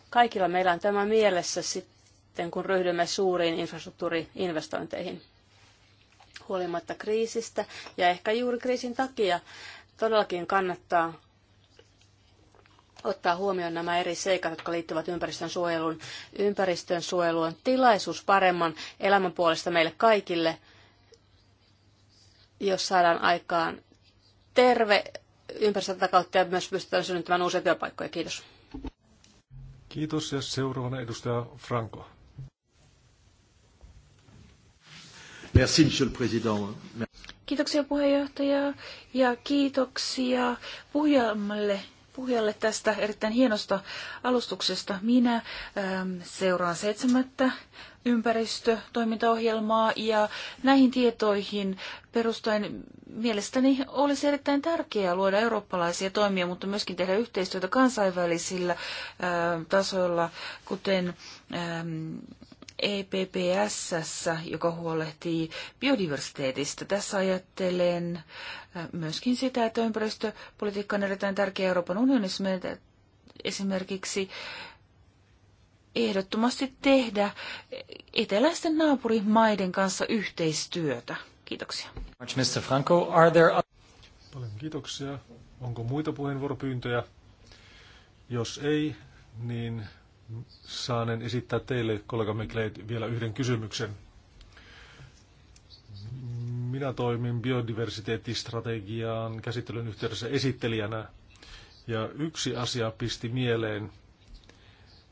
kaikilla meillä on tämä mielessä sitten, kun ryhdymme suuriin infrastruktuuriinvestointeihin. Huolimatta kriisistä ja ehkä juuri kriisin takia todellakin kannattaa ottaa huomioon nämä eri seikat, jotka liittyvät ympäristön suojeluun. Ympäristön suojelu on tilaisuus paremman elämän puolesta meille kaikille – jos saadaan aikaan terve ympäristö tätä kautta ja myös pystytään synnyttämään uusia työpaikkoja. Kiitos. Kiitos ja seuraavana edustaja Franco. Merci, monsieur le président. Kiitoksia puheenjohtaja ja kiitoksia puhujalle puhujalle tästä erittäin hienosta alustuksesta. Minä ähm, seuraan seitsemättä ympäristötoimintaohjelmaa ja näihin tietoihin perustuen mielestäni olisi erittäin tärkeää luoda eurooppalaisia toimia, mutta myöskin tehdä yhteistyötä kansainvälisillä tasoilla, kuten EPPS, joka huolehtii biodiversiteetistä. Tässä ajattelen myöskin sitä, että ympäristöpolitiikka on erittäin tärkeä Euroopan unionissa. esimerkiksi ehdottomasti tehdä eteläisten naapurimaiden kanssa yhteistyötä. Kiitoksia. Mr. Franco, are there... Paljon kiitoksia. Onko muita puheenvuoropyyntöjä? Jos ei, niin saanen esittää teille, kollega McLeod, vielä yhden kysymyksen. Minä toimin biodiversiteettistrategiaan käsittelyn yhteydessä esittelijänä, ja yksi asia pisti mieleen –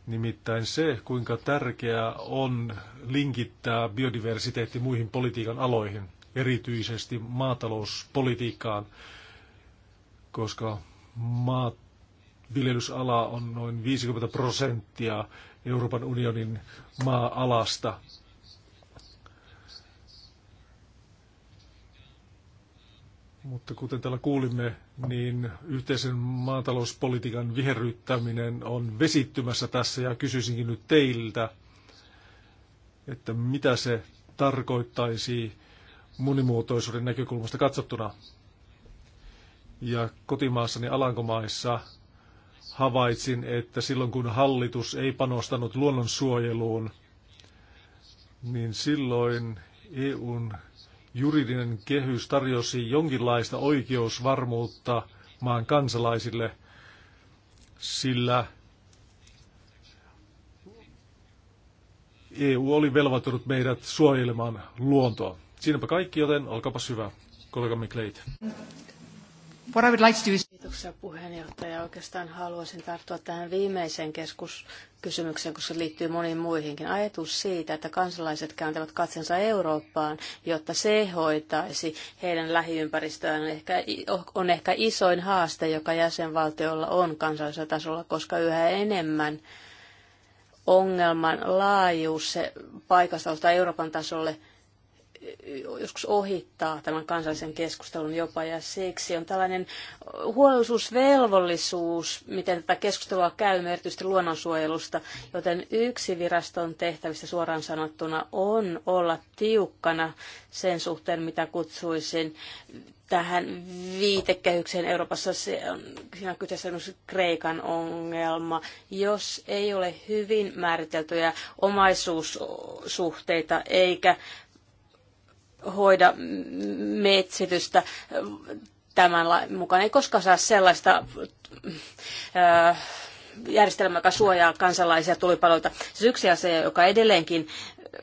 Nimittäin se, kuinka tärkeää on linkittää biodiversiteetti muihin politiikan aloihin, erityisesti maatalouspolitiikkaan, koska maanviljelysala on noin 50 prosenttia Euroopan unionin maa-alasta – Mutta kuten täällä kuulimme, niin yhteisen maatalouspolitiikan viherryttäminen on vesittymässä tässä ja kysyisinkin nyt teiltä, että mitä se tarkoittaisi monimuotoisuuden näkökulmasta katsottuna. Ja kotimaassani Alankomaissa havaitsin, että silloin kun hallitus ei panostanut luonnonsuojeluun, niin silloin EUn juridinen kehys tarjosi jonkinlaista oikeusvarmuutta maan kansalaisille, sillä EU oli velvoittanut meidät suojelemaan luontoa. Siinäpä kaikki, joten olkapas hyvä, kollega McLeod. What I would like to do is... Kiitoksia puheenjohtaja. Oikeastaan haluaisin tarttua tähän viimeiseen keskuskysymykseen, koska se liittyy moniin muihinkin. Ajatus siitä, että kansalaiset kääntävät katsensa Eurooppaan, jotta se hoitaisi heidän lähiympäristöään, ehkä, on ehkä isoin haaste, joka jäsenvaltiolla on kansallisella tasolla, koska yhä enemmän ongelman laajuus se paikasta Euroopan tasolle – joskus ohittaa tämän kansallisen keskustelun jopa, ja siksi on tällainen huolellisuusvelvollisuus, miten tätä keskustelua käy, erityisesti luonnonsuojelusta, joten yksi viraston tehtävistä suoraan sanottuna on olla tiukkana sen suhteen, mitä kutsuisin tähän viitekehykseen Euroopassa. Se on, siinä kyseessä on Kreikan ongelma. Jos ei ole hyvin määriteltyjä omaisuussuhteita eikä hoida metsitystä tämän lain mukaan. Ei koskaan saa sellaista järjestelmää, joka suojaa kansalaisia tulipalolta. Siis yksi asia, joka edelleenkin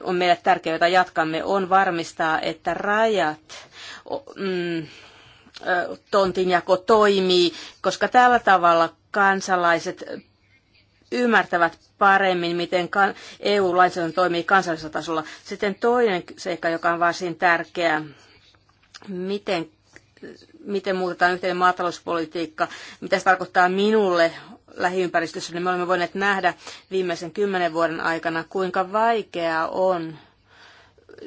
on meille tärkeää, jota jatkamme, on varmistaa, että rajat mm, tontinjako toimii, koska tällä tavalla kansalaiset ymmärtävät paremmin, miten EU-lainsäädäntö toimii kansallisella tasolla. Sitten toinen seikka, joka on varsin tärkeä, miten, miten muutetaan yhteinen maatalouspolitiikka, mitä se tarkoittaa minulle lähiympäristössä, niin me olemme voineet nähdä viimeisen kymmenen vuoden aikana, kuinka vaikeaa on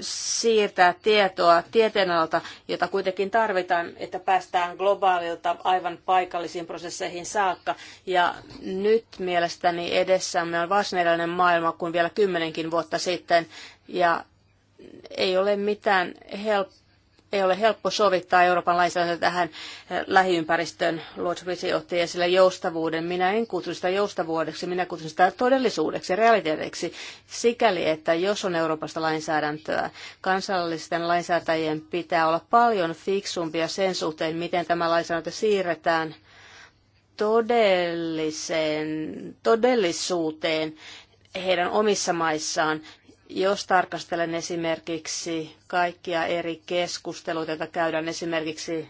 siirtää tietoa tieteenalalta, jota kuitenkin tarvitaan, että päästään globaalilta aivan paikallisiin prosesseihin saakka. Ja nyt mielestäni edessämme on varsin erilainen maailma kuin vielä kymmenenkin vuotta sitten, ja ei ole mitään helppoa ei ole helppo sovittaa Euroopan lainsäädäntöä tähän eh, lähiympäristön. Lord Ritchie otti esille joustavuuden. Minä en kutsu sitä joustavuudeksi, minä kutsun sitä todellisuudeksi, realiteetiksi. Sikäli, että jos on Euroopasta lainsäädäntöä, kansallisten lainsäätäjien pitää olla paljon fiksumpia sen suhteen, miten tämä lainsäädäntö siirretään todelliseen, todellisuuteen heidän omissa maissaan jos tarkastelen esimerkiksi kaikkia eri keskusteluita, joita käydään esimerkiksi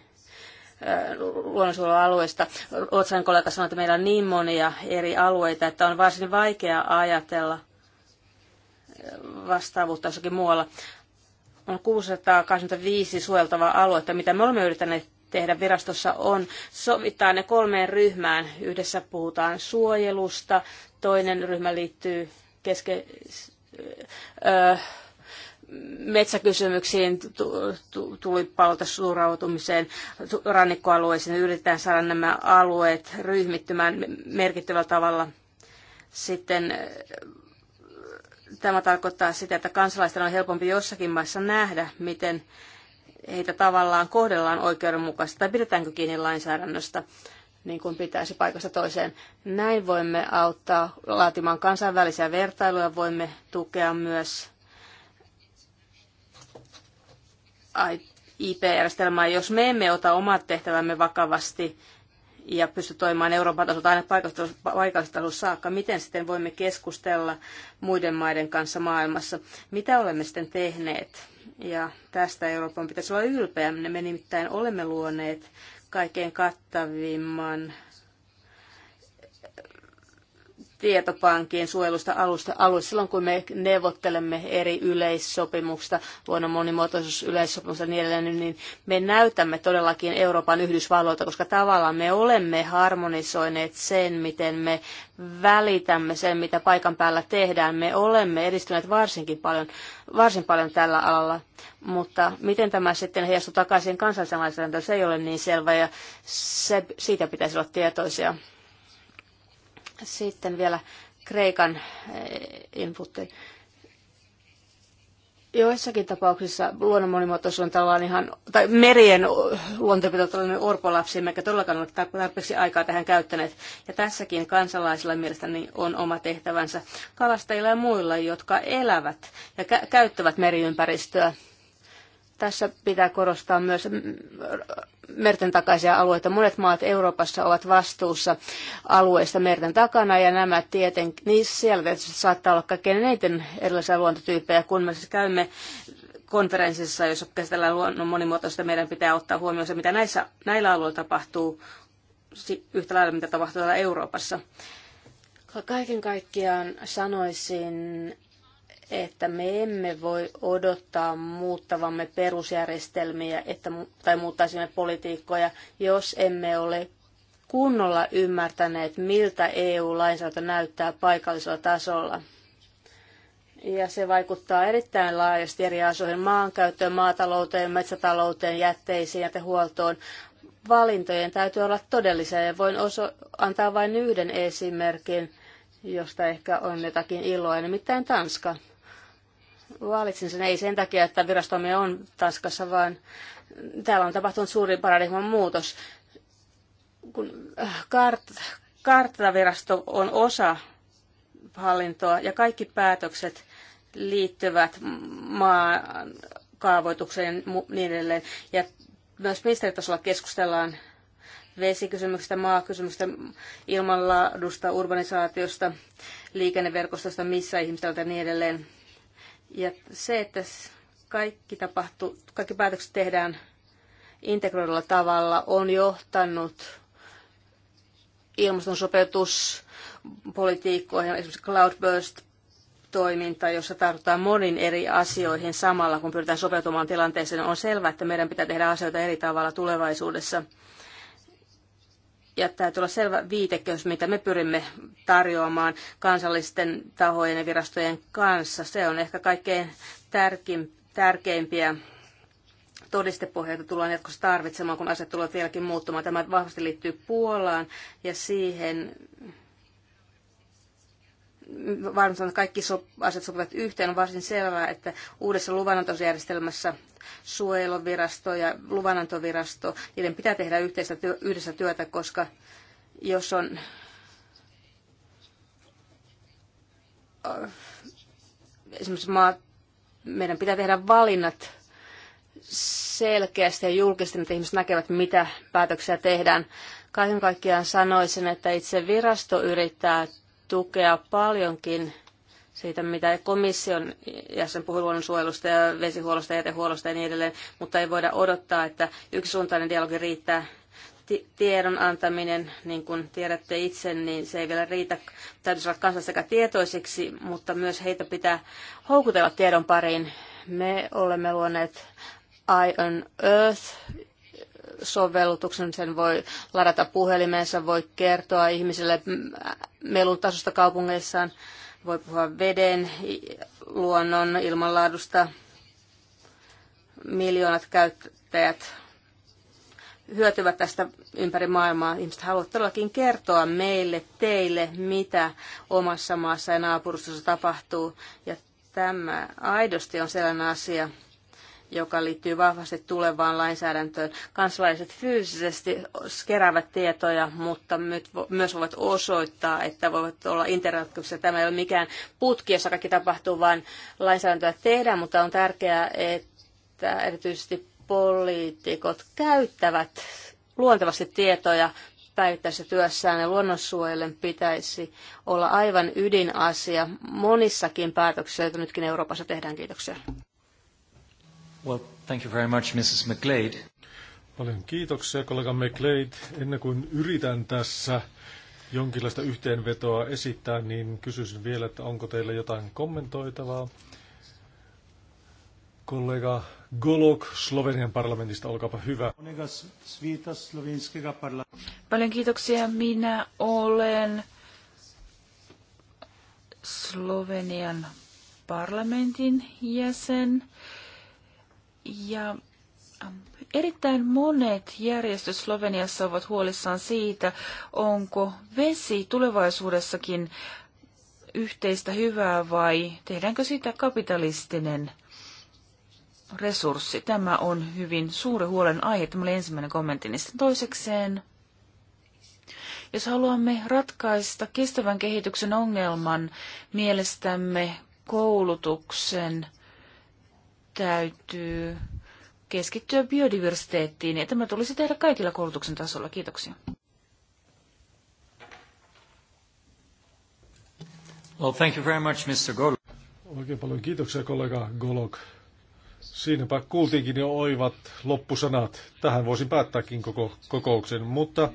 äh, luonnonsuojelualueista. Ruotsalainen kollega sanoi, että meillä on niin monia eri alueita, että on varsin vaikea ajatella äh, vastaavuutta jossakin muualla. On 685 suojeltavaa aluetta, mitä me olemme yrittäneet tehdä virastossa on sovittaa ne kolmeen ryhmään. Yhdessä puhutaan suojelusta, toinen ryhmä liittyy keske- öö, metsäkysymyksiin, tulipalolta suurautumiseen, rannikkoalueisiin. Yritetään saada nämä alueet ryhmittymään merkittävällä tavalla. Sitten tämä tarkoittaa sitä, että kansalaisten on helpompi jossakin maissa nähdä, miten heitä tavallaan kohdellaan oikeudenmukaisesti tai pidetäänkö kiinni lainsäädännöstä niin kuin pitäisi paikasta toiseen. Näin voimme auttaa laatimaan kansainvälisiä vertailuja, voimme tukea myös IP-järjestelmää. Jos me emme ota omat tehtävämme vakavasti ja pysty toimimaan Euroopan tasolla aina paikallistasolla saakka, miten sitten voimme keskustella muiden maiden kanssa maailmassa? Mitä olemme sitten tehneet? Ja tästä Euroopan pitäisi olla ylpeä. Me nimittäin olemme luoneet kaikkein kattavimman tietopankin suojelusta alusta alusta silloin, kun me neuvottelemme eri yleissopimuksista, luonnon monimuotoisuusyleissopimusta ja niin edelleen, niin, niin me näytämme todellakin Euroopan Yhdysvalloilta, koska tavallaan me olemme harmonisoineet sen, miten me välitämme sen, mitä paikan päällä tehdään. Me olemme edistyneet varsinkin paljon, varsin paljon tällä alalla, mutta miten tämä sitten heijastuu takaisin kansallisen lainsäädäntöön, se ei ole niin selvä ja se, siitä pitäisi olla tietoisia. Sitten vielä Kreikan eh, inputti. Joissakin tapauksissa luonnon monimuotoisuus on tällainen ihan, tai merien luontopito tällainen orpolapsi, emmekä todellakaan ole tarpeeksi aikaa tähän käyttäneet. Ja tässäkin kansalaisilla mielestäni on oma tehtävänsä kalastajilla ja muilla, jotka elävät ja kä- käyttävät meriympäristöä tässä pitää korostaa myös merten takaisia alueita. Monet maat Euroopassa ovat vastuussa alueista merten takana ja nämä tieten, niin siellä saattaa olla kaikkein eniten erilaisia luontotyyppejä. Kun me siis käymme konferenssissa, jossa käsitellään luonnon monimuotoista, meidän pitää ottaa huomioon se, mitä näissä, näillä alueilla tapahtuu yhtä lailla, mitä tapahtuu täällä Euroopassa. Kaiken kaikkiaan sanoisin, että me emme voi odottaa muuttavamme perusjärjestelmiä että, tai muuttaisimme politiikkoja, jos emme ole kunnolla ymmärtäneet, miltä EU-lainsäädäntö näyttää paikallisella tasolla. Ja se vaikuttaa erittäin laajasti eri asioihin, maankäyttöön, maatalouteen, metsätalouteen, jätteisiin, jätehuoltoon. Valintojen täytyy olla todellisia ja voin oso- antaa vain yhden esimerkin, josta ehkä on jotakin iloa, nimittäin Tanska valitsin sen ei sen takia, että virastomme on Tanskassa, vaan täällä on tapahtunut suuri paradigman muutos. Kun äh, kart, karttavirasto on osa hallintoa ja kaikki päätökset liittyvät maan kaavoitukseen ja niin edelleen. Ja myös ministeritasolla keskustellaan vesikysymyksistä, maakysymyksistä, ilmanlaadusta, urbanisaatiosta, liikenneverkostosta, missä ihmiseltä ja niin edelleen. Ja se, että kaikki, tapahtuu, kaikki päätökset tehdään integroidulla tavalla, on johtanut ilmaston sopeutuspolitiikkoihin, esimerkiksi Cloudburst, toiminta, jossa tartutaan monin eri asioihin samalla, kun pyritään sopeutumaan tilanteeseen, on selvää, että meidän pitää tehdä asioita eri tavalla tulevaisuudessa ja täytyy olla selvä viitekehys, mitä me pyrimme tarjoamaan kansallisten tahojen ja virastojen kanssa. Se on ehkä kaikkein tärkein, tärkeimpiä todistepohjalta tullaan jatkossa tarvitsemaan, kun asiat tulevat vieläkin muuttumaan. Tämä vahvasti liittyy Puolaan ja siihen, varmistanut, että kaikki sop- asiat sopivat yhteen, on varsin selvää, että uudessa luvanantojärjestelmässä suojeluvirasto ja luvanantovirasto, niiden pitää tehdä yhteistä yhdessä työtä, koska jos on esimerkiksi maa, meidän pitää tehdä valinnat selkeästi ja julkisesti, että ihmiset näkevät, mitä päätöksiä tehdään. Kaiken kaikkiaan sanoisin, että itse virasto yrittää tukea paljonkin siitä, mitä komission jäsen puhui luonnonsuojelusta ja vesihuollosta, jätehuollosta ja niin edelleen, mutta ei voida odottaa, että yksisuuntainen dialogi riittää. Tiedon antaminen, niin kuin tiedätte itse, niin se ei vielä riitä. Täytyisi olla kanssa sekä tietoisiksi, mutta myös heitä pitää houkutella tiedon pariin. Me olemme luoneet Eye on Earth sovellutuksen, sen voi ladata puhelimeensa, voi kertoa ihmisille melun tasosta kaupungeissaan, voi puhua veden, luonnon, ilmanlaadusta. Miljoonat käyttäjät hyötyvät tästä ympäri maailmaa. Ihmiset haluavat todellakin kertoa meille, teille, mitä omassa maassa ja naapurustossa tapahtuu. Ja tämä aidosti on sellainen asia, joka liittyy vahvasti tulevaan lainsäädäntöön. Kansalaiset fyysisesti keräävät tietoja, mutta myös voivat osoittaa, että voivat olla interaktiivisia. Tämä ei ole mikään putki, jossa kaikki tapahtuu, vaan lainsäädäntöä tehdään, mutta on tärkeää, että erityisesti poliitikot käyttävät luontevasti tietoja päivittäisessä työssään ja luonnonsuojelun pitäisi olla aivan ydinasia monissakin päätöksissä, joita nytkin Euroopassa tehdään. Kiitoksia. Well, thank you very much, Mrs. Paljon kiitoksia, kollega McLeod. Ennen kuin yritän tässä jonkinlaista yhteenvetoa esittää, niin kysyisin vielä, että onko teillä jotain kommentoitavaa. Kollega Golok Slovenian parlamentista, olkaapa hyvä. Paljon kiitoksia. Minä olen Slovenian parlamentin jäsen ja ähm, erittäin monet järjestöt Sloveniassa ovat huolissaan siitä, onko vesi tulevaisuudessakin yhteistä hyvää vai tehdäänkö siitä kapitalistinen resurssi. Tämä on hyvin suuri huolen aihe. Tämä oli ensimmäinen kommentti. Sitten toisekseen, jos haluamme ratkaista kestävän kehityksen ongelman mielestämme koulutuksen täytyy keskittyä biodiversiteettiin, ja tämä tulisi tehdä kaikilla koulutuksen tasolla. Kiitoksia. Well, thank you very much, Mr. Oikein paljon kiitoksia, kollega Golok. Siinäpä kuultiinkin jo oivat loppusanat. Tähän voisin päättääkin koko kokouksen, mutta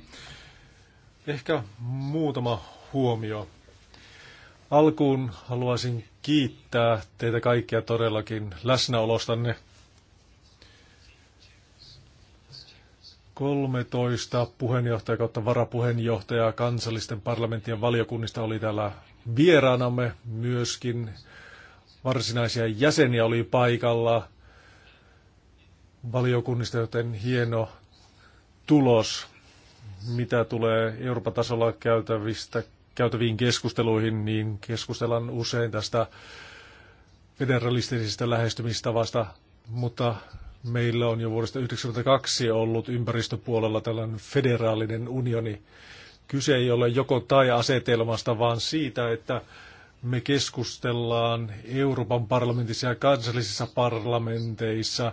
ehkä muutama huomio. Alkuun haluaisin kiittää teitä kaikkia todellakin läsnäolostanne. 13 puheenjohtaja kautta varapuheenjohtaja kansallisten parlamenttien valiokunnista oli täällä vieraanamme. Myöskin varsinaisia jäseniä oli paikalla valiokunnista, joten hieno tulos, mitä tulee Euroopan tasolla käytävistä käytäviin keskusteluihin, niin keskustellaan usein tästä federalistisesta lähestymistavasta, mutta meillä on jo vuodesta 1992 ollut ympäristöpuolella tällainen federaalinen unioni. Kyse ei ole joko tai asetelmasta, vaan siitä, että me keskustellaan Euroopan parlamentissa ja kansallisissa parlamenteissa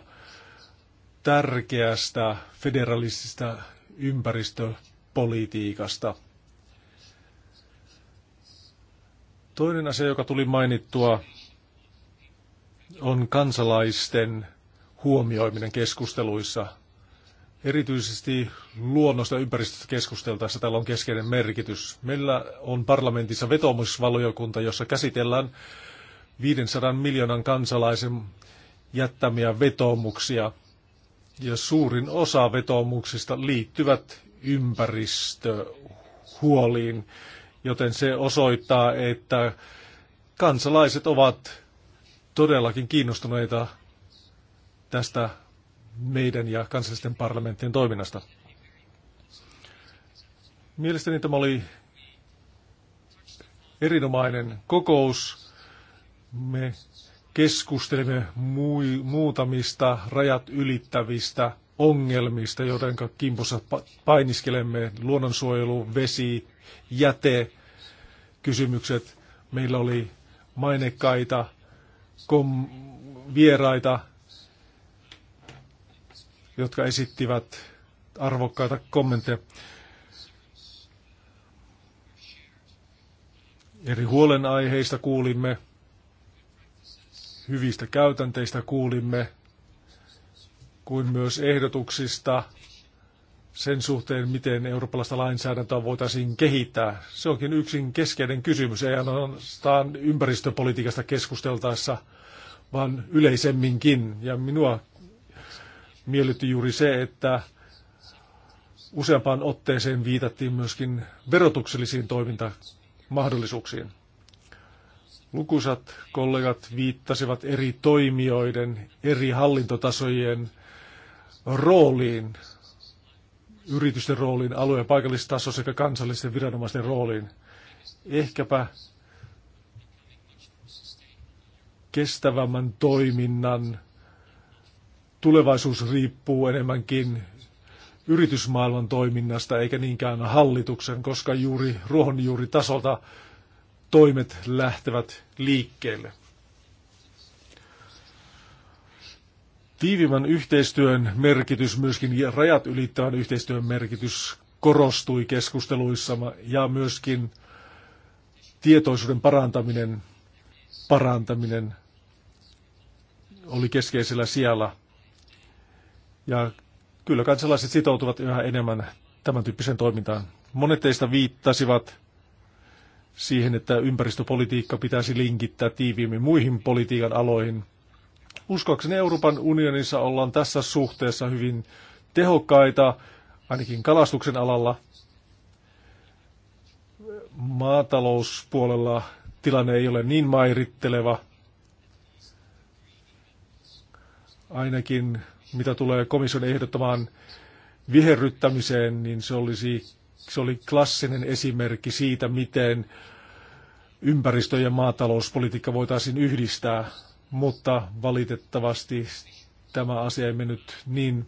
tärkeästä federalistista ympäristöpolitiikasta. Toinen asia, joka tuli mainittua, on kansalaisten huomioiminen keskusteluissa. Erityisesti luonnosta ja ympäristöstä keskusteltaessa täällä on keskeinen merkitys. Meillä on parlamentissa vetomusvaliokunta, jossa käsitellään 500 miljoonan kansalaisen jättämiä vetomuksia. Ja suurin osa vetomuksista liittyvät ympäristöhuoliin joten se osoittaa, että kansalaiset ovat todellakin kiinnostuneita tästä meidän ja kansallisten parlamenttien toiminnasta. Mielestäni tämä oli erinomainen kokous. Me keskustelimme muutamista rajat ylittävistä ongelmista, joiden kimpussa painiskelemme luonnonsuojelu, vesi, jäte, kysymykset. Meillä oli mainekkaita kom- vieraita, jotka esittivät arvokkaita kommentteja. Eri huolenaiheista kuulimme, hyvistä käytänteistä kuulimme, kuin myös ehdotuksista sen suhteen, miten eurooppalaista lainsäädäntöä voitaisiin kehittää. Se onkin yksin keskeinen kysymys, ei ainoastaan ympäristöpolitiikasta keskusteltaessa, vaan yleisemminkin. Ja minua miellytti juuri se, että useampaan otteeseen viitattiin myöskin verotuksellisiin toimintamahdollisuuksiin. Lukuisat kollegat viittasivat eri toimijoiden, eri hallintotasojen – rooliin, yritysten rooliin, alueen paikallistaso sekä kansallisten viranomaisten rooliin. Ehkäpä kestävämmän toiminnan tulevaisuus riippuu enemmänkin yritysmaailman toiminnasta eikä niinkään hallituksen, koska juuri ruohonjuuritasolta toimet lähtevät liikkeelle. Tiivimän yhteistyön merkitys, myöskin rajat ylittävän yhteistyön merkitys korostui keskusteluissa ja myöskin tietoisuuden parantaminen, parantaminen oli keskeisellä siellä Ja kyllä kansalaiset sitoutuvat yhä enemmän tämän tyyppiseen toimintaan. Monet teistä viittasivat siihen, että ympäristöpolitiikka pitäisi linkittää tiiviimmin muihin politiikan aloihin – Uskoakseni Euroopan unionissa ollaan tässä suhteessa hyvin tehokkaita, ainakin kalastuksen alalla. Maatalouspuolella tilanne ei ole niin mairitteleva. Ainakin mitä tulee komission ehdottamaan viherryttämiseen, niin se, olisi, se oli klassinen esimerkki siitä, miten ympäristö- ja maatalouspolitiikka voitaisiin yhdistää mutta valitettavasti tämä asia ei mennyt niin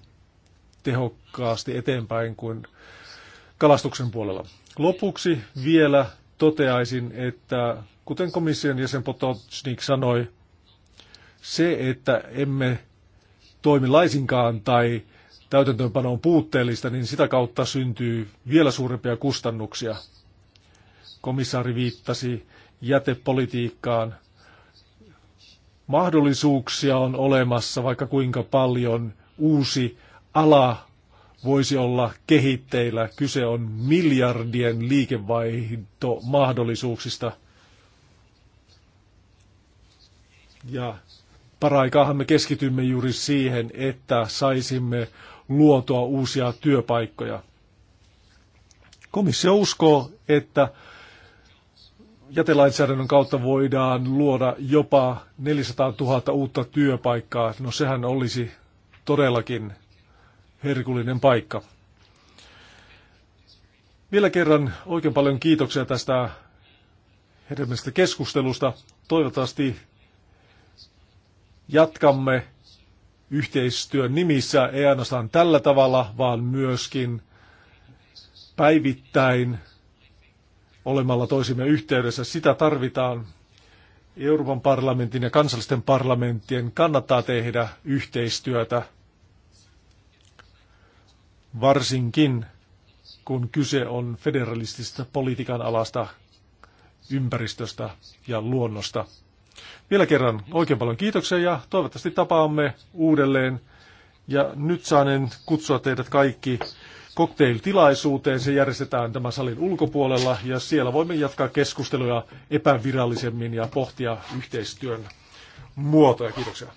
tehokkaasti eteenpäin kuin kalastuksen puolella. Lopuksi vielä toteaisin, että kuten komission jäsen Potocnik sanoi, se, että emme toimi laisinkaan tai täytäntöönpano on puutteellista, niin sitä kautta syntyy vielä suurempia kustannuksia. Komissaari viittasi jätepolitiikkaan. Mahdollisuuksia on olemassa vaikka kuinka paljon uusi ala voisi olla kehitteillä. Kyse on miljardien liikevaihtomahdollisuuksista. Ja paraikaahan me keskitymme juuri siihen, että saisimme luotua uusia työpaikkoja. Komissio uskoo, että jätelainsäädännön kautta voidaan luoda jopa 400 000 uutta työpaikkaa. No sehän olisi todellakin herkullinen paikka. Vielä kerran oikein paljon kiitoksia tästä hedelmästä keskustelusta. Toivottavasti jatkamme yhteistyön nimissä, ei ainoastaan tällä tavalla, vaan myöskin päivittäin olemalla toisimme yhteydessä. Sitä tarvitaan. Euroopan parlamentin ja kansallisten parlamenttien kannattaa tehdä yhteistyötä, varsinkin kun kyse on federalistista politiikan alasta, ympäristöstä ja luonnosta. Vielä kerran oikein paljon kiitoksia ja toivottavasti tapaamme uudelleen. Ja nyt saanen kutsua teidät kaikki cocktailtilaisuuteen. Se järjestetään tämän salin ulkopuolella ja siellä voimme jatkaa keskusteluja epävirallisemmin ja pohtia yhteistyön muotoja. Kiitoksia.